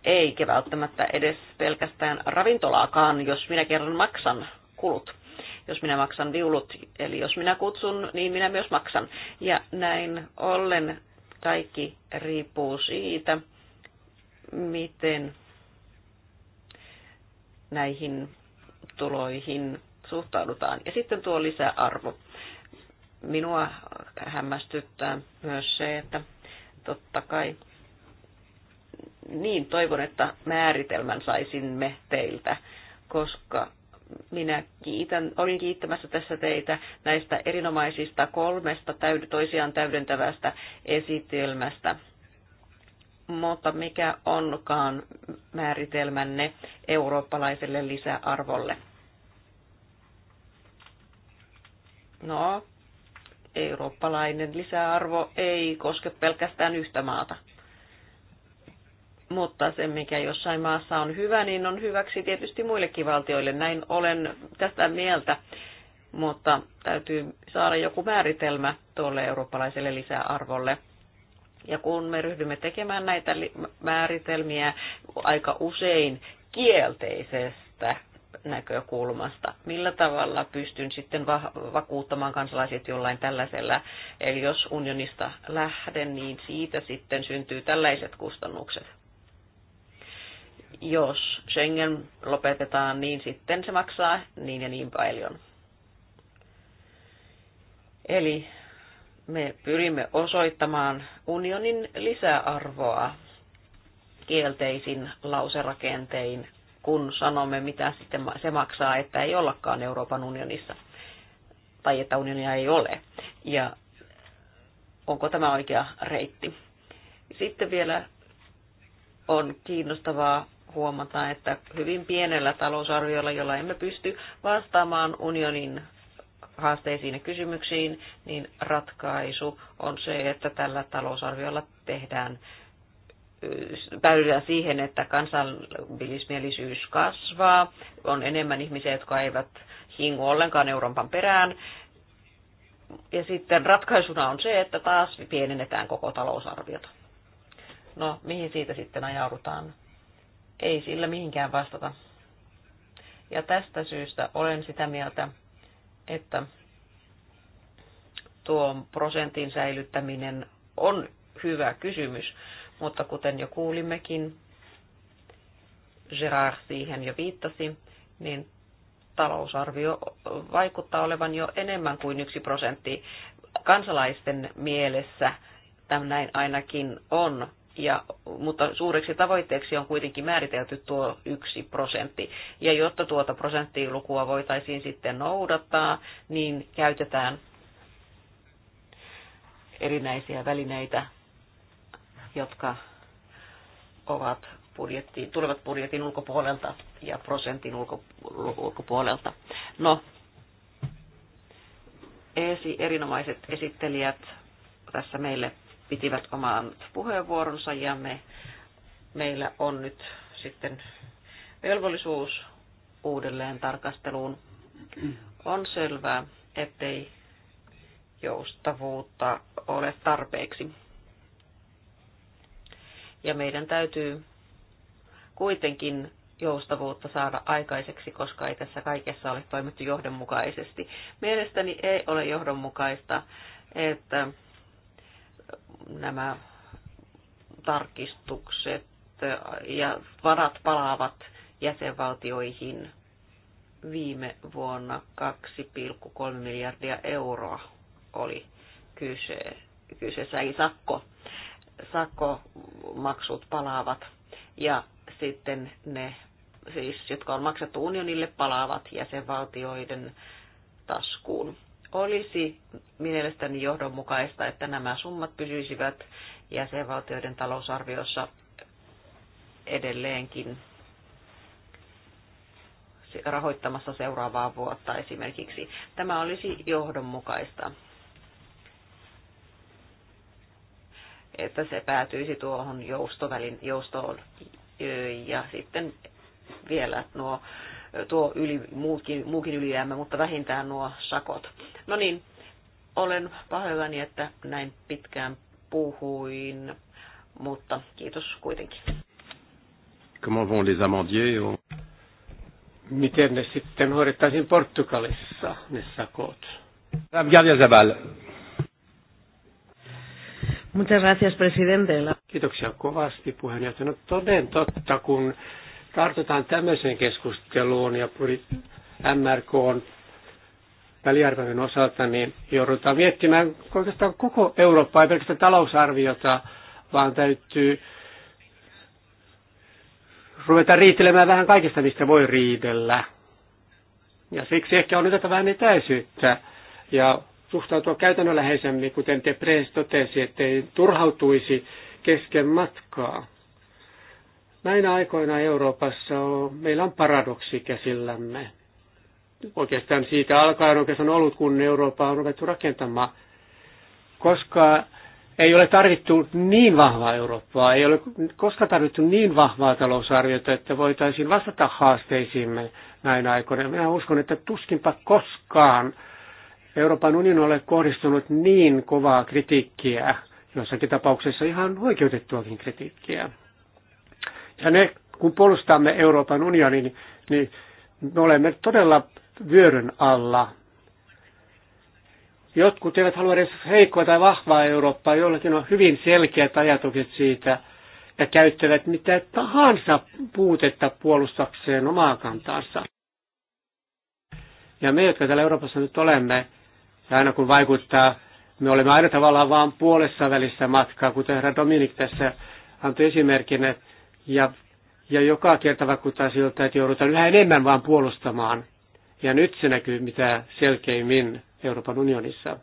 eikä välttämättä edes pelkästään ravintolaakaan, jos minä kerran maksan kulut. Jos minä maksan viulut, eli jos minä kutsun, niin minä myös maksan. Ja näin ollen kaikki riippuu siitä, miten näihin tuloihin suhtaudutaan. Ja sitten tuo lisäarvo. Minua hämmästyttää myös se, että totta kai niin toivon, että määritelmän saisimme teiltä, koska minä kiitän, olin kiittämässä tässä teitä näistä erinomaisista kolmesta täyd, toisiaan täydentävästä esitelmästä. Mutta mikä onkaan määritelmänne eurooppalaiselle lisäarvolle? No, eurooppalainen lisäarvo ei koske pelkästään yhtä maata mutta se, mikä jossain maassa on hyvä, niin on hyväksi tietysti muillekin valtioille. Näin olen tästä mieltä, mutta täytyy saada joku määritelmä tuolle eurooppalaiselle lisäarvolle. Ja kun me ryhdymme tekemään näitä määritelmiä aika usein kielteisestä näkökulmasta. Millä tavalla pystyn sitten va- vakuuttamaan kansalaiset jollain tällaisella, eli jos unionista lähden, niin siitä sitten syntyy tällaiset kustannukset jos Schengen lopetetaan, niin sitten se maksaa niin ja niin paljon. Eli me pyrimme osoittamaan unionin lisäarvoa kielteisin lauserakentein, kun sanomme, mitä sitten se maksaa, että ei ollakaan Euroopan unionissa tai että unionia ei ole. Ja onko tämä oikea reitti. Sitten vielä on kiinnostavaa huomata, että hyvin pienellä talousarviolla, jolla emme pysty vastaamaan unionin haasteisiin ja kysymyksiin, niin ratkaisu on se, että tällä talousarviolla tehdään päädytään siihen, että kansallismielisyys kasvaa, on enemmän ihmisiä, jotka eivät hingu ollenkaan Euroopan perään. Ja sitten ratkaisuna on se, että taas pienennetään koko talousarviota. No, mihin siitä sitten ajaudutaan? ei sillä mihinkään vastata. Ja tästä syystä olen sitä mieltä, että tuo prosentin säilyttäminen on hyvä kysymys, mutta kuten jo kuulimmekin, Gerard siihen jo viittasi, niin talousarvio vaikuttaa olevan jo enemmän kuin yksi prosentti kansalaisten mielessä. Tämä näin ainakin on ja, mutta suureksi tavoitteeksi on kuitenkin määritelty tuo yksi prosentti. Ja jotta tuota prosenttilukua voitaisiin sitten noudattaa, niin käytetään erinäisiä välineitä, jotka ovat budjettiin, tulevat budjetin ulkopuolelta ja prosentin ulkopuolelta. No, esi, erinomaiset esittelijät tässä meille pitivät oman puheenvuoronsa ja me, meillä on nyt sitten velvollisuus uudelleen tarkasteluun. On selvää, ettei joustavuutta ole tarpeeksi. Ja meidän täytyy kuitenkin joustavuutta saada aikaiseksi, koska ei tässä kaikessa ole toimittu johdonmukaisesti. Mielestäni ei ole johdonmukaista, että nämä tarkistukset ja varat palaavat jäsenvaltioihin viime vuonna 2,3 miljardia euroa oli kyse, kyseessä, eli sakko, sakkomaksut palaavat ja sitten ne, siis, jotka on maksettu unionille, palaavat jäsenvaltioiden taskuun. Olisi mielestäni johdonmukaista, että nämä summat pysyisivät jäsenvaltioiden talousarviossa edelleenkin rahoittamassa seuraavaa vuotta esimerkiksi. Tämä olisi johdonmukaista. että se päätyisi tuohon joustovälin, joustoon. Ja sitten vielä nuo tuo yli, muutkin, muukin ylijäämä, mutta vähintään nuo sakot. No niin, olen pahoillani, että näin pitkään puhuin, mutta kiitos kuitenkin. Comment vont les amandiers? On... Miten ne sitten hoidettaisiin Portugalissa, ne sakot? Muchas gracias, presidente. Kiitoksia kovasti puheenjohtaja. No toden totta, kun tartutaan tämmöiseen keskusteluun ja MRK on väliarvioinnin osalta, niin joudutaan miettimään oikeastaan koko Eurooppaa, ei pelkästään talousarviota, vaan täytyy ruveta riitelemään vähän kaikista, mistä voi riidellä. Ja siksi ehkä on otettava vähän etäisyyttä ja suhtautua käytännönläheisemmin, kuten te Press totesi, ettei turhautuisi kesken matkaa. Näinä aikoina Euroopassa on, meillä on paradoksi käsillämme. Oikeastaan siitä alkaen oikeastaan ollut, kun Eurooppaa on ruvettu rakentamaan, koska ei ole tarvittu niin vahvaa Eurooppaa, ei ole koskaan tarvittu niin vahvaa talousarviota, että voitaisiin vastata haasteisiimme näinä aikoina. Minä uskon, että tuskinpa koskaan Euroopan unionille kohdistunut niin kovaa kritiikkiä, jossakin tapauksessa ihan oikeutettuakin kritiikkiä. Ja ne, kun puolustamme Euroopan unionin, niin me olemme todella vyöryn alla. Jotkut eivät halua edes heikkoa tai vahvaa Eurooppaa, joillakin on hyvin selkeät ajatukset siitä ja käyttävät mitä tahansa puutetta puolustakseen omaa kantaansa. Ja me, jotka täällä Euroopassa nyt olemme, ja aina kun vaikuttaa, me olemme aina tavallaan vaan puolessa välissä matkaa, kuten herra Dominik tässä antoi esimerkin, että ja, ja joka kerta vaikuttaa siltä, että joudutaan yhä enemmän vaan puolustamaan. Ja nyt se näkyy mitä selkeimmin Euroopan unionissa.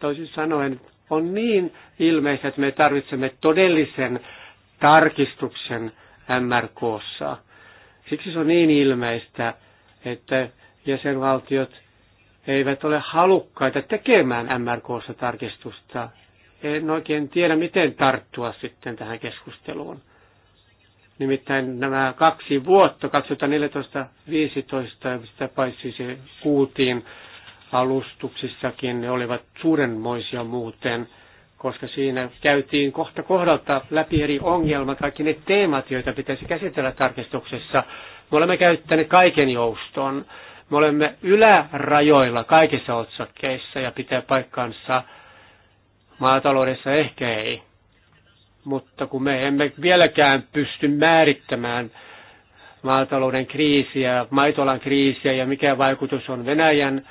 Toisin sanoen on niin ilmeistä, että me tarvitsemme todellisen tarkistuksen MRKssa. Siksi se on niin ilmeistä, että jäsenvaltiot eivät ole halukkaita tekemään MRKssa tarkistusta. En oikein tiedä, miten tarttua sitten tähän keskusteluun. Nimittäin nämä kaksi vuotta, 2014-2015, sitä paitsi se kuultiin alustuksissakin, ne olivat suurenmoisia muuten, koska siinä käytiin kohta kohdalta läpi eri ongelmat, kaikki ne teemat, joita pitäisi käsitellä tarkistuksessa. Me olemme käyttäneet kaiken jouston. Me olemme ylärajoilla kaikissa otsakkeissa ja pitää paikkansa maataloudessa ehkä ei mutta kun me emme vieläkään pysty määrittämään maatalouden kriisiä, maitolan kriisiä ja mikä vaikutus on Venäjän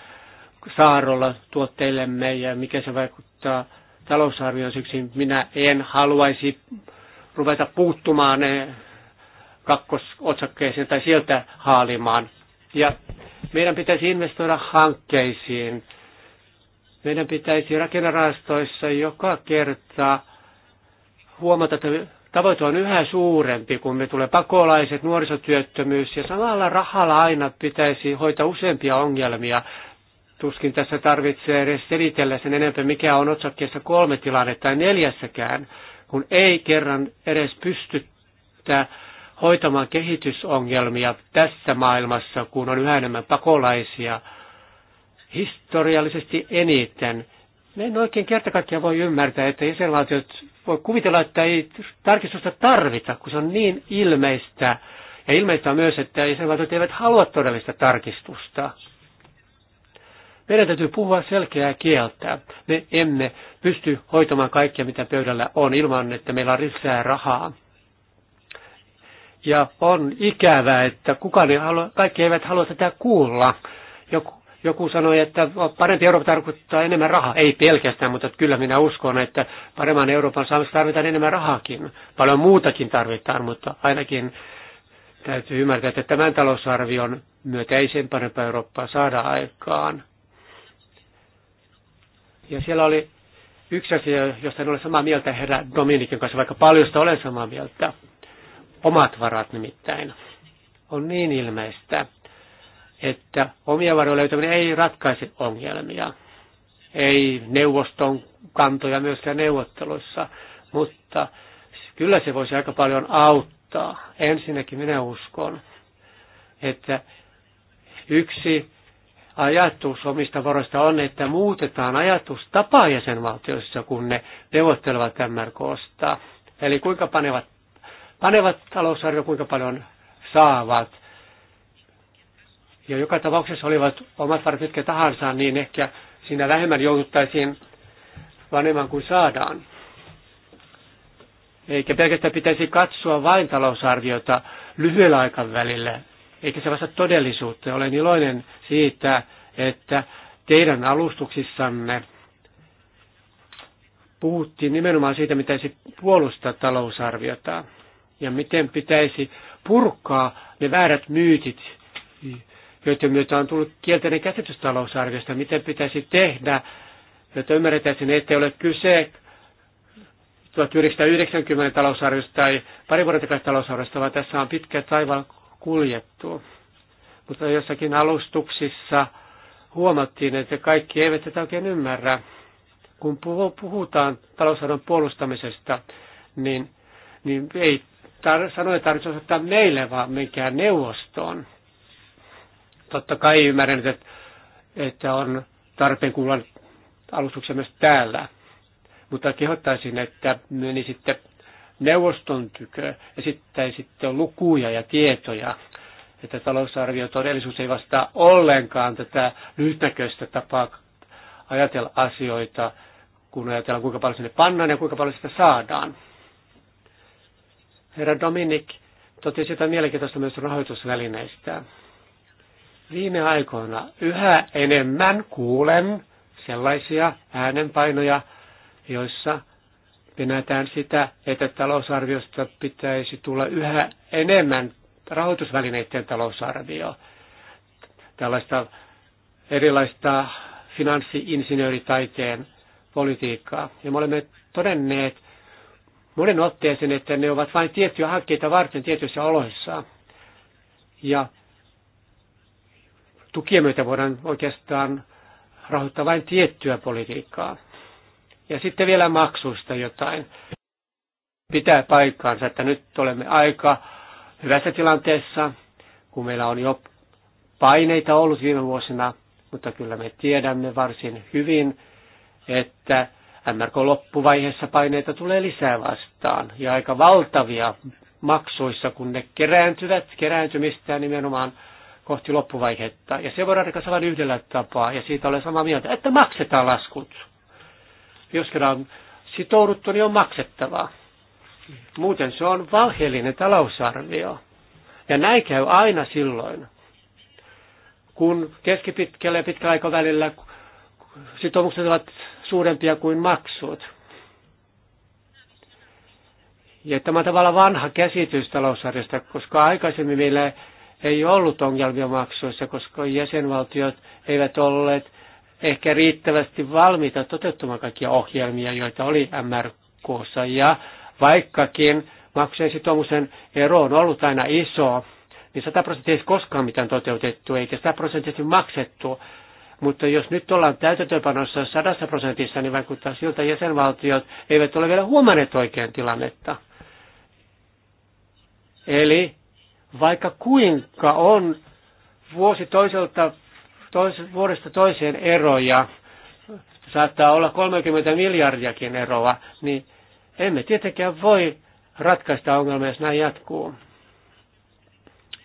saarolla tuotteillemme ja mikä se vaikuttaa talousarvioon. Siksi minä en haluaisi ruveta puuttumaan ne kakkosotsakkeeseen tai sieltä haalimaan. Ja meidän pitäisi investoida hankkeisiin. Meidän pitäisi rakennerahastoissa joka kerta huomata, että tavoite on yhä suurempi, kun me tulee pakolaiset, nuorisotyöttömyys ja samalla rahalla aina pitäisi hoitaa useampia ongelmia. Tuskin tässä tarvitsee edes selitellä sen enempää, mikä on otsakkeessa kolme tilanne tai neljässäkään, kun ei kerran edes pystytä hoitamaan kehitysongelmia tässä maailmassa, kun on yhä enemmän pakolaisia historiallisesti eniten me en oikein kerta kaikkiaan voi ymmärtää, että jäsenvaltiot voi kuvitella, että ei tarkistusta tarvita, kun se on niin ilmeistä. Ja ilmeistä on myös, että jäsenvaltiot eivät halua todellista tarkistusta. Meidän täytyy puhua selkeää kieltä. Me emme pysty hoitamaan kaikkea, mitä pöydällä on, ilman että meillä on lisää rahaa. Ja on ikävää, että kukaan ei halua, kaikki eivät halua tätä kuulla. Joku joku sanoi, että parempi Eurooppa tarkoittaa enemmän rahaa. Ei pelkästään, mutta kyllä minä uskon, että paremman Euroopan saamista tarvitaan enemmän rahaakin. Paljon muutakin tarvitaan, mutta ainakin täytyy ymmärtää, että tämän talousarvion myötä ei sen parempaa Eurooppaa saada aikaan. Ja siellä oli yksi asia, josta en ole samaa mieltä herra Dominikin kanssa, vaikka paljon sitä olen samaa mieltä. Omat varat nimittäin. On niin ilmeistä, että omia varoja löytäminen ei ratkaise ongelmia. Ei neuvoston kantoja myöskään neuvotteluissa, mutta kyllä se voisi aika paljon auttaa. Ensinnäkin minä uskon, että yksi ajatus omista varoista on, että muutetaan ajatustapaa jäsenvaltioissa, kun ne neuvottelevat MRK Eli kuinka panevat, panevat talousarvio, kuinka paljon saavat. Ja joka tapauksessa olivat omat varat mitkä tahansa, niin ehkä siinä vähemmän jouduttaisiin vanhemman kuin saadaan. Eikä pelkästään pitäisi katsoa vain talousarviota lyhyellä aikavälillä, eikä se vasta todellisuutta. Olen iloinen siitä, että teidän alustuksissanne puhuttiin nimenomaan siitä, mitä pitäisi puolustaa talousarviota ja miten pitäisi purkaa ne väärät myytit, joiden myötä on tullut kielteinen käsitys talousarviosta, miten pitäisi tehdä, jotta ymmärretään sinne, ettei ole kyse 1990 talousarviosta tai pari vuoden takaisin talousarviosta, vaan tässä on pitkä taivaan kuljettu. Mutta jossakin alustuksissa huomattiin, että kaikki eivät tätä oikein ymmärrä. Kun puhutaan talousarvon puolustamisesta, niin, niin ei tar- sanoja tarvitse osoittaa meille, vaan mikään neuvostoon. Totta kai ymmärrän, että, että on tarpeen kuulla alustuksia myös täällä. Mutta kehottaisin, että menisitte neuvoston tykö, esittäisitte lukuja ja tietoja, että talousarvio todellisuus ei vastaa ollenkaan tätä lyhytnäköistä tapaa ajatella asioita, kun ajatellaan kuinka paljon sinne pannaan ja kuinka paljon sitä saadaan. Herra Dominik totesi jotain mielenkiintoista myös rahoitusvälineistä. Viime aikoina yhä enemmän kuulen sellaisia äänenpainoja, joissa penätään sitä, että talousarviosta pitäisi tulla yhä enemmän rahoitusvälineiden talousarvio. Tällaista erilaista finanssiinsinööritaiteen politiikkaa. Ja me olemme todenneet monen otteeseen, että ne ovat vain tiettyjä hankkeita varten tietyissä oloissa. Ja tukia myötä voidaan oikeastaan rahoittaa vain tiettyä politiikkaa. Ja sitten vielä maksuista jotain. Pitää paikkaansa, että nyt olemme aika hyvässä tilanteessa, kun meillä on jo paineita ollut viime vuosina, mutta kyllä me tiedämme varsin hyvin, että MRK-loppuvaiheessa paineita tulee lisää vastaan ja aika valtavia maksuissa, kun ne kerääntyvät kerääntymistä nimenomaan kohti loppuvaihetta. Ja se voidaan ratkaista vain yhdellä tapaa, ja siitä olen samaa mieltä, että maksetaan laskut. Jos kerran on sitouduttu, niin on maksettavaa. Muuten se on valheellinen talousarvio. Ja näin käy aina silloin, kun keskipitkällä ja pitkällä aikavälillä sitoumukset ovat suurempia kuin maksut. Ja tämä on tavallaan vanha käsitys talousarjosta, koska aikaisemmin meillä ei ollut ongelmia maksuissa, koska jäsenvaltiot eivät olleet ehkä riittävästi valmiita toteuttamaan kaikkia ohjelmia, joita oli MRKssa. Ja vaikkakin maksujen sitoumuksen ero on ollut aina iso, niin 100 prosenttia ei koskaan mitään toteutettu, eikä 100 prosenttisesti maksettu. Mutta jos nyt ollaan täytäntöönpanossa 100 prosentissa, niin vaikuttaa siltä, että jäsenvaltiot eivät ole vielä huomanneet oikein tilannetta. Eli vaikka kuinka on vuosi toiselta, tois, vuodesta toiseen eroja, saattaa olla 30 miljardiakin eroa, niin emme tietenkään voi ratkaista ongelmia, jos näin jatkuu.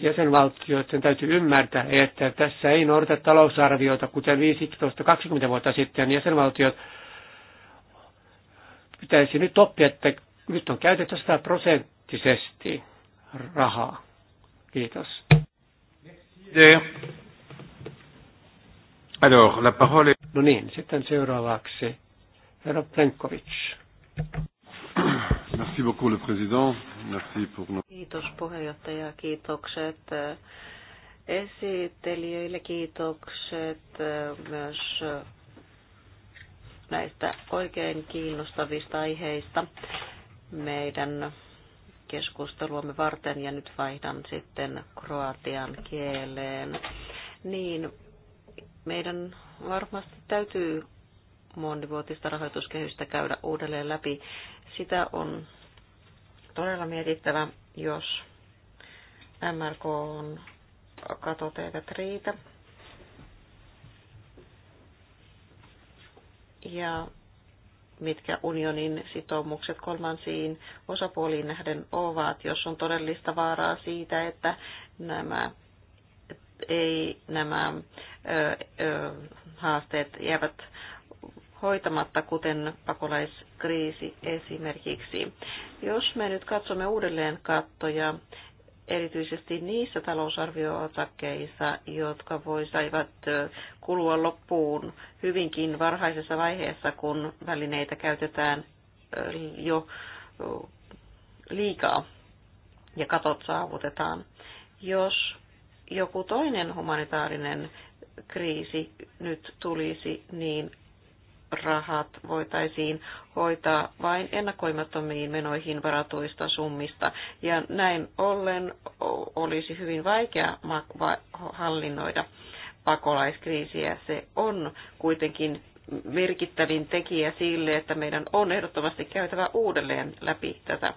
Jäsenvaltioiden täytyy ymmärtää, että tässä ei noudata talousarviota, kuten 15-20 vuotta sitten jäsenvaltiot pitäisi nyt oppia, että nyt on käytetty 100 prosenttisesti rahaa. Kiitos. No niin, sitten seuraavaksi herra Plenkovic. Merci beaucoup, le président. Merci pour... Kiitos puheenjohtaja, kiitokset eh, esittelijöille, kiitokset eh, myös eh, näistä oikein kiinnostavista aiheista meidän keskusteluamme varten ja nyt vaihdan sitten kroatian kieleen. Niin meidän varmasti täytyy monivuotista rahoituskehystä käydä uudelleen läpi. Sitä on todella mietittävä, jos MRK on katot eivät riitä. Ja mitkä unionin sitoumukset kolmansiin osapuoliin nähden ovat, jos on todellista vaaraa siitä, että nämä ei nämä ö, ö, haasteet jäävät hoitamatta, kuten pakolaiskriisi esimerkiksi. Jos me nyt katsomme uudelleen kattoja erityisesti niissä talousarvioosakkeissa, jotka voisivat kulua loppuun hyvinkin varhaisessa vaiheessa, kun välineitä käytetään jo liikaa ja katot saavutetaan. Jos joku toinen humanitaarinen kriisi nyt tulisi, niin rahat voitaisiin hoitaa vain ennakoimattomiin menoihin varatuista summista. Ja näin ollen olisi hyvin vaikea hallinnoida pakolaiskriisiä. Se on kuitenkin merkittävin tekijä sille, että meidän on ehdottomasti käytävä uudelleen läpi tätä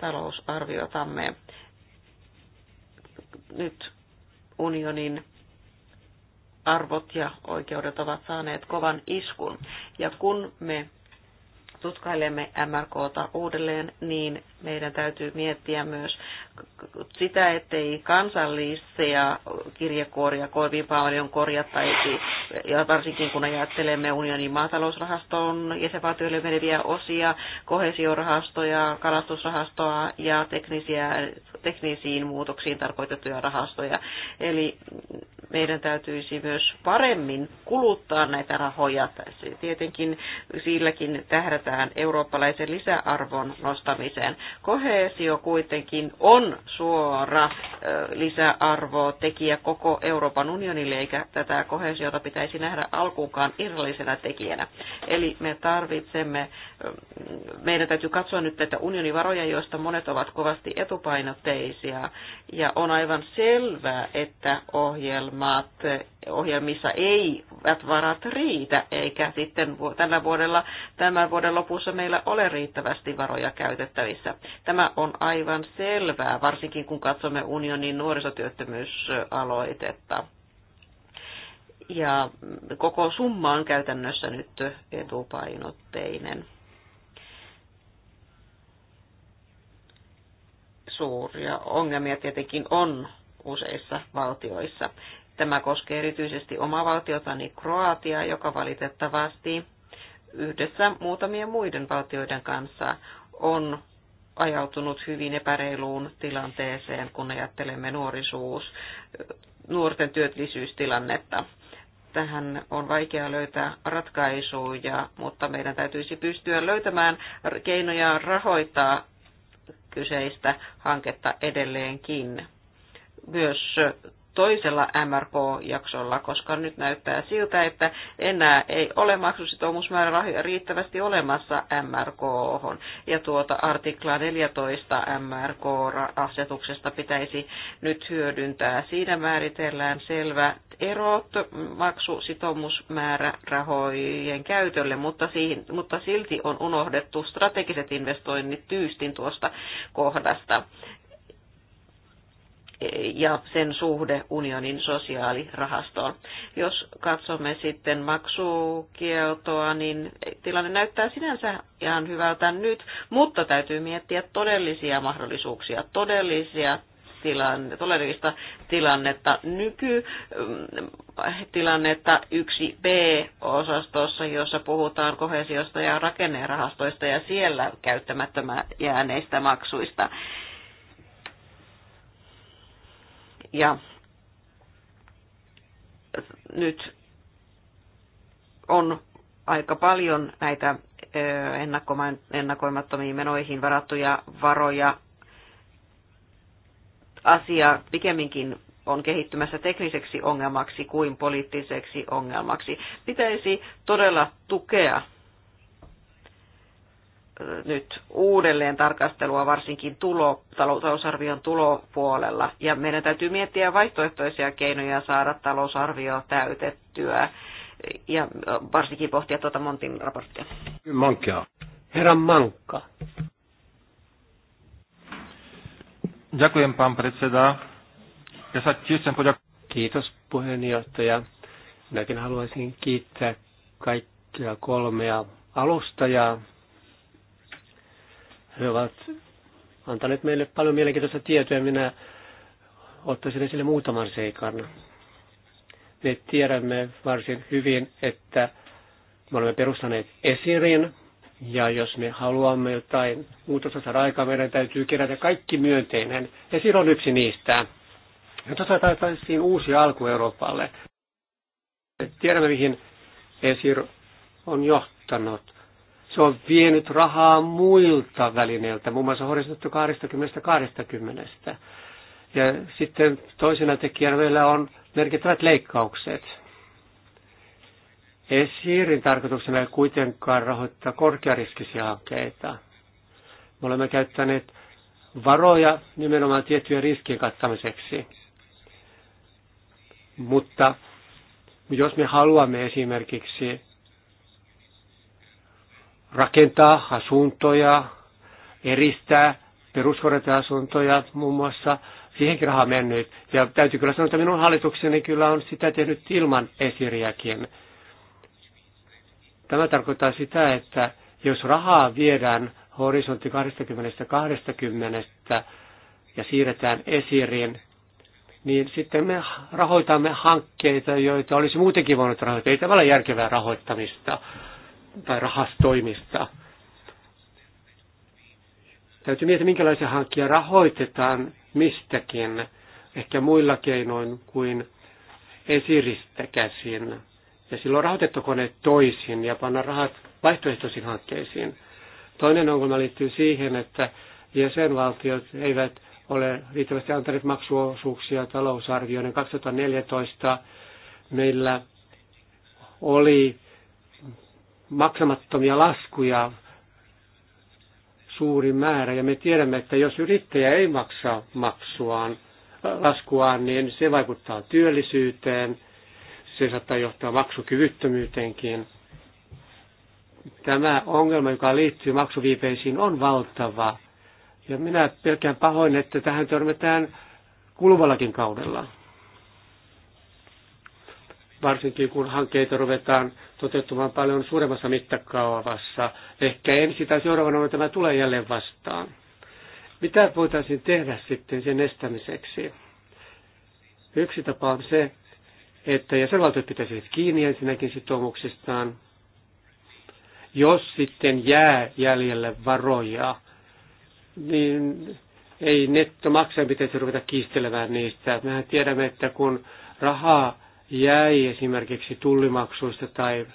talousarviotamme. Nyt unionin arvot ja oikeudet ovat saaneet kovan iskun. Ja kun me tutkailemme MRKta uudelleen, niin meidän täytyy miettiä myös sitä, ettei kansallisia kirjekuoria kovin paljon korjattaisi, ja varsinkin kun ajattelemme unionin maatalousrahaston jäsenvaltioille meneviä osia, kohesiorahastoja, kalastusrahastoa ja teknisiä, teknisiin muutoksiin tarkoitettuja rahastoja. Eli meidän täytyisi myös paremmin kuluttaa näitä rahoja. Tietenkin silläkin tähdätään eurooppalaisen lisäarvon nostamiseen. Kohesio kuitenkin on on suora lisäarvo tekijä koko Euroopan unionille, eikä tätä kohesiota pitäisi nähdä alkuunkaan irrallisena tekijänä. Eli me tarvitsemme, meidän täytyy katsoa nyt tätä unionivaroja, joista monet ovat kovasti etupainotteisia, ja on aivan selvää, että ohjelmat ohjelmissa ei varat riitä, eikä sitten tällä vuodella, tämän vuoden lopussa meillä ole riittävästi varoja käytettävissä. Tämä on aivan selvää, varsinkin kun katsomme unionin nuorisotyöttömyysaloitetta. Ja koko summa on käytännössä nyt etupainotteinen. Suuria ongelmia tietenkin on useissa valtioissa. Tämä koskee erityisesti omaa valtiotani Kroatia, joka valitettavasti yhdessä muutamien muiden valtioiden kanssa on ajautunut hyvin epäreiluun tilanteeseen, kun ajattelemme nuorisuus, nuorten työllisyystilannetta. Tähän on vaikea löytää ratkaisuja, mutta meidän täytyisi pystyä löytämään keinoja rahoittaa kyseistä hanketta edelleenkin. Myös toisella MRK-jaksolla, koska nyt näyttää siltä, että enää ei ole maksusitoumusmäärärahoja riittävästi olemassa MRK. -ohon. Ja tuota artiklaa 14 MRK-asetuksesta pitäisi nyt hyödyntää. Siinä määritellään selvät erot maksusitoumusmäärärahojen käytölle, mutta, siihen, mutta silti on unohdettu strategiset investoinnit tyystin tuosta kohdasta ja sen suhde unionin sosiaalirahastoon. Jos katsomme sitten maksukieltoa, niin tilanne näyttää sinänsä ihan hyvältä nyt, mutta täytyy miettiä todellisia mahdollisuuksia, todellisia tilanne, todellista tilannetta, nykytilannetta mm, 1B-osastossa, jossa puhutaan kohesiosta ja rakennerahastoista ja siellä käyttämättömä jääneistä maksuista. Ja nyt on aika paljon näitä ennakoimattomiin menoihin varattuja varoja. Asia pikemminkin on kehittymässä tekniseksi ongelmaksi kuin poliittiseksi ongelmaksi. Pitäisi todella tukea nyt uudelleen tarkastelua varsinkin tulo, talousarvion tulopuolella. Ja meidän täytyy miettiä vaihtoehtoisia keinoja saada talousarvio täytettyä ja varsinkin pohtia tuota Montin raporttia. Mankia. Herra Mankka. Ďakujem, pán predseda. Ja sa tiež Kiitos, puheenjohtaja. Minäkin haluaisin kiittää kaikkia kolmea alustajaa he ovat antaneet meille paljon mielenkiintoista tietoa ja minä ottaisin esille muutaman seikan. Me tiedämme varsin hyvin, että me olemme perustaneet esirin, ja jos me haluamme jotain muutosta saada aikaa, meidän täytyy kerätä kaikki myönteinen. Ja siinä on yksi niistä. Ja tuossa taitaisiin uusi alku Euroopalle. Tiedämme, mihin Esir on johtanut. Se on vienyt rahaa muilta välineiltä, muun muassa horisontti 20-20. Ja sitten toisena tekijänä meillä on merkittävät leikkaukset. Esiirin tarkoituksena ei kuitenkaan rahoittaa korkeariskisiä hankkeita. Me olemme käyttäneet varoja nimenomaan tiettyjen riskien kattamiseksi. Mutta jos me haluamme esimerkiksi rakentaa asuntoja, eristää peruskorjata asuntoja muun muassa. Siihenkin raha mennyt. Ja täytyy kyllä sanoa, että minun hallitukseni kyllä on sitä tehnyt ilman esiriäkin. Tämä tarkoittaa sitä, että jos rahaa viedään horisontti 20-20 ja siirretään esiriin, niin sitten me rahoitamme hankkeita, joita olisi muutenkin voinut rahoittaa. Ei tavallaan järkevää rahoittamista tai rahastoimista. Täytyy miettiä, minkälaisia hankkia rahoitetaan mistäkin, ehkä muilla keinoin kuin esiristä käsin. Ja silloin rahoitettako ne toisin ja panna rahat vaihtoehtoisiin hankkeisiin. Toinen ongelma liittyy siihen, että jäsenvaltiot eivät ole riittävästi antaneet maksuosuuksia talousarvioiden 2014. Meillä oli maksamattomia laskuja suuri määrä. Ja me tiedämme, että jos yrittäjä ei maksa maksuaan, laskuaan, niin se vaikuttaa työllisyyteen, se saattaa johtaa maksukyvyttömyyteenkin. Tämä ongelma, joka liittyy maksuviipeisiin, on valtava. Ja minä pelkään pahoin, että tähän törmätään kuluvallakin kaudella varsinkin kun hankkeita ruvetaan toteuttamaan paljon suuremmassa mittakaavassa. Ehkä ensi tai seuraavana tämä tulee jälleen vastaan. Mitä voitaisiin tehdä sitten sen estämiseksi? Yksi tapa on se, että jäsenvaltiot pitäisivät kiinni ensinnäkin sitoumuksistaan. Jos sitten jää jäljelle varoja, niin ei nettomaksajan pitäisi ruveta kiistelemään niistä. Mehän tiedämme, että kun rahaa jäi esimerkiksi tullimaksuista tai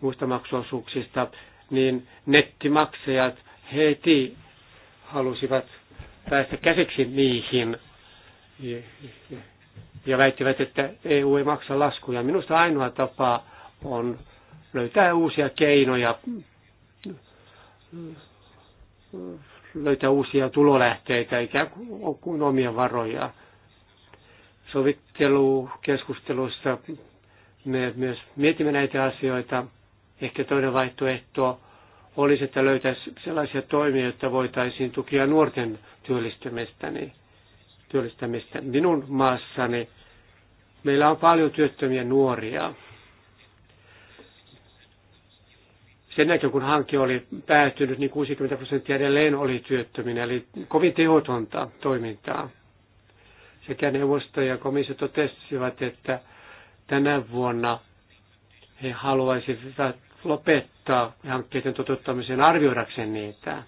muista maksuosuuksista, niin nettimaksajat heti halusivat päästä käsiksi niihin ja väittivät, että EU ei maksa laskuja. Minusta ainoa tapa on löytää uusia keinoja, löytää uusia tulolähteitä, ikään kuin omia varoja sovittelukeskusteluissa me myös mietimme näitä asioita. Ehkä toinen vaihtoehto olisi, että löytäisi sellaisia toimia, joita voitaisiin tukea nuorten työllistämistä. työllistämistä. Minun maassani meillä on paljon työttömiä nuoria. Sen jälkeen, kun hanke oli päättynyt, niin 60 prosenttia edelleen oli työttöminen, eli kovin tehotonta toimintaa. Sekä neuvosto ja komissio totesivat, että tänä vuonna he haluaisivat lopettaa hankkeiden toteuttamisen arvioidakseen niitä.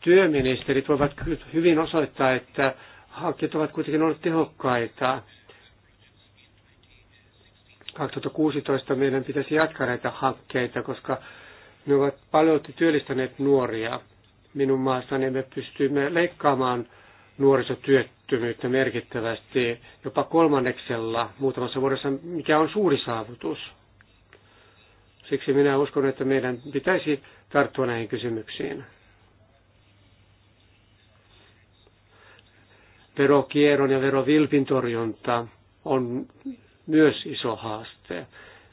Työministerit voivat hyvin osoittaa, että hankkeet ovat kuitenkin olleet tehokkaita. 2016 meidän pitäisi jatkaa näitä hankkeita, koska ne ovat paljon työllistäneet nuoria. Minun maassani me pystymme leikkaamaan nuorisotyöttömyyttä merkittävästi, jopa kolmanneksella muutamassa vuodessa, mikä on suuri saavutus. Siksi minä uskon, että meidän pitäisi tarttua näihin kysymyksiin. Verokierron ja verovilpin torjunta on myös iso haaste.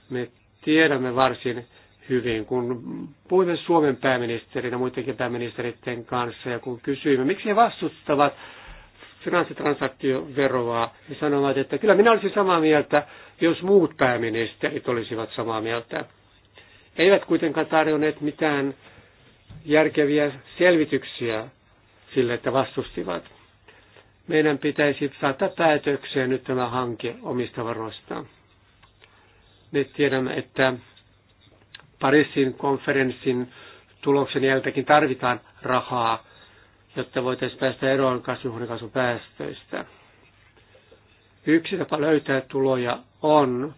Me tiedämme varsin, hyvin, kun puhuimme Suomen pääministerin ja muidenkin pääministeritten kanssa ja kun kysyimme, miksi he vastustavat finanssitransaktioveroa, he sanovat, että kyllä minä olisin samaa mieltä, jos muut pääministerit olisivat samaa mieltä. Eivät kuitenkaan tarjonneet mitään järkeviä selvityksiä sille, että vastustivat. Meidän pitäisi saada päätökseen nyt tämä hanke omista varoistaan. Me tiedämme, että Pariisin konferenssin tuloksen jältäkin tarvitaan rahaa, jotta voitaisiin päästä eroon kasvihuonekaasupäästöistä. Yksi tapa löytää tuloja on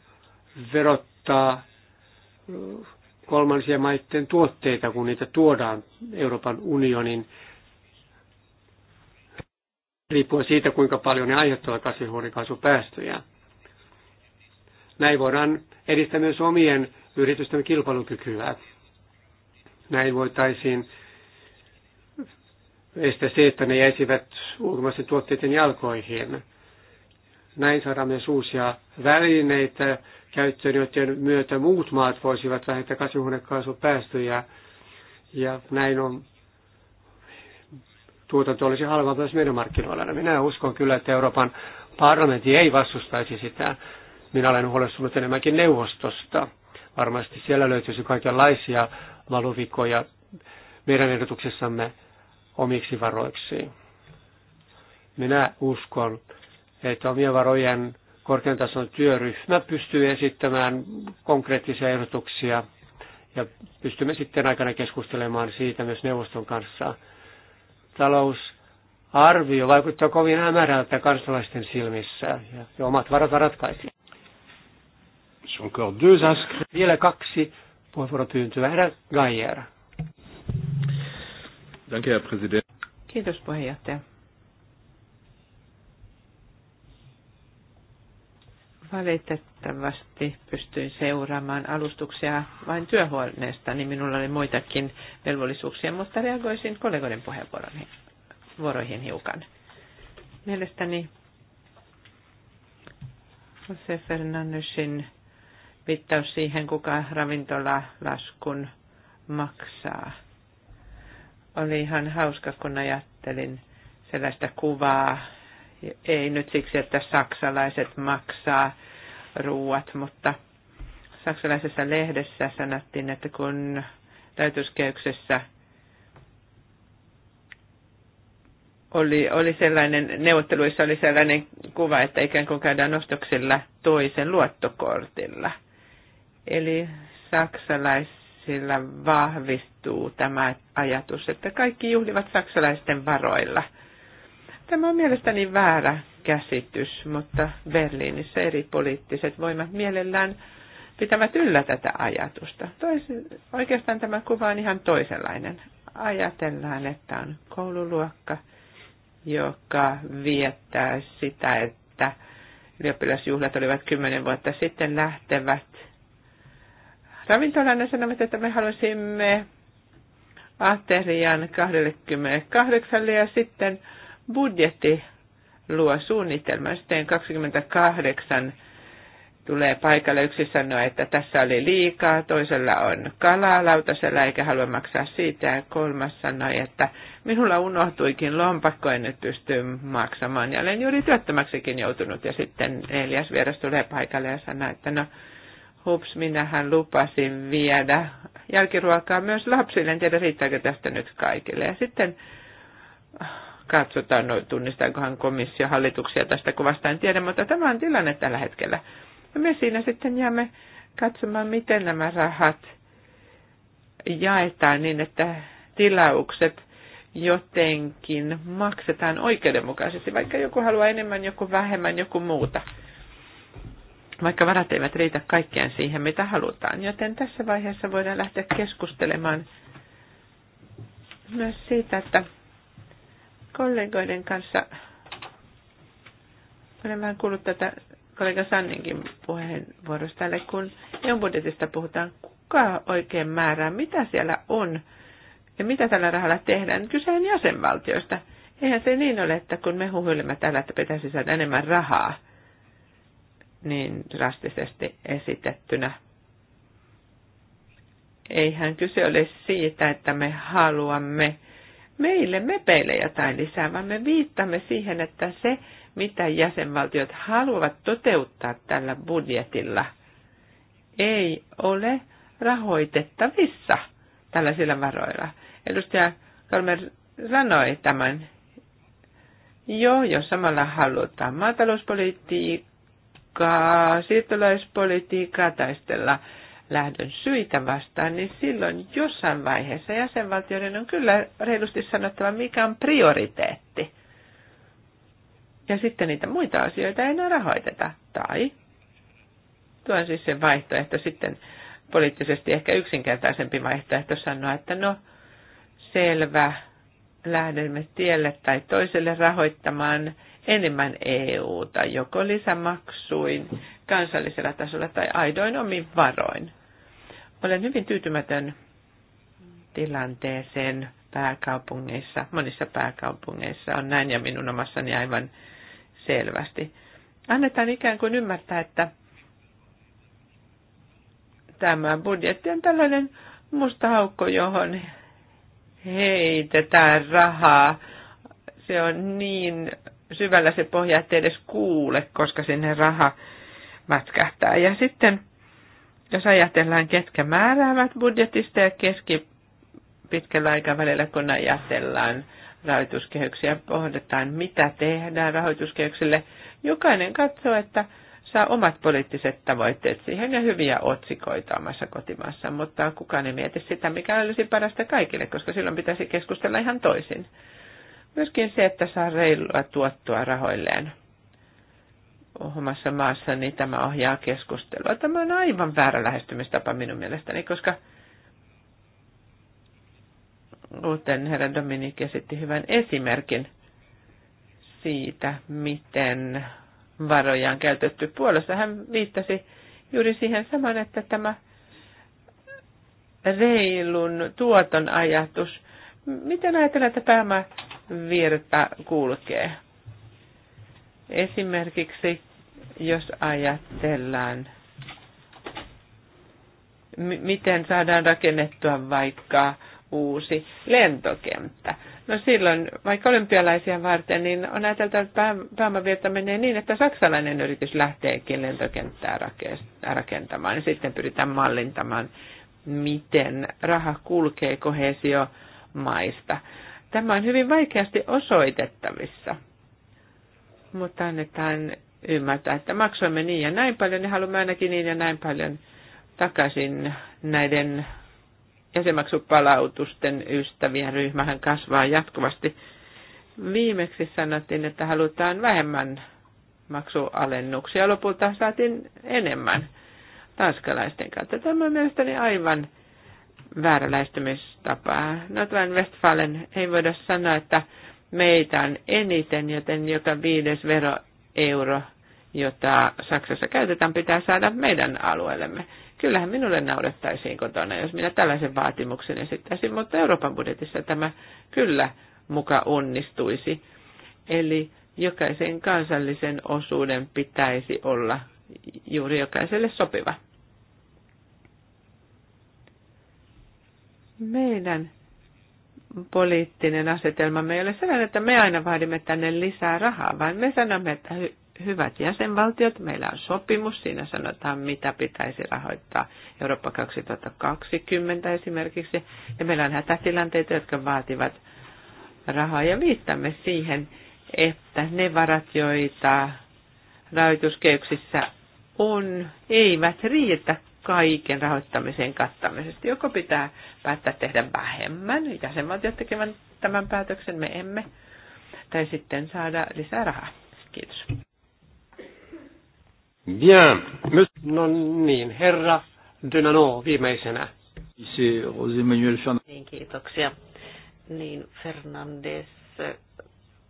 verottaa äh, kolmansien maiden tuotteita, kun niitä tuodaan Euroopan unionin, riippuen siitä, kuinka paljon ne aiheuttavat kasvihuonekaasupäästöjä. Näin voidaan edistää myös omien yritysten kilpailukykyä. Näin voitaisiin estää se, että ne jäisivät ulkomaisten tuotteiden jalkoihin. Näin saadaan myös uusia välineitä käyttöön, joiden myötä muut maat voisivat vähentää kasvihuonekaasupäästöjä. Ja näin on tuotanto olisi halvaa myös meidän markkinoilla. No, minä uskon kyllä, että Euroopan parlamentti ei vastustaisi sitä. Minä olen huolestunut enemmänkin neuvostosta. Varmasti siellä löytyisi kaikenlaisia valuvikoja meidän ehdotuksessamme omiksi varoiksi. Minä uskon, että omien varojen korkean tason työryhmä pystyy esittämään konkreettisia ehdotuksia ja pystymme sitten aikana keskustelemaan siitä myös neuvoston kanssa. Talousarvio vaikuttaa kovin hämärältä kansalaisten silmissä ja omat varat ratkaisivat. Vielä kaksi puheenvuoropyyntöä. Herra Geier. Danke, Herr Präsident. Kiitos puheenjohtaja. Valitettavasti pystyin seuraamaan alustuksia vain työhuoneesta, niin minulla oli muitakin velvollisuuksia, mutta reagoisin kollegoiden puheenvuoroihin hiukan. Mielestäni Jose Fernandesin viittaus siihen, kuka ravintolalaskun maksaa. Oli ihan hauska, kun ajattelin sellaista kuvaa, ei nyt siksi, että saksalaiset maksaa ruuat, mutta saksalaisessa lehdessä sanottiin, että kun täytyskeyksessä oli, oli sellainen, neuvotteluissa oli sellainen kuva, että ikään kuin käydään ostoksilla toisen luottokortilla – Eli saksalaisilla vahvistuu tämä ajatus, että kaikki juhlivat saksalaisten varoilla. Tämä on mielestäni väärä käsitys, mutta Berliinissä eri poliittiset voimat mielellään pitävät yllä tätä ajatusta. Tois, oikeastaan tämä kuva on ihan toisenlainen. Ajatellaan, että on koululuokka, joka viettää sitä, että ylioppilasjuhlat olivat kymmenen vuotta sitten lähtevät ravintolana sanoivat, että me halusimme aterian 28 ja sitten budjetti luo suunnitelman. Sitten 28 tulee paikalle. Yksi sanoo, että tässä oli liikaa, toisella on kalaa lautasella eikä halua maksaa siitä. Ja kolmas sanoi, että minulla unohtuikin lompakko, en nyt pysty maksamaan. Ja olen juuri työttömäksikin joutunut. Ja sitten neljäs vieras tulee paikalle ja sanoo, että no hups, minähän lupasin viedä jälkiruokaa myös lapsille, en tiedä riittääkö tästä nyt kaikille. Ja sitten ah, katsotaan, no, tunnistaankohan komissio hallituksia tästä kuvasta, en tiedä, mutta tämä on tilanne tällä hetkellä. Ja me siinä sitten jäämme katsomaan, miten nämä rahat jaetaan niin, että tilaukset jotenkin maksetaan oikeudenmukaisesti, vaikka joku haluaa enemmän, joku vähemmän, joku muuta vaikka varat eivät riitä kaikkeen siihen, mitä halutaan. Joten tässä vaiheessa voidaan lähteä keskustelemaan myös siitä, että kollegoiden kanssa olen vähän kuullut tätä kollega Sanninkin puheenvuorosta, eli kun on e budjetista puhutaan, kuka oikein määrää, mitä siellä on ja mitä tällä rahalla tehdään. Kyse on jäsenvaltioista. Eihän se niin ole, että kun me huhuilemme täällä, että pitäisi saada enemmän rahaa – niin drastisesti esitettynä. Eihän kyse ole siitä, että me haluamme meille mepeille jotain lisää, vaan me viittamme siihen, että se, mitä jäsenvaltiot haluavat toteuttaa tällä budjetilla, ei ole rahoitettavissa tällaisilla varoilla. Edustaja Kalmer sanoi tämän jo, jos samalla halutaan maatalouspolitiikkaa, uhkaa siirtolaispolitiikkaa, taistella lähdön syitä vastaan, niin silloin jossain vaiheessa jäsenvaltioiden on kyllä reilusti sanottava, mikä on prioriteetti. Ja sitten niitä muita asioita ei enää rahoiteta. Tai tuo on siis se vaihtoehto sitten poliittisesti ehkä yksinkertaisempi vaihtoehto sanoa, että no selvä, lähdemme tielle tai toiselle rahoittamaan enemmän EUta, joko lisämaksuin kansallisella tasolla tai aidoin omin varoin. Olen hyvin tyytymätön tilanteeseen pääkaupungeissa. Monissa pääkaupungeissa on näin ja minun omassani aivan selvästi. Annetaan ikään kuin ymmärtää, että tämä budjetti on tällainen musta haukko, johon heitetään rahaa. Se on niin syvällä se pohja, ettei edes kuule, koska sinne raha mätkähtää. Ja sitten, jos ajatellaan, ketkä määräävät budjetista ja keski pitkällä aikavälillä, kun ajatellaan rahoituskehyksiä, pohditaan, mitä tehdään rahoituskehyksille. Jokainen katsoo, että saa omat poliittiset tavoitteet siihen ja hyviä otsikoita omassa kotimaassa, mutta kukaan ei mieti sitä, mikä olisi parasta kaikille, koska silloin pitäisi keskustella ihan toisin. Myöskin se, että saa reilua tuottoa rahoilleen omassa maassa, niin tämä ohjaa keskustelua. Tämä on aivan väärä lähestymistapa minun mielestäni, koska kuten herra Dominik esitti hyvän esimerkin siitä, miten varoja on käytetty puolessa. Hän viittasi juuri siihen samaan, että tämä reilun tuoton ajatus, miten ajatellaan, että pääomavirta kulkee? Esimerkiksi jos ajatellaan, miten saadaan rakennettua vaikka uusi lentokenttä. No silloin, vaikka olympialaisia varten, niin on ajateltava, että pääomavirta menee niin, että saksalainen yritys lähteekin lentokenttää rakentamaan. Ja sitten pyritään mallintamaan, miten raha kulkee kohesiomaista. Tämä on hyvin vaikeasti osoitettavissa, mutta annetaan ymmärtää, että maksoimme niin ja näin paljon niin haluamme ainakin niin ja näin paljon takaisin näiden jäsenmaksupalautusten ystävien ryhmähän kasvaa jatkuvasti. Viimeksi sanottiin, että halutaan vähemmän maksualennuksia. Lopulta saatiin enemmän tanskalaisten kautta. Tämä on mielestäni aivan väärä lähestymistapa. Notlan Westfalen ei voida sanoa, että meitä on eniten, joten joka viides veroeuro, jota Saksassa käytetään, pitää saada meidän alueellemme. Kyllähän minulle naurettaisiin kotona, jos minä tällaisen vaatimuksen esittäisin, mutta Euroopan budjetissa tämä kyllä muka onnistuisi. Eli jokaisen kansallisen osuuden pitäisi olla juuri jokaiselle sopiva. Meidän poliittinen asetelma ei ole sellainen, että me aina vaadimme tänne lisää rahaa, vaan me sanomme, että hyvät jäsenvaltiot. Meillä on sopimus, siinä sanotaan, mitä pitäisi rahoittaa Eurooppa 2020 esimerkiksi. Ja meillä on hätätilanteita, jotka vaativat rahaa ja viittamme siihen, että ne varat, joita rahoituskeyksissä on, eivät riitä kaiken rahoittamiseen kattamisesta. Joko pitää päättää tehdä vähemmän, jäsenvaltiot tekevät tämän päätöksen, me emme, tai sitten saada lisää rahaa. Kiitos. Bien. No niin, herra Dynano viimeisenä. Niin, kiitoksia. Niin, Fernandes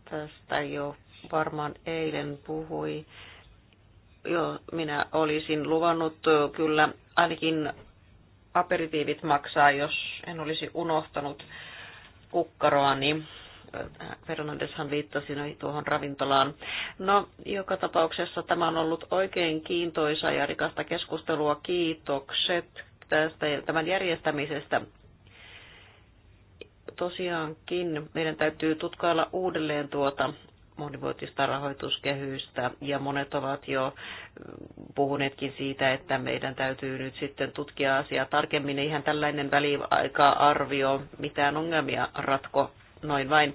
tästä jo varmaan eilen puhui. Joo, minä olisin luvannut kyllä ainakin aperitiivit maksaa, jos en olisi unohtanut kukkaroani. Niin Äh, Fernandeshan viittasi no, tuohon ravintolaan. No, joka tapauksessa tämä on ollut oikein kiintoisa ja rikasta keskustelua. Kiitokset tästä, tämän järjestämisestä tosiaankin meidän täytyy tutkailla uudelleen tuota monivuotista rahoituskehystä ja monet ovat jo puhuneetkin siitä, että meidän täytyy nyt sitten tutkia asiaa tarkemmin. Eihän tällainen väliaika-arvio mitään ongelmia ratko noin vain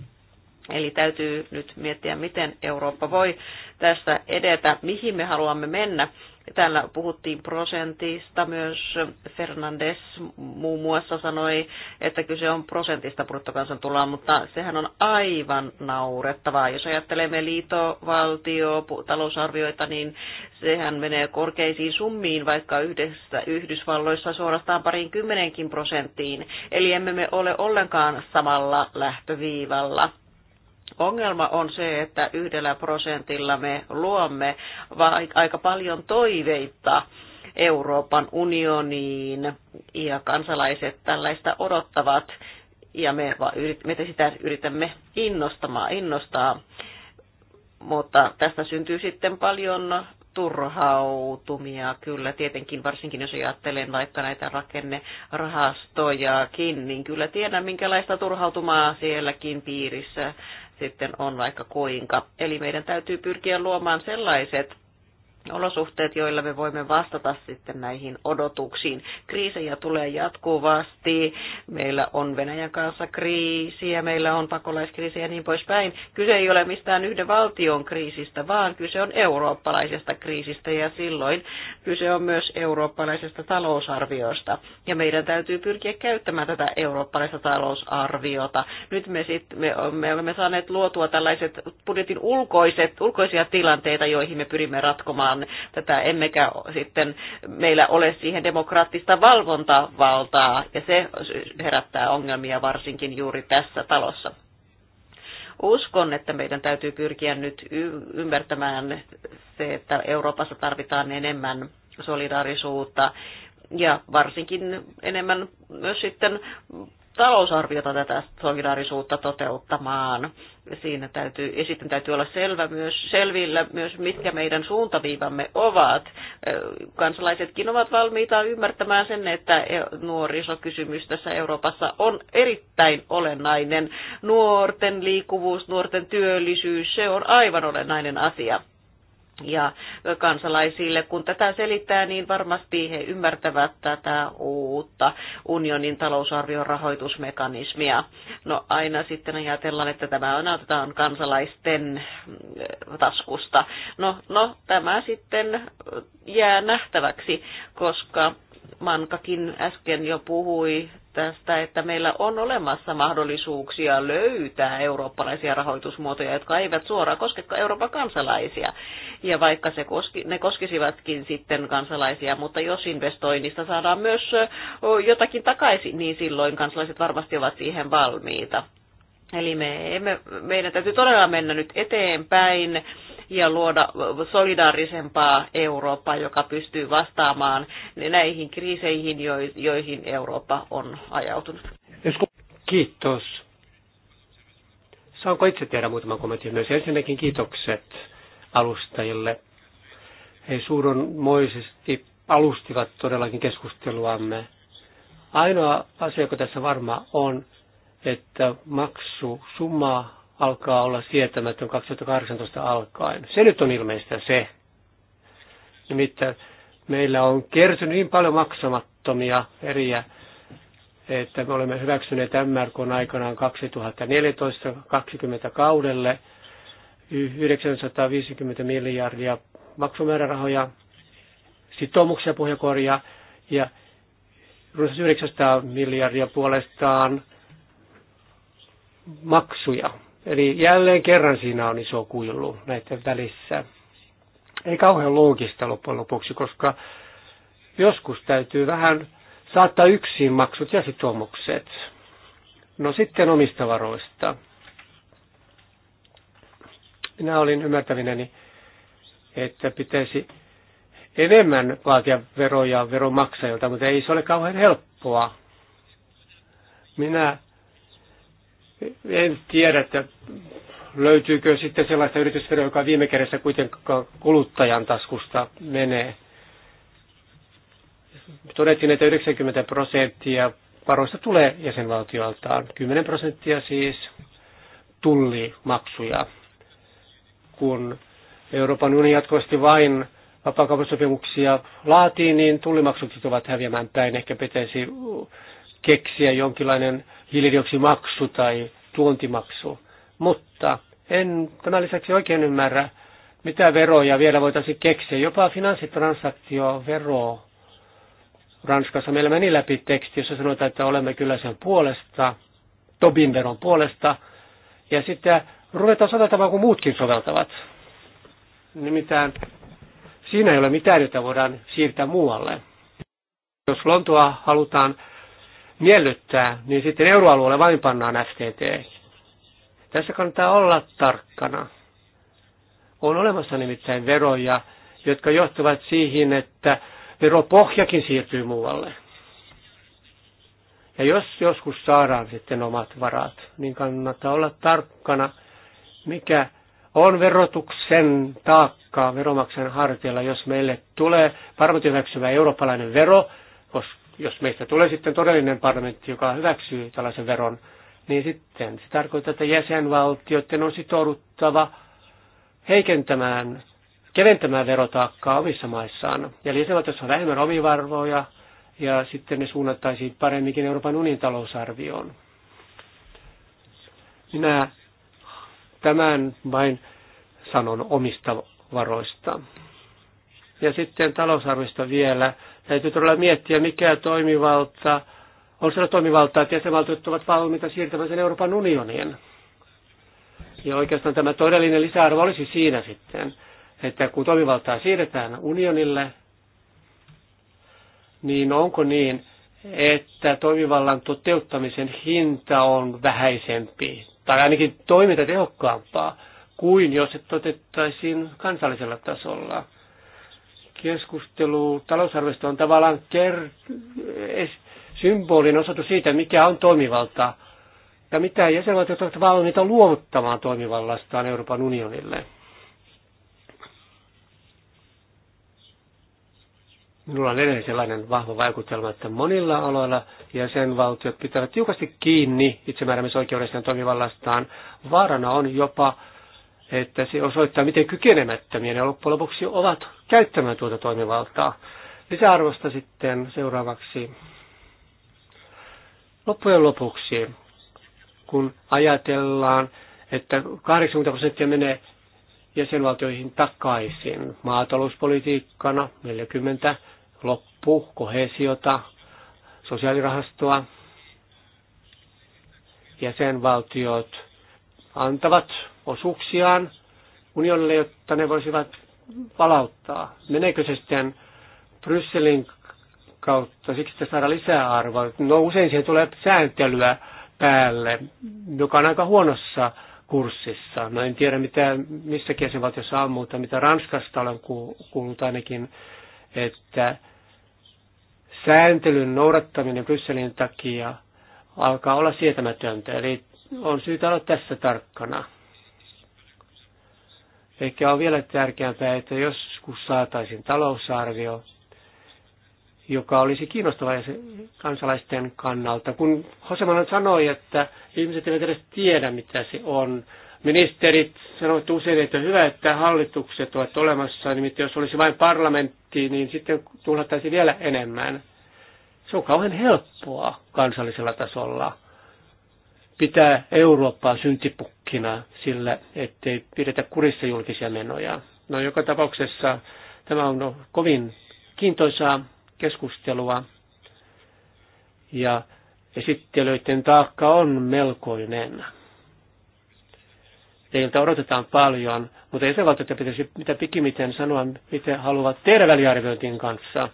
Eli täytyy nyt miettiä, miten Eurooppa voi tässä edetä, mihin me haluamme mennä. Täällä puhuttiin prosentista myös. Fernandes muun muassa sanoi, että kyse on prosentista bruttokansantuloa, mutta sehän on aivan naurettavaa. Jos ajattelemme liitovaltio, talousarvioita, niin sehän menee korkeisiin summiin, vaikka yhdessä Yhdysvalloissa suorastaan pariin kymmenenkin prosenttiin. Eli emme me ole ollenkaan samalla lähtöviivalla Ongelma on se, että yhdellä prosentilla me luomme aika paljon toiveita Euroopan unioniin ja kansalaiset tällaista odottavat ja me, me sitä yritämme innostamaan, innostaa, mutta tästä syntyy sitten paljon turhautumia kyllä tietenkin, varsinkin jos ajattelen vaikka näitä rakennerahastojakin, niin kyllä tiedän minkälaista turhautumaa sielläkin piirissä sitten on vaikka kuinka. Eli meidän täytyy pyrkiä luomaan sellaiset olosuhteet, joilla me voimme vastata sitten näihin odotuksiin. Kriisejä tulee jatkuvasti, meillä on Venäjän kanssa kriisiä, meillä on pakolaiskriisiä ja niin poispäin. Kyse ei ole mistään yhden valtion kriisistä, vaan kyse on eurooppalaisesta kriisistä ja silloin kyse on myös eurooppalaisesta talousarviosta. Ja meidän täytyy pyrkiä käyttämään tätä eurooppalaista talousarviota. Nyt me, sit, me, me olemme saaneet luotua tällaiset budjetin ulkoiset, ulkoisia tilanteita, joihin me pyrimme ratkomaan ilman tätä, emmekä sitten meillä ole siihen demokraattista valvontavaltaa, ja se herättää ongelmia varsinkin juuri tässä talossa uskon, että meidän täytyy pyrkiä nyt ymmärtämään se, että Euroopassa tarvitaan enemmän solidaarisuutta ja varsinkin enemmän myös sitten talousarviota tätä solidaarisuutta toteuttamaan. Siinä täytyy, ja sitten täytyy olla selvä myös, selvillä myös, mitkä meidän suuntaviivamme ovat. Kansalaisetkin ovat valmiita ymmärtämään sen, että e, nuorisokysymys tässä Euroopassa on erittäin olennainen. Nuorten liikkuvuus, nuorten työllisyys, se on aivan olennainen asia ja kansalaisille. Kun tätä selittää, niin varmasti he ymmärtävät tätä uutta unionin talousarvion rahoitusmekanismia. No aina sitten ajatellaan, että tämä on, otetaan kansalaisten mm, taskusta. No, no tämä sitten jää nähtäväksi, koska Mankakin äsken jo puhui tästä, että meillä on olemassa mahdollisuuksia löytää eurooppalaisia rahoitusmuotoja, jotka eivät suoraan koske Euroopan kansalaisia. Ja vaikka se koski, ne koskisivatkin sitten kansalaisia, mutta jos investoinnista saadaan myös jotakin takaisin, niin silloin kansalaiset varmasti ovat siihen valmiita. Eli me me meidän täytyy todella mennä nyt eteenpäin ja luoda solidaarisempaa Eurooppaa, joka pystyy vastaamaan näihin kriiseihin, joihin Eurooppa on ajautunut. Kiitos. Saanko itse tehdä muutaman kommentin myös? Ensinnäkin kiitokset alustajille. He suuronmoisesti alustivat todellakin keskusteluamme. Ainoa asia, joka tässä varma on, että maksu summa alkaa olla sietämätön 2018 alkaen. Se nyt on ilmeistä se. Nimittäin meillä on kertynyt niin paljon maksamattomia eriä, että me olemme hyväksyneet MRK aikanaan 2014-2020 kaudelle 950 miljardia maksumäärärahoja, sitoumuksia pohjakorjaa ja runsas 900 miljardia puolestaan maksuja. Eli jälleen kerran siinä on iso kuilu näiden välissä. Ei kauhean loogista loppujen lopuksi, koska joskus täytyy vähän saattaa yksin maksut ja sitoumukset. No sitten omista varoista. Minä olin ymmärtävinäni, että pitäisi enemmän vaatia veroja veronmaksajilta, mutta ei se ole kauhean helppoa. Minä en tiedä, että löytyykö sitten sellaista yritysveroa, joka viime kädessä kuitenkaan kuluttajan taskusta menee. Todettiin, että 90 prosenttia varoista tulee jäsenvaltioaltaan, 10 prosenttia siis tullimaksuja, kun Euroopan unioni jatkuvasti vain vapaakauppasopimuksia laatii, niin tullimaksut ovat häviämään päin. Ehkä pitäisi keksiä jonkinlainen hiilidioksimaksu tai tuontimaksu. Mutta en tämän lisäksi oikein ymmärrä, mitä veroja vielä voitaisiin keksiä. Jopa finanssitransaktiovero Ranskassa meillä meni läpi teksti, jossa sanotaan, että olemme kyllä sen puolesta, Tobin veron puolesta, ja sitten ruvetaan soveltamaan, kun muutkin soveltavat. Nimittäin siinä ei ole mitään, jota voidaan siirtää muualle. Jos Lontoa halutaan miellyttää, niin sitten euroalueelle vain pannaan FTT. Tässä kannattaa olla tarkkana. On olemassa nimittäin veroja, jotka johtuvat siihen, että veropohjakin siirtyy muualle. Ja jos joskus saadaan sitten omat varat, niin kannattaa olla tarkkana, mikä on verotuksen taakkaa veromaksen harteilla, jos meille tulee parlamentin hyväksyvä eurooppalainen vero, jos meistä tulee sitten todellinen parlamentti, joka hyväksyy tällaisen veron, niin sitten se tarkoittaa, että jäsenvaltioiden on sitouduttava heikentämään, keventämään verotaakkaa omissa maissaan. Eli jäsenvaltioissa on vähemmän omivarvoja ja sitten ne suunnattaisiin paremminkin Euroopan unionin talousarvioon. Minä tämän vain sanon omista varoista. Ja sitten talousarvista vielä Täytyy todella miettiä, mikä toimivalta, on sillä toimivaltaa, että jäsenvaltiot ovat valmiita siirtämään sen Euroopan unioniin. Ja oikeastaan tämä todellinen lisäarvo olisi siinä sitten, että kun toimivaltaa siirretään unionille, niin onko niin, että toimivallan toteuttamisen hinta on vähäisempi tai ainakin toiminta tehokkaampaa kuin jos se toteuttaisiin kansallisella tasolla keskustelu talousarvesta on tavallaan ker- symbolin osoitus siitä, mikä on toimivalta ja mitä jäsenvaltiot ovat valmiita luovuttamaan toimivallastaan Euroopan unionille. Minulla on edelleen sellainen vahva vaikutelma, että monilla aloilla jäsenvaltiot pitävät tiukasti kiinni itsemääräämisoikeudestaan toimivallastaan. Vaarana on jopa että se osoittaa, miten kykenemättömiä ne loppujen lopuksi ovat käyttämään tuota toimivaltaa. Lisäarvosta sitten seuraavaksi. Loppujen lopuksi, kun ajatellaan, että 80 prosenttia menee jäsenvaltioihin takaisin maatalouspolitiikkana, 40 loppu, kohesiota, sosiaalirahastoa, jäsenvaltiot antavat osuuksiaan unionille, jotta ne voisivat palauttaa. Meneekö se sitten Brysselin kautta, siksi että saada lisää arvoa. No usein siihen tulee sääntelyä päälle, joka on aika huonossa kurssissa. No en tiedä mitä missä jäsenvaltiossa on, mutta mitä Ranskasta olen kuullut ainakin, että sääntelyn noudattaminen Brysselin takia alkaa olla sietämätöntä. Eli on syytä olla tässä tarkkana. Ehkä on vielä tärkeämpää, että joskus saataisiin talousarvio, joka olisi kiinnostava kansalaisten kannalta. Kun Hosemanan sanoi, että ihmiset eivät edes tiedä, mitä se on. Ministerit sanoivat usein, että hyvä, että hallitukset ovat olemassa, nimittäin jos olisi vain parlamentti, niin sitten tuhlattaisiin vielä enemmän. Se on kauhean helppoa kansallisella tasolla pitää Eurooppaa syntipukkaan markkina sillä, ettei pidetä kurissa julkisia menoja. No joka tapauksessa tämä on no, kovin kiintoisaa keskustelua ja esittelyiden taakka on melkoinen. Teiltä odotetaan paljon, mutta jäsenvaltioita pitäisi mitä pikimiten sanoa, mitä haluavat tehdä väliarviointin kanssa.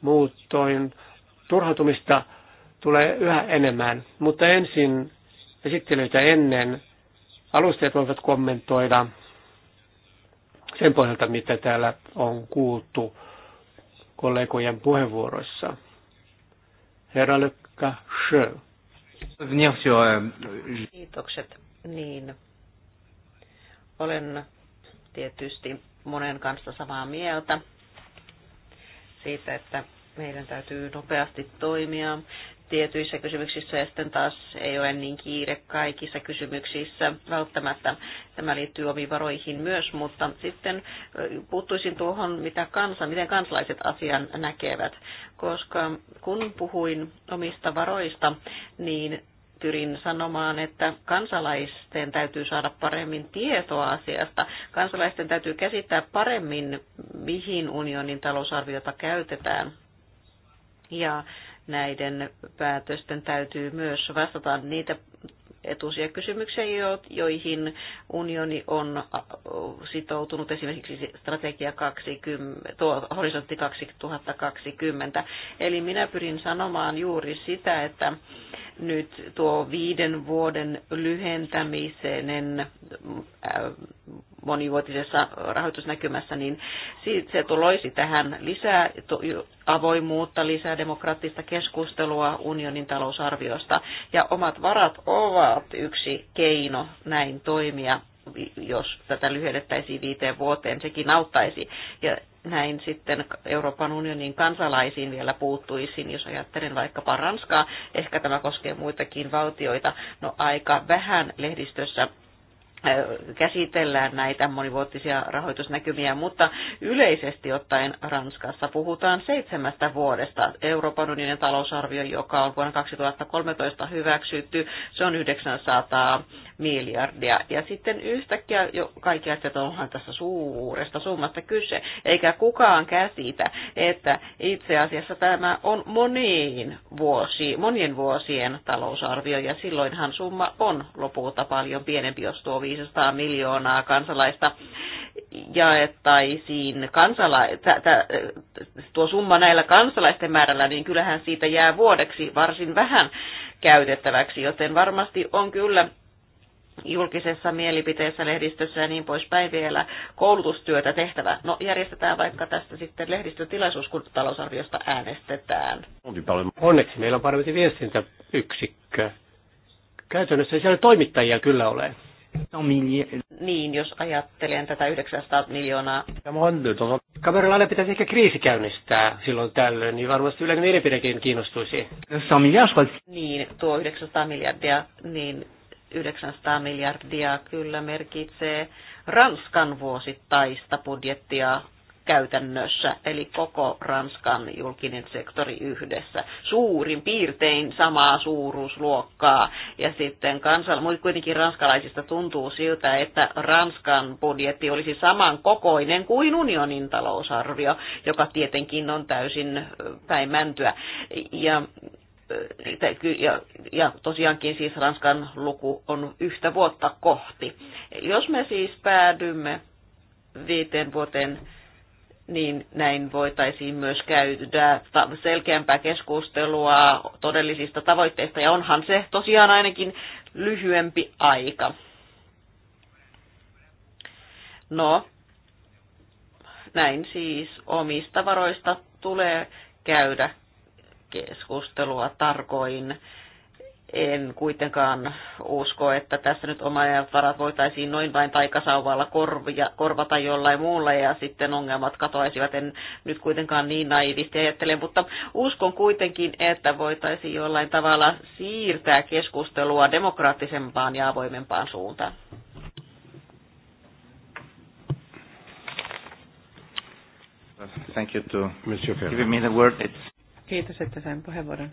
Muutoin turhautumista tulee yhä enemmän, mutta ensin esittelyitä ennen alustajat voivat kommentoida sen pohjalta, mitä täällä on kuultu kollegojen puheenvuoroissa. Herra Lykkä Sjö. Kiitokset. Niin. Olen tietysti monen kanssa samaa mieltä siitä, että meidän täytyy nopeasti toimia tietyissä kysymyksissä ja sitten taas ei ole niin kiire kaikissa kysymyksissä välttämättä. Tämä liittyy omiin varoihin myös, mutta sitten puuttuisin tuohon, mitä kansa, miten kansalaiset asian näkevät, koska kun puhuin omista varoista, niin pyrin sanomaan, että kansalaisten täytyy saada paremmin tietoa asiasta. Kansalaisten täytyy käsittää paremmin, mihin unionin talousarviota käytetään. Ja näiden päätösten täytyy myös vastata niitä etuisia kysymyksiä, joihin unioni on sitoutunut esimerkiksi strategia 20, tuo horisontti 2020. Eli minä pyrin sanomaan juuri sitä, että nyt tuo viiden vuoden lyhentämisen äh, monivuotisessa rahoitusnäkymässä, niin se tuloisi tähän lisää avoimuutta, lisää demokraattista keskustelua unionin talousarviosta. Ja omat varat ovat yksi keino näin toimia jos tätä lyhennettäisiin viiteen vuoteen, sekin auttaisi. Ja näin sitten Euroopan unionin kansalaisiin vielä puuttuisin, jos ajattelen vaikkapa Ranskaa, ehkä tämä koskee muitakin valtioita. No aika vähän lehdistössä Äh, käsitellään näitä monivuotisia rahoitusnäkymiä, mutta yleisesti ottaen Ranskassa puhutaan seitsemästä vuodesta. Euroopan unionin talousarvio, joka on vuonna 2013 hyväksytty, se on 900 miljardia. Ja sitten yhtäkkiä jo kaikki asiat onhan tässä suuresta summasta kyse, eikä kukaan käsitä, että itse asiassa tämä on moniin vuosi, monien vuosien talousarvio, ja silloinhan summa on lopulta paljon pienempi, jos tuo 500 miljoonaa kansalaista jaettaisiin kansala- t- t- tuo summa näillä kansalaisten määrällä, niin kyllähän siitä jää vuodeksi varsin vähän käytettäväksi, joten varmasti on kyllä julkisessa mielipiteessä, lehdistössä ja niin poispäin vielä koulutustyötä tehtävä. No järjestetään vaikka tästä sitten lehdistötilaisuus, kun talousarviosta äänestetään. Onneksi meillä on parempi viestintäyksikkö. Käytännössä siellä toimittajia kyllä ole. Niin, jos ajattelen tätä 900 miljoonaa. Kameralainen pitäisi ehkä kriisi käynnistää silloin tällöin, niin varmasti yleinen mielipidekin kiinnostuisi. Siis- niin, tuo 900 miljardia, niin 900 miljardia kyllä merkitsee Ranskan vuosittaista budjettia käytännössä, eli koko Ranskan julkinen sektori yhdessä. Suurin piirtein samaa suuruusluokkaa. Ja sitten kansal, kuitenkin ranskalaisista tuntuu siltä, että Ranskan budjetti olisi samankokoinen kuin unionin talousarvio, joka tietenkin on täysin päin mäntyä. Ja ja, ja tosiaankin siis Ranskan luku on yhtä vuotta kohti. Jos me siis päädymme viiteen vuoteen niin näin voitaisiin myös käydä selkeämpää keskustelua todellisista tavoitteista, ja onhan se tosiaan ainakin lyhyempi aika. No, näin siis omista varoista tulee käydä keskustelua tarkoin en kuitenkaan usko, että tässä nyt omaajat varat voitaisiin noin vain taikasauvalla korvia, korvata jollain muulla ja sitten ongelmat katoaisivat. En nyt kuitenkaan niin naivisti ajattele, mutta uskon kuitenkin, että voitaisiin jollain tavalla siirtää keskustelua demokraattisempaan ja avoimempaan suuntaan. Thank you to Monsieur Kiitos, että sain puheenvuoron.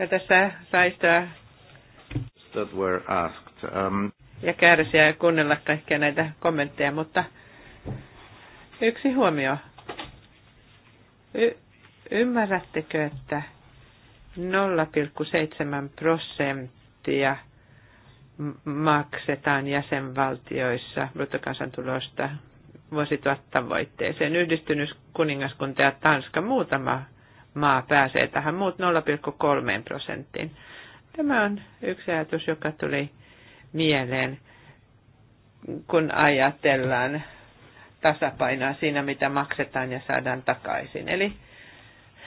ja tässä väistöä that were asked. Um, ja kärsiä ja kuunnella kaikkia näitä kommentteja, mutta yksi huomio. Y- ymmärrättekö, että 0,7 prosenttia maksetaan jäsenvaltioissa bruttokansantulosta vuosituottavoitteeseen. Yhdistynyt kuningaskunta ja Tanska muutama maa pääsee tähän, muut 0,3 prosenttiin. Tämä on yksi ajatus, joka tuli mieleen, kun ajatellaan tasapainoa siinä, mitä maksetaan ja saadaan takaisin. Eli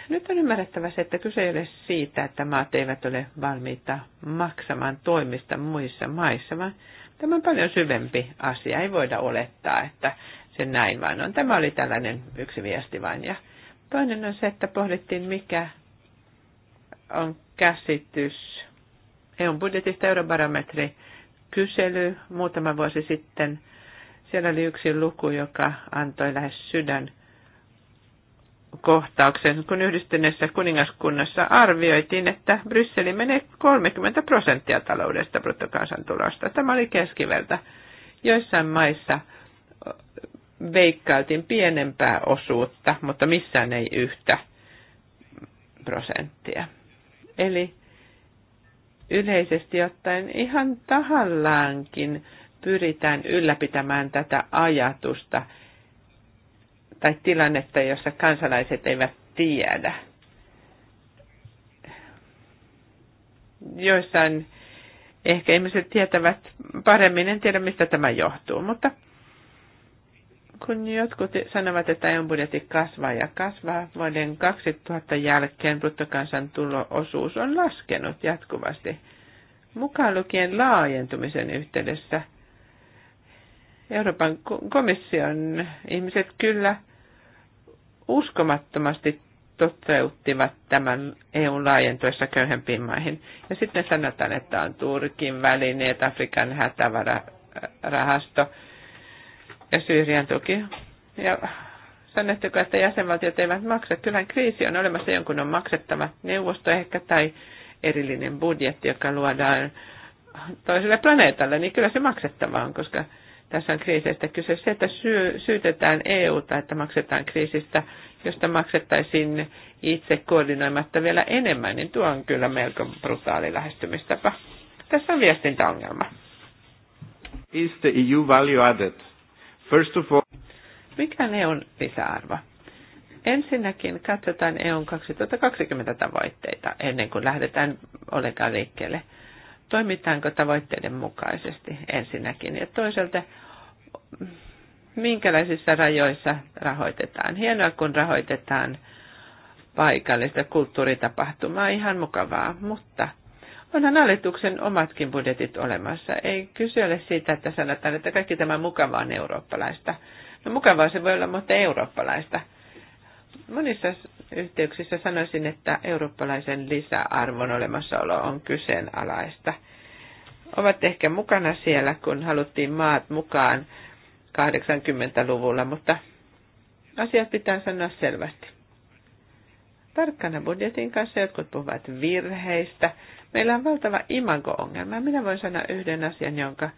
nyt on ymmärrettävä se, että kyse ei ole siitä, että maat eivät ole valmiita maksamaan toimista muissa maissa, vaan tämä on paljon syvempi asia. Ei voida olettaa, että se näin vain on. Tämä oli tällainen yksi viesti vain. Ja Toinen on se, että pohdittiin, mikä on käsitys EUn budjetista eurobarometri kysely muutama vuosi sitten. Siellä oli yksi luku, joka antoi lähes sydän kohtauksen, kun yhdistyneessä kuningaskunnassa arvioitiin, että Brysseli menee 30 prosenttia taloudesta bruttokansantulosta. Tämä oli keskiverta. Joissain maissa veikkailtiin pienempää osuutta, mutta missään ei yhtä prosenttia. Eli yleisesti ottaen ihan tahallaankin pyritään ylläpitämään tätä ajatusta tai tilannetta, jossa kansalaiset eivät tiedä. Joissain ehkä ihmiset tietävät paremmin, en tiedä mistä tämä johtuu, mutta kun jotkut sanovat, että EUn budjetti kasvaa ja kasvaa, vuoden 2000 jälkeen bruttokansantulo-osuus on laskenut jatkuvasti, mukaan lukien laajentumisen yhteydessä. Euroopan komission ihmiset kyllä uskomattomasti toteuttivat tämän EUn laajentuessa köyhempiin maihin. Ja sitten sanotaan, että on Turkin välineet, Afrikan hätävararahasto. rahasto ja Syyrian tuki. Ja sanottuko, että jäsenvaltiot eivät maksa? Kyllähän kriisi on olemassa, jonkun on maksettava neuvosto ehkä tai erillinen budjetti, joka luodaan toiselle planeetalle, niin kyllä se maksettava on, koska tässä on kriiseistä kyse. Se, että syy, syytetään EUta, että maksetaan kriisistä, josta maksettaisiin itse koordinoimatta vielä enemmän, niin tuo on kyllä melko brutaali lähestymistapa. Tässä on viestintäongelma. Is the EU value added? First of all... Mikä on on lisäarvo? Ensinnäkin katsotaan EUn 2020 tavoitteita ennen kuin lähdetään ollenkaan liikkeelle. Toimitaanko tavoitteiden mukaisesti ensinnäkin ja toisaalta minkälaisissa rajoissa rahoitetaan. Hienoa, kun rahoitetaan paikallista kulttuuritapahtumaa, ihan mukavaa, mutta – onhan hallituksen omatkin budjetit olemassa. Ei kyse ole siitä, että sanotaan, että kaikki tämä mukavaa on eurooppalaista. No mukavaa se voi olla, mutta eurooppalaista. Monissa yhteyksissä sanoisin, että eurooppalaisen lisäarvon olemassaolo on kyseenalaista. Ovat ehkä mukana siellä, kun haluttiin maat mukaan 80-luvulla, mutta asiat pitää sanoa selvästi. Tarkkana budjetin kanssa jotkut puhuvat virheistä, Meillä on valtava imago-ongelma. Minä voin sanoa yhden asian, jonka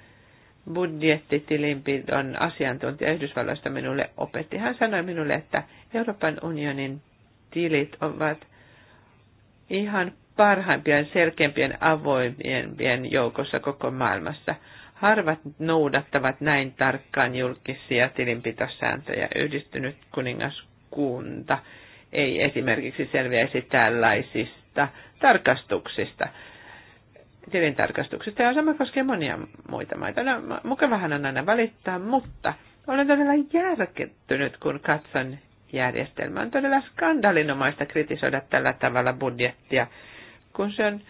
budjettitilinpidon asiantuntija Yhdysvalloista minulle opetti. Hän sanoi minulle, että Euroopan unionin tilit ovat ihan parhaimpien, selkeimpien, avoimien joukossa koko maailmassa. Harvat noudattavat näin tarkkaan julkisia tilinpitosääntöjä. Yhdistynyt kuningaskunta ei esimerkiksi selviäisi tällaisista tarkastuksista, tilintarkastuksista, ja sama koskee monia muita maita. No, mukavahan on aina valittaa, mutta olen todella järkettynyt, kun katson järjestelmää. On todella skandalinomaista kritisoida tällä tavalla budjettia, kun se on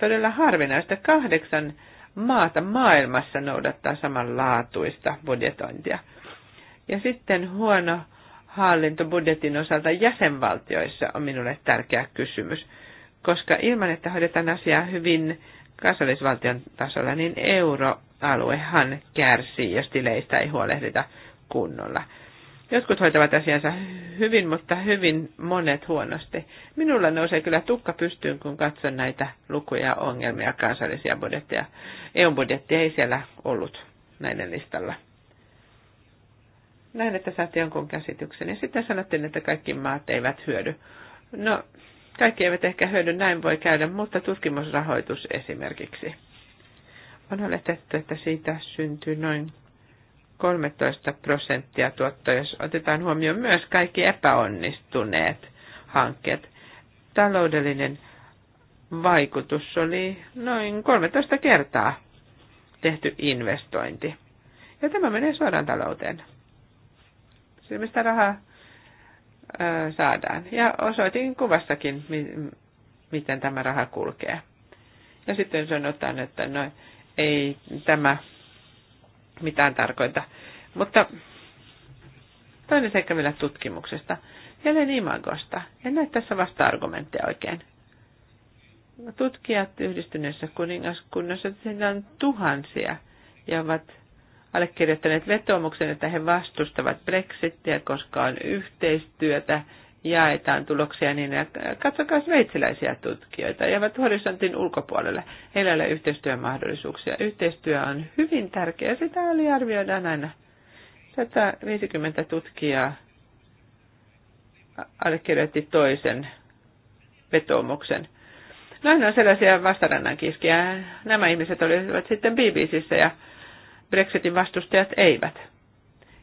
todella harvinaista. Kahdeksan maata maailmassa noudattaa samanlaatuista budjetointia. Ja sitten huono hallintobudjetin osalta jäsenvaltioissa on minulle tärkeä kysymys, koska ilman, että hoidetaan asiaa hyvin kansallisvaltion tasolla, niin euroaluehan kärsii, jos tileistä ei huolehdita kunnolla. Jotkut hoitavat asiansa hyvin, mutta hyvin monet huonosti. Minulla nousee kyllä tukka pystyyn, kun katson näitä lukuja ja ongelmia kansallisia budjetteja. eu budjetti ei siellä ollut näiden listalla. Näin, että saatte jonkun käsityksen. Ja sitten sanottiin, että kaikki maat eivät hyödy. No, kaikki eivät ehkä hyödy, näin voi käydä, mutta tutkimusrahoitus esimerkiksi. On oletettu, että siitä syntyy noin 13 prosenttia tuottoa, jos otetaan huomioon myös kaikki epäonnistuneet hankkeet. Taloudellinen vaikutus oli noin 13 kertaa tehty investointi. Ja tämä menee suoraan talouteen. Sillä mistä rahaa saadaan. Ja osoitin kuvastakin, miten tämä raha kulkee. Ja sitten sanotaan, että no ei tämä mitään tarkoita. Mutta toinen seikka vielä tutkimuksesta. Jälleen imagosta. En näe tässä vasta-argumentteja oikein. Tutkijat yhdistyneessä kuningaskunnassa, siinä on tuhansia ja ovat allekirjoittaneet vetoomuksen, että he vastustavat Brexittiä, koska on yhteistyötä, jaetaan tuloksia, niin katsokaa sveitsiläisiä tutkijoita, jäävät horisontin ulkopuolelle. Heillä ei ole yhteistyömahdollisuuksia. Yhteistyö on hyvin tärkeä, sitä aliarvioidaan aina. 150 tutkijaa allekirjoitti toisen vetoomuksen. Näin no, on sellaisia vastarannan kiskiä. Nämä ihmiset olivat sitten BBCissä ja Brexitin vastustajat eivät.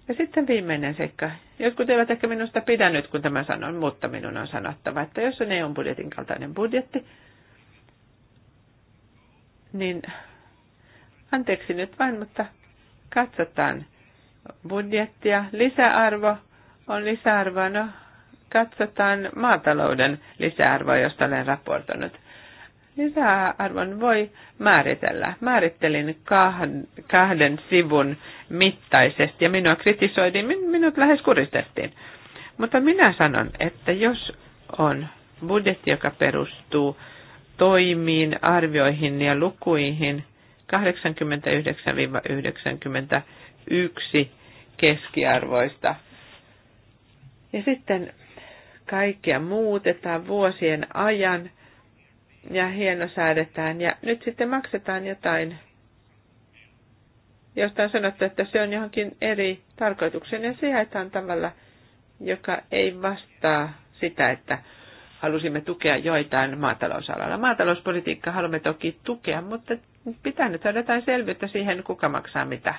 Ja sitten viimeinen seikka. Jotkut eivät ehkä minusta pidä nyt, kun tämä sanon, mutta minun on sanottava, että jos on EUn budjetin kaltainen budjetti, niin anteeksi nyt vain, mutta katsotaan budjettia. Lisäarvo on lisäarvo. No, katsotaan maatalouden lisäarvoa, josta olen raportoinut lisäarvon voi määritellä. Määrittelin kahden sivun mittaisesti ja minua kritisoitiin, minut lähes kuristettiin. Mutta minä sanon, että jos on budjetti, joka perustuu toimiin, arvioihin ja lukuihin, 89-91 keskiarvoista. Ja sitten kaikkea muutetaan vuosien ajan ja hieno säädetään ja nyt sitten maksetaan jotain, josta on sanottu, että se on johonkin eri tarkoitukseen ja se jaetaan tavalla, joka ei vastaa sitä, että halusimme tukea joitain maatalousalalla. Maatalouspolitiikka haluamme toki tukea, mutta pitää nyt saada jotain selvyyttä siihen, kuka maksaa mitä.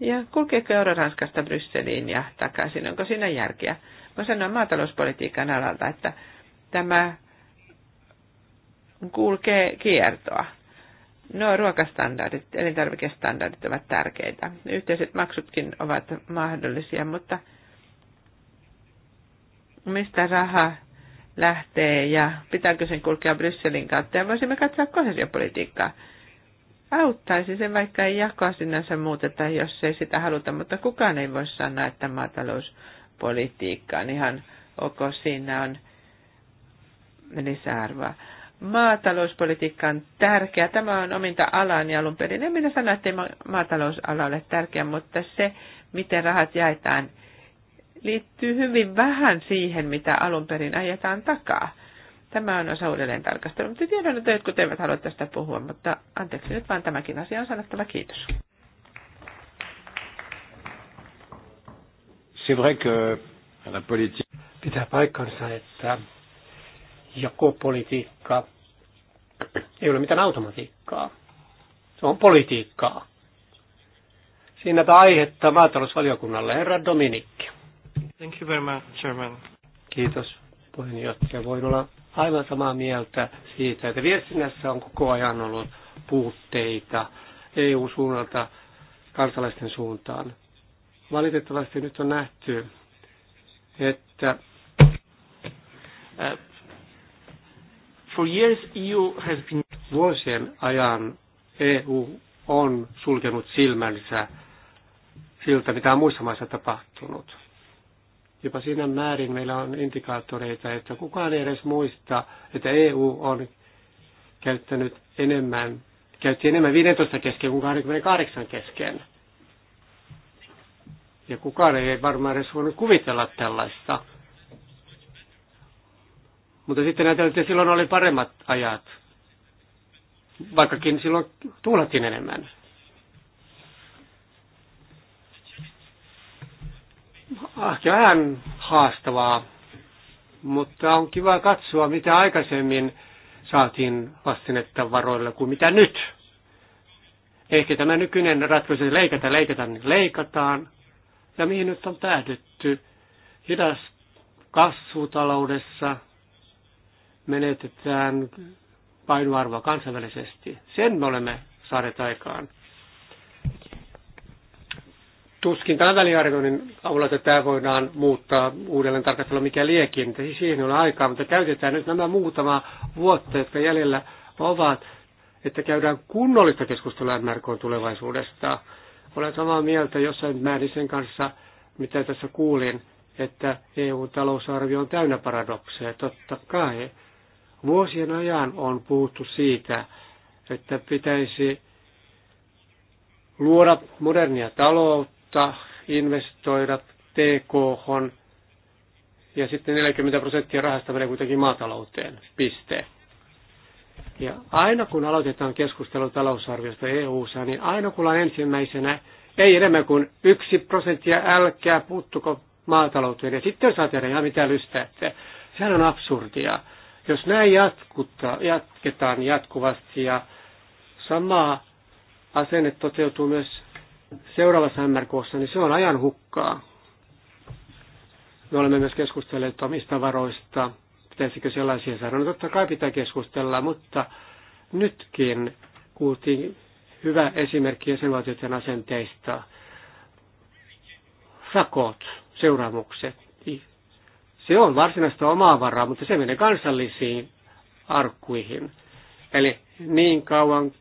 Ja kulkeeko Euroranskasta Brysseliin ja takaisin, onko siinä järkeä? Mä sanoin maatalouspolitiikan alalta, että tämä kulkee kiertoa. No ruokastandardit, elintarvikestandardit ovat tärkeitä. Yhteiset maksutkin ovat mahdollisia, mutta mistä raha lähtee ja pitääkö sen kulkea Brysselin kautta ja voisimme katsoa kohesiopolitiikkaa. Auttaisi se, vaikka ei jakoa sinänsä muuteta, jos ei sitä haluta, mutta kukaan ei voi sanoa, että maatalouspolitiikka on ihan ok, siinä on lisäarvoa maatalouspolitiikka on tärkeä. Tämä on ominta alaani alun perin. En minä sano, että maatalousala ole tärkeä, mutta se, miten rahat jaetaan, liittyy hyvin vähän siihen, mitä alun perin ajetaan takaa. Tämä on osa uudelleen tarkastelua, mutta tiedän, että jotkut eivät halua tästä puhua, mutta anteeksi nyt vaan tämäkin asia on sanottava. Kiitos. C'est vrai que la politique... Pitää paikkansa, että jakopolitiikka ei ole mitään automatiikkaa. Se on politiikkaa. tämä aihetta maatalousvaliokunnalle. Herra Dominikki. Thank you very much, Chairman. Kiitos puheenjohtaja. Voin olla aivan samaa mieltä siitä, että viestinnässä on koko ajan ollut puutteita EU-suunnalta kansalaisten suuntaan. Valitettavasti nyt on nähty, että äh, For years EU has been... Vuosien ajan EU on sulkenut silmänsä siltä, mitä on muissa maissa tapahtunut. Jopa siinä määrin meillä on indikaattoreita, että kukaan ei edes muista, että EU on käyttänyt enemmän, käytti enemmän 15 kesken kuin 28 kesken. Ja kukaan ei varmaan edes voinut kuvitella tällaista. Mutta sitten ajateltiin, että silloin oli paremmat ajat, vaikkakin silloin tuulattiin enemmän. Ehkä vähän haastavaa, mutta on kiva katsoa, mitä aikaisemmin saatiin vastinetta varoilla kuin mitä nyt. Ehkä tämä nykyinen ratkaisu leikata, leikata, niin leikataan. Ja mihin nyt on päädytty? Hidas kasvutaloudessa, menetetään painoarvoa kansainvälisesti. Sen me olemme saaneet aikaan. Tuskin tämän väliarvioinnin avulla tätä voidaan muuttaa uudelleen tarkastella mikä liekin. Siihen on aikaa, mutta käytetään nyt nämä muutama vuotta, jotka jäljellä ovat, että käydään kunnollista keskustelua MRK tulevaisuudesta. Olen samaa mieltä jossain määrin sen kanssa, mitä tässä kuulin, että EU-talousarvio on täynnä paradokseja, totta kai. Vuosien ajan on puhuttu siitä, että pitäisi luoda modernia taloutta, investoida TKH ja sitten 40 prosenttia rahasta menee kuitenkin maatalouteen. Piste. Ja aina kun aloitetaan keskustelu talousarviosta eu niin aina kun on ensimmäisenä ei enemmän kuin yksi prosenttia, älkää puuttuko maatalouteen. Ja sitten saa tehdä ihan mitä lystäätte. Sehän on absurdia. Jos näin jatkuta, jatketaan jatkuvasti ja sama asenne toteutuu myös seuraavassa MRKssa, niin se on ajan hukkaa. Me olemme myös keskustelleet omista varoista, pitäisikö sellaisia saada. No totta kai pitää keskustella, mutta nytkin kuultiin hyvä esimerkki jäsenvaltioiden asenteista. Sakot, seuraamukset. Se on varsinaista omaa varaa, mutta se menee kansallisiin arkkuihin. Eli niin kauan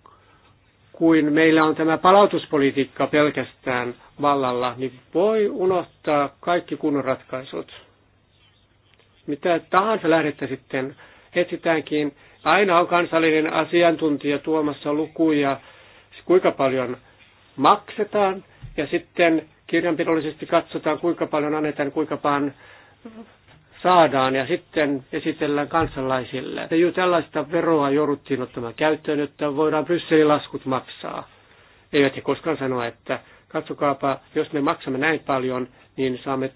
kuin meillä on tämä palautuspolitiikka pelkästään vallalla, niin voi unohtaa kaikki kunnon ratkaisut. Mitä tahansa lähdettä sitten etsitäänkin, aina on kansallinen asiantuntija tuomassa lukuja, kuinka paljon maksetaan, ja sitten kirjanpidollisesti katsotaan, kuinka paljon annetaan, kuinka paljon saadaan ja sitten esitellään kansalaisille. Ja juuri tällaista veroa jouduttiin ottamaan käyttöön, että voidaan Brysselin laskut maksaa. Eivät he koskaan sanoa, että katsokaapa, jos me maksamme näin paljon, niin saamme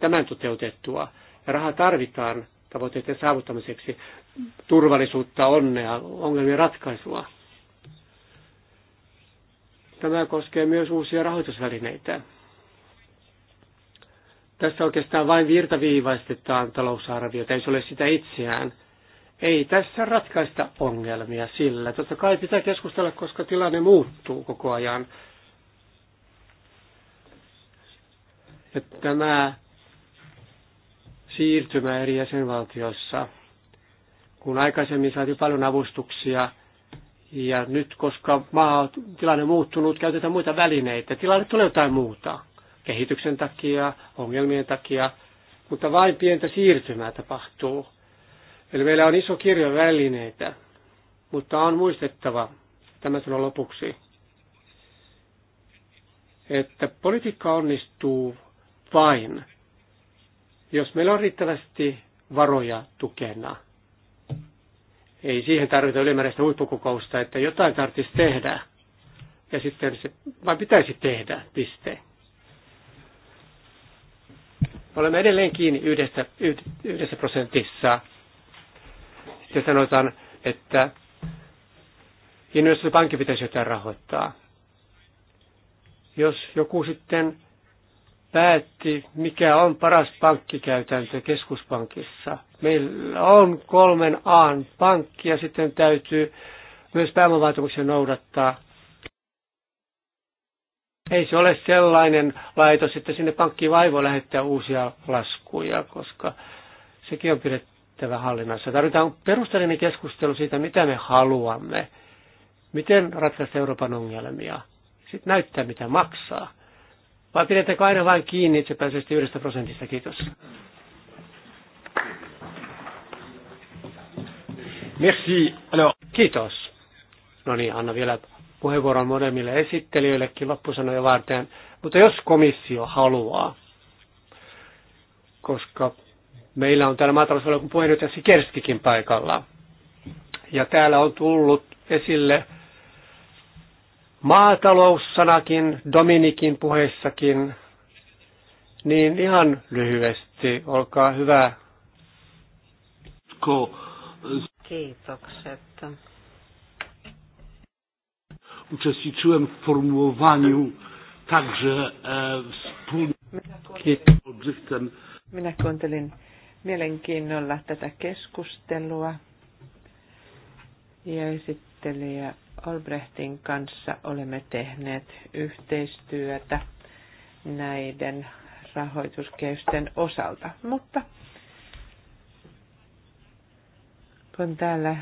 tämän toteutettua. Ja raha tarvitaan tavoitteiden saavuttamiseksi, turvallisuutta, onnea, ongelmien ratkaisua. Tämä koskee myös uusia rahoitusvälineitä. Tässä oikeastaan vain virtaviivaistetaan talousarviota, ei se ole sitä itseään. Ei tässä ratkaista ongelmia sillä. Totta kai pitää keskustella, koska tilanne muuttuu koko ajan. Ja tämä siirtymä eri jäsenvaltioissa, kun aikaisemmin saatiin paljon avustuksia, ja nyt, koska maa, tilanne on muuttunut, käytetään muita välineitä. Tilanne tulee jotain muuta kehityksen takia, ongelmien takia, mutta vain pientä siirtymää tapahtuu. Eli meillä on iso kirjo välineitä, mutta on muistettava, tämä sanon lopuksi, että politiikka onnistuu vain, jos meillä on riittävästi varoja tukena. Ei siihen tarvita ylimääräistä huippukokousta, että jotain tarvitsisi tehdä. Ja sitten se vain pitäisi tehdä, piste olemme kiinni yhdessä, yhdessä prosentissa. Ja sanotaan, että investointipankki pitäisi jotain rahoittaa. Jos joku sitten päätti, mikä on paras pankkikäytäntö keskuspankissa. Meillä on kolmen A pankki ja sitten täytyy myös pääomavaatimuksia noudattaa. Ei se ole sellainen laitos, että sinne pankkiin vaivo lähettää uusia laskuja, koska sekin on pidettävä hallinnassa. Tarvitaan perusteellinen keskustelu siitä, mitä me haluamme, miten ratkaista Euroopan ongelmia. Sitten näyttää, mitä maksaa. Vai pidetäänkö aina vain kiinni itsepäisesti yhdestä prosentista? Kiitos. Merci. Alors. Kiitos. No niin, anna vielä puheenvuoron molemmille esittelijöillekin loppusanoja varten, mutta jos komissio haluaa, koska meillä on täällä maatalousvaliokunnan puheenjohtaja Sikerskikin paikalla, ja täällä on tullut esille maataloussanakin Dominikin puheissakin, niin ihan lyhyesti, olkaa hyvä. Kiitokset uczestniczyłem w formułowaniu także e, wspólnym Minä kuuntelin mielenkiinnolla tätä keskustelua ja esittelijä Olbrehtin kanssa olemme tehneet yhteistyötä näiden rahoituskeysten osalta. Mutta kun täällä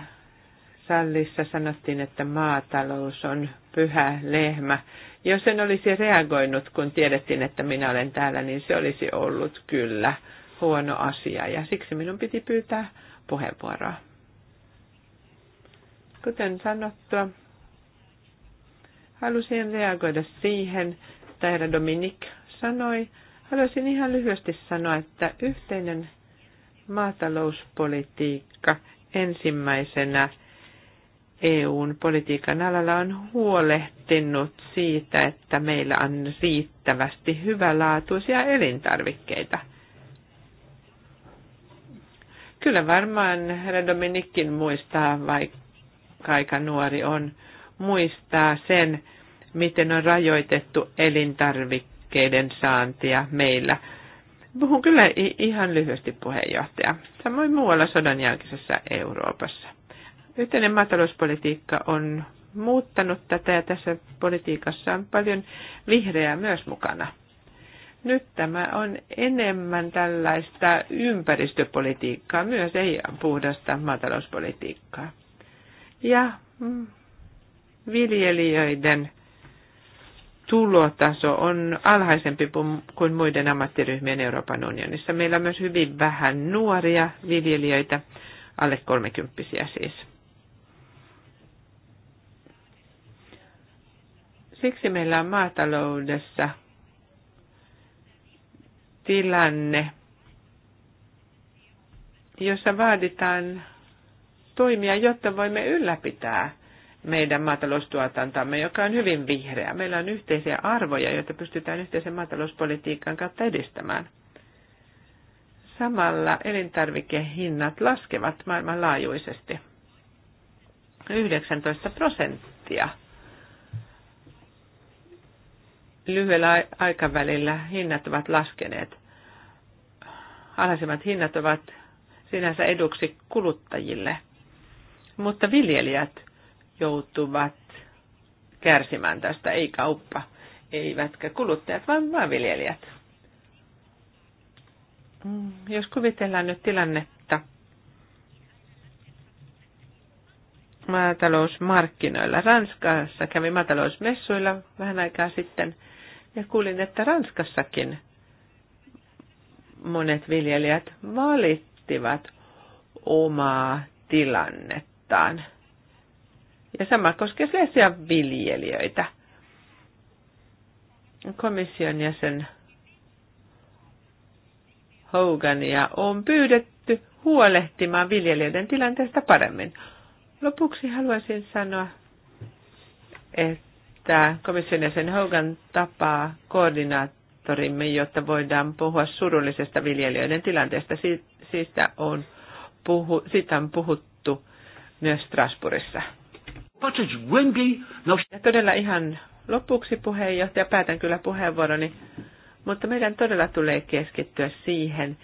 salissa sanottiin, että maatalous on pyhä lehmä. Jos en olisi reagoinut, kun tiedettiin, että minä olen täällä, niin se olisi ollut kyllä huono asia ja siksi minun piti pyytää puheenvuoroa. Kuten sanottua, halusin reagoida siihen, että herra Dominik sanoi. Haluaisin ihan lyhyesti sanoa, että yhteinen maatalouspolitiikka ensimmäisenä EUn politiikan alalla on huolehtinut siitä, että meillä on riittävästi hyvälaatuisia elintarvikkeita. Kyllä varmaan herra Dominikkin muistaa, vaikka aika nuori on, muistaa sen, miten on rajoitettu elintarvikkeiden saantia meillä. Puhun kyllä ihan lyhyesti puheenjohtaja, samoin muualla sodan Euroopassa. Yhteinen maatalouspolitiikka on muuttanut tätä ja tässä politiikassa on paljon vihreää myös mukana. Nyt tämä on enemmän tällaista ympäristöpolitiikkaa, myös ei puhdasta maatalouspolitiikkaa. Ja mm, viljelijöiden tulotaso on alhaisempi kuin muiden ammattiryhmien Euroopan unionissa. Meillä on myös hyvin vähän nuoria viljelijöitä, alle kolmekymppisiä siis. Siksi meillä on maataloudessa tilanne, jossa vaaditaan toimia, jotta voimme ylläpitää meidän maataloustuotantamme, joka on hyvin vihreä. Meillä on yhteisiä arvoja, joita pystytään yhteisen maatalouspolitiikan kautta edistämään. Samalla elintarvikehinnat laskevat maailmanlaajuisesti 19 prosenttia – lyhyellä aikavälillä hinnat ovat laskeneet. Alhaisemmat hinnat ovat sinänsä eduksi kuluttajille, mutta viljelijät joutuvat kärsimään tästä, ei kauppa, eivätkä kuluttajat, vaan maanviljelijät. Mm, jos kuvitellaan nyt tilanne. maatalousmarkkinoilla. Ranskassa kävi maatalousmessuilla vähän aikaa sitten ja kuulin, että Ranskassakin monet viljelijät valittivat omaa tilannettaan. Ja sama koskee sellaisia viljelijöitä. Komission jäsen Hogania on pyydetty huolehtimaan viljelijöiden tilanteesta paremmin. Lopuksi haluaisin sanoa, että komission jäsen Hogan tapaa koordinaattorimme, jotta voidaan puhua surullisesta viljelijöiden tilanteesta. Siitä on, puhu, siitä on puhuttu myös Strasbourgissa. Ja todella ihan lopuksi puheenjohtaja, päätän kyllä puheenvuoroni, mutta meidän todella tulee keskittyä siihen,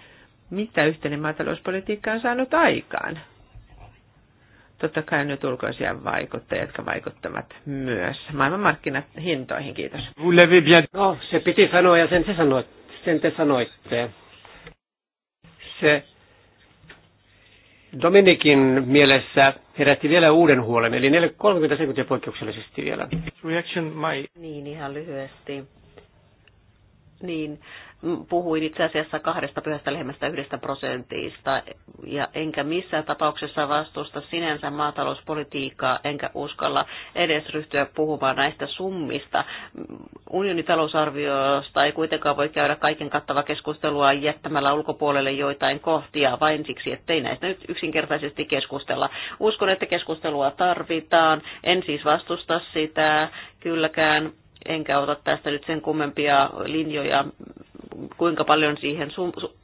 mitä yhteinen maatalouspolitiikka on saanut aikaan totta kai nyt ulkoisia vaikutteita, jotka vaikuttavat myös maailmanmarkkinahintoihin. Kiitos. No, se piti sanoa ja sen, te, sanoit, sen te sanoitte. Se Dominikin mielessä herätti vielä uuden huolen, eli 30 sekuntia poikkeuksellisesti vielä. Reaction my... Niin, ihan lyhyesti. Niin, puhuin itse asiassa kahdesta pyhästä lehmästä yhdestä prosentista, ja enkä missään tapauksessa vastusta sinänsä maatalouspolitiikkaa, enkä uskalla edes ryhtyä puhumaan näistä summista. Unionitalousarviosta ei kuitenkaan voi käydä kaiken kattava keskustelua jättämällä ulkopuolelle joitain kohtia vain siksi, ettei näistä nyt yksinkertaisesti keskustella. Uskon, että keskustelua tarvitaan. En siis vastusta sitä kylläkään enkä ota tästä nyt sen kummempia linjoja kuinka paljon siihen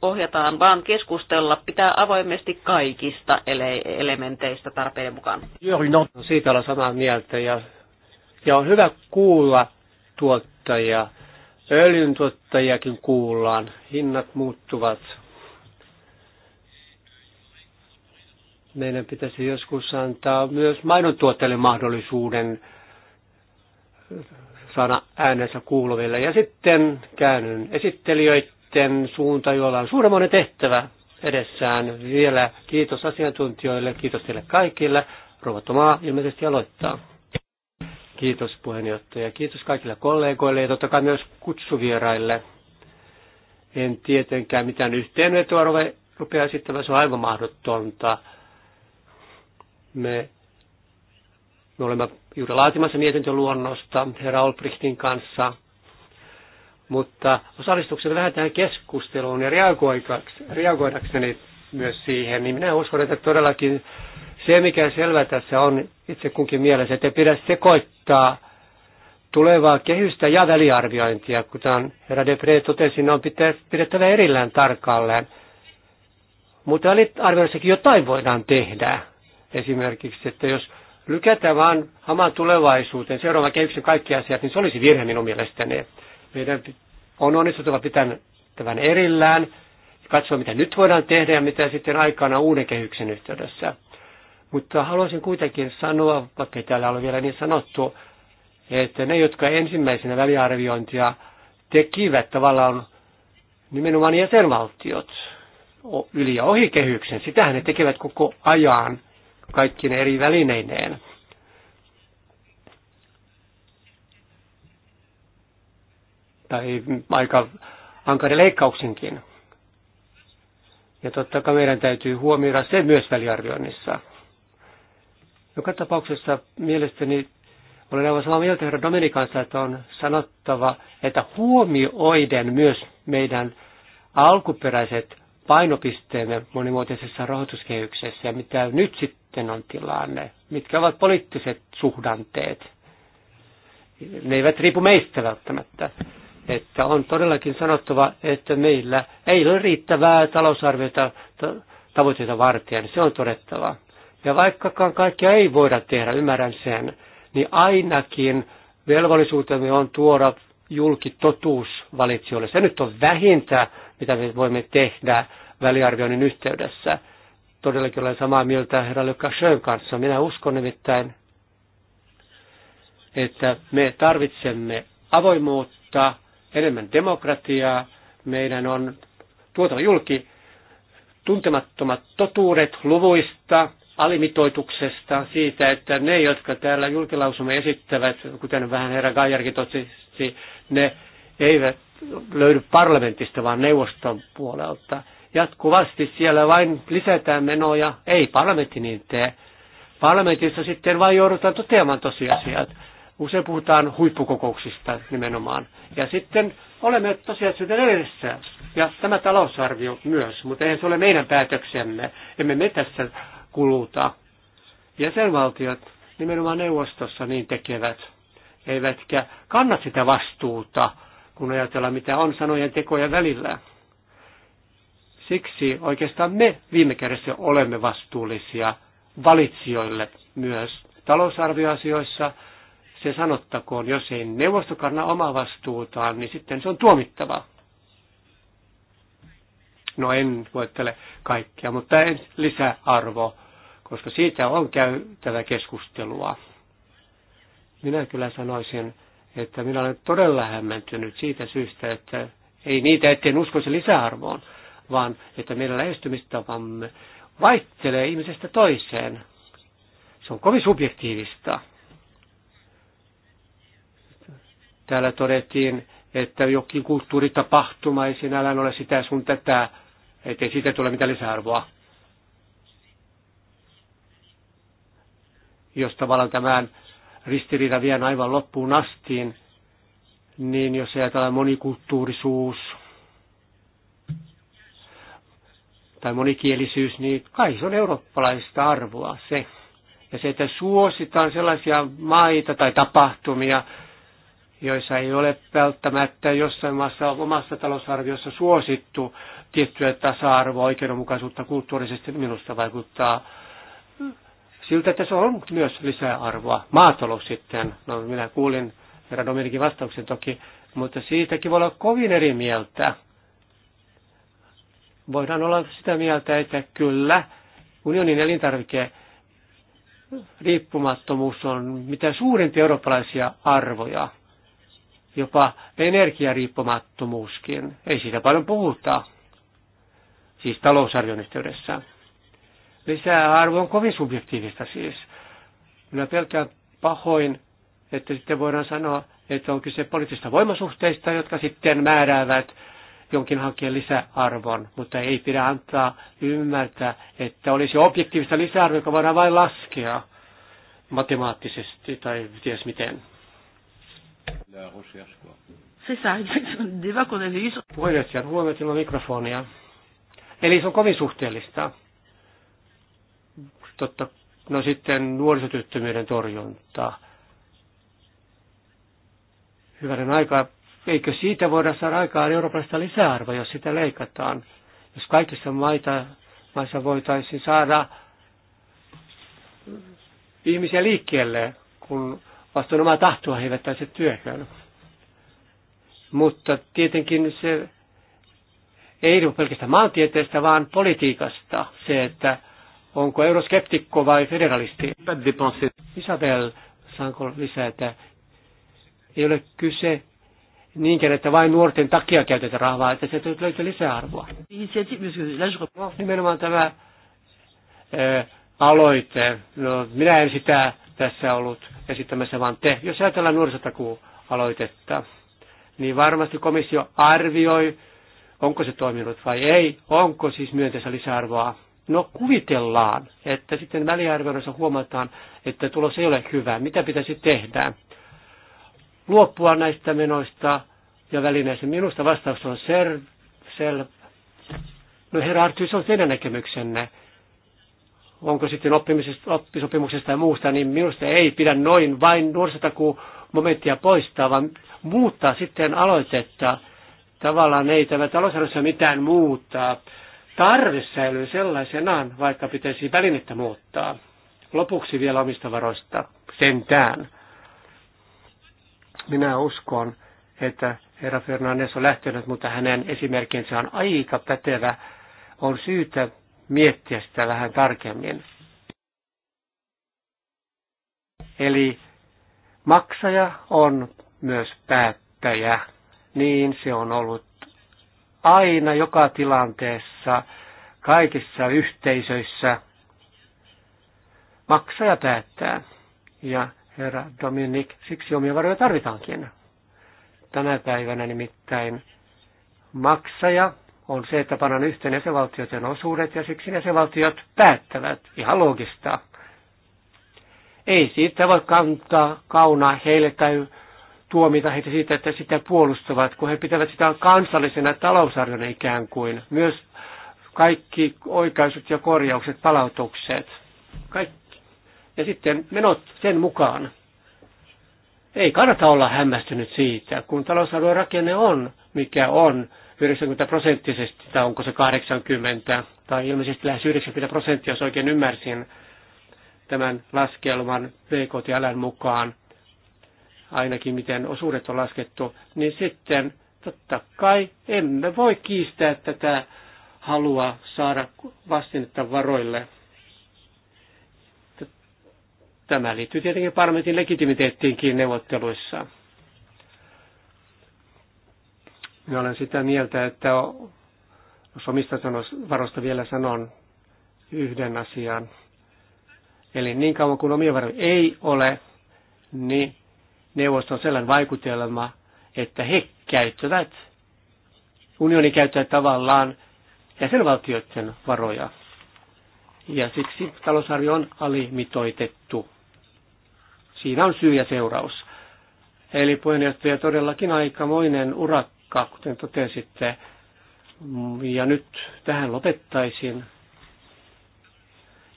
ohjataan, vaan keskustella pitää avoimesti kaikista ele- elementeistä tarpeen mukaan. Juuri no, siitä olen samaa mieltä ja, ja on hyvä kuulla tuottajia. Öljyn tuottajiakin kuullaan, hinnat muuttuvat. Meidän pitäisi joskus antaa myös mainontuotteille mahdollisuuden saada äänensä kuuluville. Ja sitten käännyn esittelijöiden suunta, joilla on suuremmoinen tehtävä edessään. Vielä kiitos asiantuntijoille, kiitos teille kaikille. Ruvattomaa ilmeisesti aloittaa. Kiitos puheenjohtaja, kiitos kaikille kollegoille ja totta kai myös kutsuvieraille. En tietenkään mitään yhteenvetoa rupea esittämään, se on aivan mahdotonta. Me me olemme juuri laatimassa mietintöluonnosta herra Olbrichtin kanssa, mutta osallistukseni vähän tähän keskusteluun ja reagoidakseni myös siihen, niin minä uskon, että todellakin se, mikä selvä tässä on itse kunkin mielessä, että pidä sekoittaa tulevaa kehystä ja väliarviointia, kuten herra Depre totesi, ne on pidettävä erillään tarkalleen. Mutta väliarvioissakin jotain voidaan tehdä. Esimerkiksi, että jos lykätä vaan hamaan tulevaisuuteen seuraavan kehyksen kaikki asiat, niin se olisi virhe minun mielestäni. Meidän on onnistuttava pitämään tämän erillään, katsoa mitä nyt voidaan tehdä ja mitä sitten aikana uuden kehyksen yhteydessä. Mutta haluaisin kuitenkin sanoa, vaikka täällä ole vielä niin sanottu, että ne, jotka ensimmäisenä väliarviointia tekivät, tavallaan nimenomaan jäsenvaltiot yli ja ohi kehyksen. Sitähän ne tekevät koko ajan. Kaikkiin eri välineineen. Tai aika ankarin leikkauksinkin. Ja totta kai meidän täytyy huomioida se myös väliarvioinnissa. Joka tapauksessa mielestäni olen aivan samaa mieltä herra Dominikansa, että on sanottava, että huomioiden myös meidän alkuperäiset painopisteemme monimuotoisessa rahoituskehyksessä ja mitä nyt sitten on tilanne, mitkä ovat poliittiset suhdanteet. Ne eivät riipu meistä välttämättä. Että on todellakin sanottava, että meillä ei ole riittävää talousarviota tavoitteita varten, se on todettava. Ja vaikkakaan kaikkea ei voida tehdä, ymmärrän sen, niin ainakin velvollisuutemme on tuoda julki totuus valitsijoille. Se nyt on vähintä, mitä me voimme tehdä väliarvioinnin yhteydessä. Todellakin olen samaa mieltä herra Lukashen kanssa. Minä uskon nimittäin, että me tarvitsemme avoimuutta, enemmän demokratiaa. Meidän on tuotava julki tuntemattomat totuudet luvuista, alimitoituksesta, siitä, että ne, jotka täällä julkilausumme esittävät, kuten vähän herra Gajarkin totesi, ne eivät löydy parlamentista, vaan neuvoston puolelta. Jatkuvasti siellä vain lisätään menoja. Ei parlamentti niin tee. Parlamentissa sitten vain joudutaan toteamaan tosiasiat. Usein puhutaan huippukokouksista nimenomaan. Ja sitten olemme tosiasioiden edessä. Ja tämä talousarvio myös, mutta eihän se ole meidän päätöksemme. Emme me tässä kuluta. Jäsenvaltiot nimenomaan neuvostossa niin tekevät, eivätkä kanna sitä vastuuta kun ajatellaan mitä on sanojen tekoja välillä. Siksi oikeastaan me viime kädessä olemme vastuullisia valitsijoille myös talousarvioasioissa. Se sanottakoon, jos ei neuvosto kanna omaa vastuutaan, niin sitten se on tuomittava. No en luettele kaikkia, mutta en lisäarvo, koska siitä on käytävä keskustelua. Minä kyllä sanoisin, että minä olen todella hämmentynyt siitä syystä, että ei niitä, etten uskoisi lisäarvoon, vaan että meidän lähestymistapamme vaihtelee ihmisestä toiseen. Se on kovin subjektiivista. Täällä todettiin, että jokin kulttuuritapahtuma ei sinällään ole sitä sun tätä, ettei siitä tule mitään lisäarvoa. Jos tavallaan tämän ristiriita vien aivan loppuun astiin, niin jos ajatellaan monikulttuurisuus tai monikielisyys, niin kai se on eurooppalaista arvoa se. Ja se, että suositaan sellaisia maita tai tapahtumia, joissa ei ole välttämättä jossain maassa omassa talousarviossa suosittu tiettyä tasa-arvoa, oikeudenmukaisuutta kulttuurisesti, minusta vaikuttaa siltä, että se on myös lisäarvoa. Maatalous sitten, no minä kuulin herra Dominikin vastauksen toki, mutta siitäkin voi olla kovin eri mieltä. Voidaan olla sitä mieltä, että kyllä unionin elintarvike riippumattomuus on mitä suurimpia eurooppalaisia arvoja. Jopa energiariippumattomuuskin. Ei siitä paljon puhuta. Siis talousarvion yhteydessä lisäarvo on kovin subjektiivista siis. Minä pelkään pahoin, että sitten voidaan sanoa, että on kyse poliittisista voimasuhteista, jotka sitten määräävät jonkin hankkeen lisäarvon, mutta ei pidä antaa ymmärtää, että olisi objektiivista lisäarvoa, joka voidaan vain laskea matemaattisesti tai ties miten. C'est ça, exactement. on mikrofonia. Eli se on kovin suhteellista. Totta, no sitten nuorisotyöttömyyden torjunta. Hyvänen aika, eikö siitä voida saada aikaan eurooppalaista lisäarvoa, jos sitä leikataan? Jos kaikissa maita, maissa voitaisiin saada ihmisiä liikkeelle, kun vastoin omaa tahtoa he eivät työhön. Mutta tietenkin se ei riipu pelkästään maantieteestä, vaan politiikasta. Se, että Onko euroskeptikko vai federalisti? Isabel, saanko lisätä? Ei ole kyse niinkään, että vain nuorten takia käytetään rahaa, että se löytyy lisäarvoa. No, nimenomaan tämä ö, aloite, no, minä en sitä tässä ollut esittämässä, vaan te. Jos ajatellaan nuorisotakuualoitetta, niin varmasti komissio arvioi, onko se toiminut vai ei, onko siis myönteistä lisäarvoa. No kuvitellaan, että sitten väliarvioinnissa huomataan, että tulos ei ole hyvä. Mitä pitäisi tehdä? Luopua näistä menoista ja välineistä. Minusta vastaus on ser, sel. No herra se on teidän näkemyksenne. Onko sitten oppimisesta, oppisopimuksesta ja muusta, niin minusta ei pidä noin vain nuorisotakuun momenttia poistaa, vaan muuttaa sitten aloitetta. Tavallaan ei tämä talousarvossa mitään muuttaa tarve säilyy sellaisenaan, vaikka pitäisi välinettä muuttaa. Lopuksi vielä omista varoista, sentään. Minä uskon, että herra Fernandes on lähtenyt, mutta hänen esimerkkinsä on aika pätevä. On syytä miettiä sitä vähän tarkemmin. Eli maksaja on myös päättäjä, niin se on ollut aina joka tilanteessa, kaikissa yhteisöissä. Maksaja päättää. Ja herra Dominik, siksi omia varoja tarvitaankin. Tänä päivänä nimittäin maksaja on se, että panan yhteen jäsenvaltioiden osuudet ja siksi jäsenvaltiot päättävät. Ihan loogista. Ei siitä voi kantaa kaunaa heille tai tuomita heitä siitä, että sitä puolustavat, kun he pitävät sitä kansallisena talousarjona ikään kuin. Myös kaikki oikaisut ja korjaukset, palautukset, kaikki. Ja sitten menot sen mukaan. Ei kannata olla hämmästynyt siitä, kun talousalueen rakenne on, mikä on 90 prosenttisesti, tai onko se 80, tai ilmeisesti lähes 90 prosenttia, jos oikein ymmärsin tämän laskelman BKTLn mukaan ainakin miten osuudet on laskettu, niin sitten totta kai emme voi kiistää tätä halua saada vastinetta varoille. Tämä liittyy tietenkin parlamentin legitimiteettiinkin neuvotteluissa. Minä olen sitä mieltä, että jos omista varoista vielä sanon yhden asian. Eli niin kauan kuin omia varoja ei ole, niin neuvoston sellainen vaikutelma, että he käyttävät, unioni käyttää tavallaan jäsenvaltioiden varoja. Ja siksi talousarvio on alimitoitettu. Siinä on syy ja seuraus. Eli puheenjohtaja todellakin aikamoinen urakka, kuten totesitte. Ja nyt tähän lopettaisin.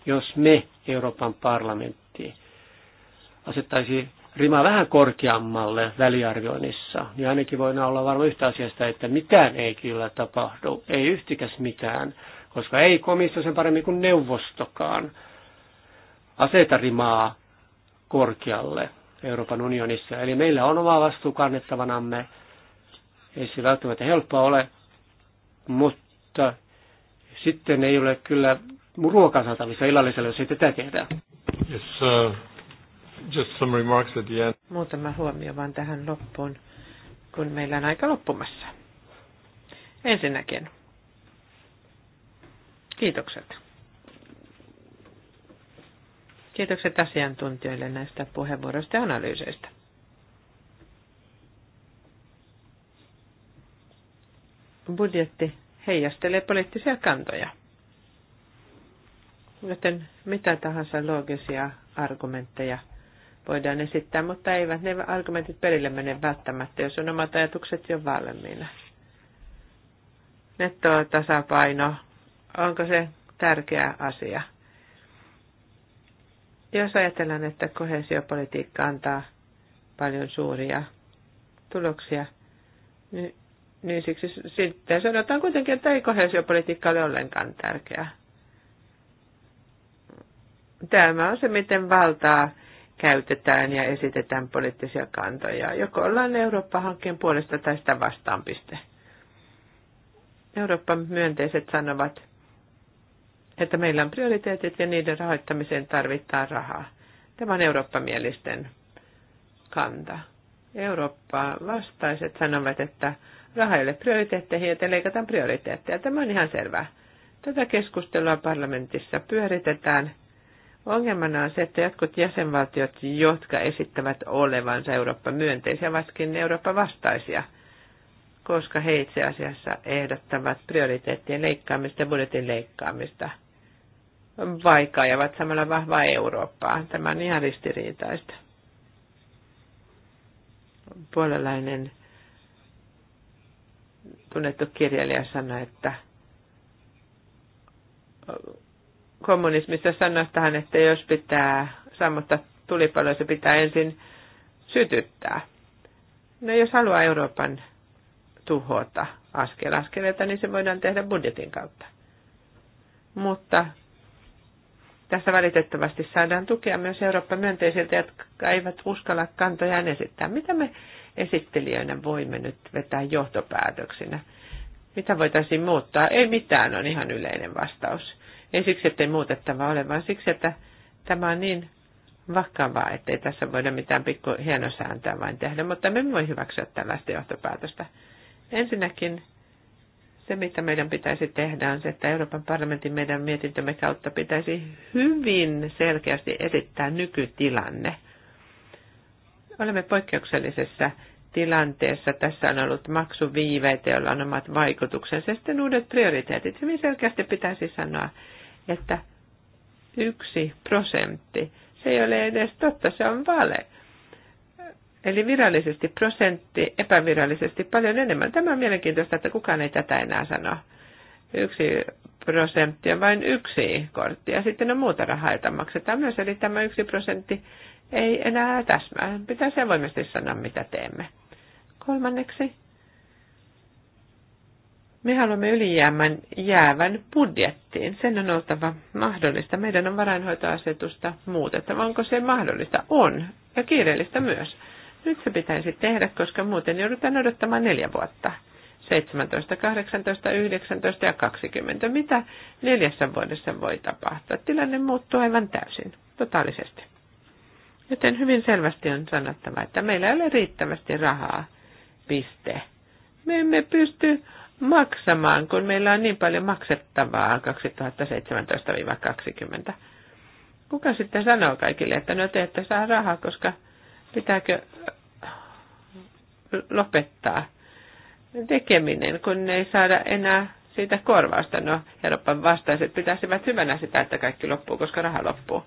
Jos me Euroopan parlamentti asettaisi rima vähän korkeammalle väliarvioinnissa, niin ainakin voidaan olla varma yhtä asiasta, että mitään ei kyllä tapahdu, ei yhtikäs mitään, koska ei komissio sen paremmin kuin neuvostokaan aseta rimaa korkealle Euroopan unionissa. Eli meillä on oma vastuu kannettavanamme, ei se välttämättä helppoa ole, mutta sitten ei ole kyllä ruokaa saatavissa illallisella, jos ei tätä tehdä. Yes, uh... Just some remarks at the end. Muutama huomio vaan tähän loppuun, kun meillä on aika loppumassa. Ensinnäkin. Kiitokset. Kiitokset asiantuntijoille näistä puheenvuoroista ja analyyseistä. Budjetti heijastelee poliittisia kantoja. Joten mitä tahansa loogisia argumentteja – voidaan esittää, mutta eivät ne argumentit perille mene välttämättä, jos on omat ajatukset jo valmiina. Netto-tasapaino, onko se tärkeä asia? Jos ajatellaan, että kohesiopolitiikka antaa paljon suuria tuloksia, niin, niin siksi sitten sanotaan kuitenkin, että ei kohesiopolitiikka ole ollenkaan tärkeää. Tämä on se, miten valtaa käytetään ja esitetään poliittisia kantoja. Joko ollaan Eurooppa-hankkeen puolesta tai sitä vastaan piste. Euroopan myönteiset sanovat, että meillä on prioriteetit ja niiden rahoittamiseen tarvitaan rahaa. Tämä on eurooppamielisten kanta. Eurooppa vastaiset sanovat, että raha ei ole prioriteetteihin, joten leikataan prioriteetteja. Tämä on ihan selvää. Tätä keskustelua parlamentissa pyöritetään – Ongelmana on se, että jotkut jäsenvaltiot, jotka esittävät olevansa Eurooppa-myönteisiä, ovatkin Eurooppa-vastaisia, koska he itse asiassa ehdottavat prioriteettien leikkaamista ja budjetin leikkaamista, vaikka ajavat samalla vahvaa Eurooppaa. Tämä on ihan ristiriitaista. Puolalainen tunnettu kirjailija sanoi, että kommunismissa sanotaan, että jos pitää sammuttaa tulipalo, se pitää ensin sytyttää. No jos haluaa Euroopan tuhota askel askeleita, niin se voidaan tehdä budjetin kautta. Mutta tässä valitettavasti saadaan tukea myös Euroopan myönteisiltä, jotka eivät uskalla kantojaan esittää. Mitä me esittelijöinä voimme nyt vetää johtopäätöksinä? Mitä voitaisiin muuttaa? Ei mitään, on ihan yleinen vastaus. Ei siksi, ei muutettava ole, vaan siksi, että tämä on niin vakavaa, ei tässä voida mitään pikku hienosääntöä vain tehdä, mutta me voi hyväksyä tällaista johtopäätöstä. Ensinnäkin se, mitä meidän pitäisi tehdä, on se, että Euroopan parlamentin meidän mietintömme kautta pitäisi hyvin selkeästi esittää nykytilanne. Olemme poikkeuksellisessa tilanteessa. Tässä on ollut maksuviiveitä, joilla on omat vaikutuksensa. Sitten uudet prioriteetit. Hyvin selkeästi pitäisi sanoa, että yksi prosentti, se ei ole edes totta, se on vale. Eli virallisesti prosentti, epävirallisesti paljon enemmän. Tämä on mielenkiintoista, että kukaan ei tätä enää sano. Yksi prosentti on vain yksi kortti ja sitten on muuta rahaa, jota maksetaan myös. Eli tämä yksi prosentti ei enää täsmää. Pitää sen voimasti sanoa, mitä teemme. Kolmanneksi, me haluamme ylijäämän jäävän budjettiin. Sen on oltava mahdollista. Meidän on varainhoitoasetusta muutettava. Onko se mahdollista? On. Ja kiireellistä myös. Nyt se pitäisi tehdä, koska muuten joudutaan odottamaan neljä vuotta. 17, 18, 19 ja 20. Mitä neljässä vuodessa voi tapahtua? Tilanne muuttuu aivan täysin, totaalisesti. Joten hyvin selvästi on sanottava, että meillä ei ole riittävästi rahaa, piste. Me emme pysty maksamaan, kun meillä on niin paljon maksettavaa 2017-2020. Kuka sitten sanoo kaikille, että no te ette saa rahaa, koska pitääkö lopettaa tekeminen, kun ei saada enää siitä korvausta. No, Euroopan vastaiset pitäisivät hyvänä sitä, että kaikki loppuu, koska raha loppuu.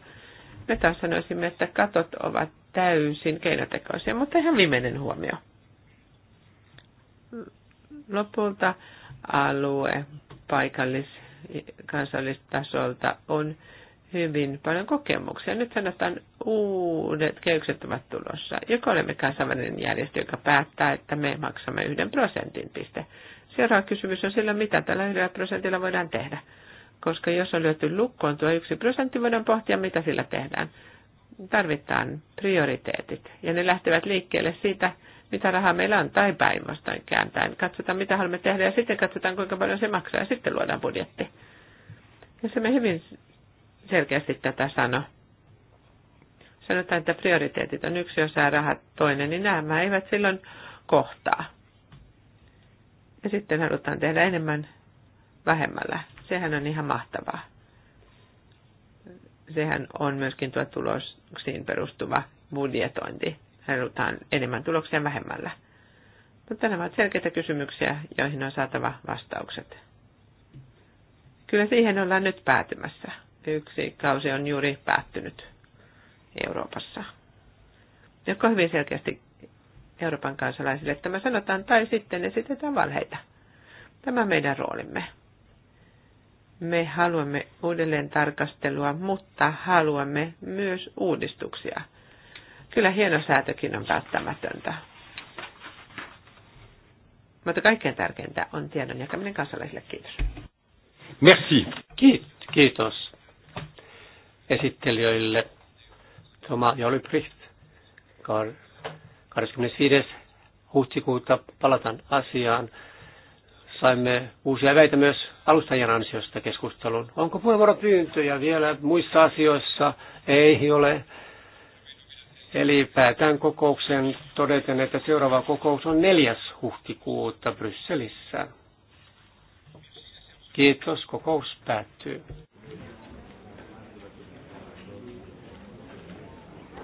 Me taas sanoisimme, että katot ovat täysin keinotekoisia, mutta ihan viimeinen huomio. Lopulta alue paikallis- kansallistasolta on hyvin paljon kokemuksia. Nyt sanotaan uudet kehykset ovat tulossa. Joko olemme kansainvälinen järjestö, joka päättää, että me maksamme yhden prosentin piste. Seuraava kysymys on sillä, mitä tällä yhdellä prosentilla voidaan tehdä. Koska jos on lyöty lukkoon tuo yksi prosentti, voidaan pohtia, mitä sillä tehdään. Tarvitaan prioriteetit. Ja ne lähtevät liikkeelle siitä, mitä rahaa meillä on, tai päinvastoin kääntäen. Katsotaan, mitä haluamme tehdä, ja sitten katsotaan, kuinka paljon se maksaa, ja sitten luodaan budjetti. Ja se me hyvin selkeästi tätä sano. Sanotaan, että prioriteetit on yksi osa rahat toinen, niin nämä eivät silloin kohtaa. Ja sitten halutaan tehdä enemmän vähemmällä. Sehän on ihan mahtavaa. Sehän on myöskin tuo tuloksiin perustuva budjetointi halutaan enemmän tuloksia vähemmällä. Mutta nämä ovat selkeitä kysymyksiä, joihin on saatava vastaukset. Kyllä siihen ollaan nyt päätymässä. Yksi kausi on juuri päättynyt Euroopassa. Joka hyvin selkeästi Euroopan kansalaisille tämä sanotaan, tai sitten esitetään valheita. Tämä meidän roolimme. Me haluamme uudelleen tarkastelua, mutta haluamme myös uudistuksia – Kyllä säätökin on välttämätöntä. Mutta kaikkein tärkeintä on tiedon jakaminen kansalaisille. Kiitos. Merci. Kiitos esittelijöille. Toma Jolipris, 25. huhtikuuta palataan asiaan. Saimme uusia väitä myös alustajien ansiosta keskustelun. Onko puheenvuoropyyntöjä vielä muissa asioissa? Ei ole. Eli päätän kokouksen todeten, että seuraava kokous on 4. huhtikuuta Brysselissä. Kiitos, kokous päättyy.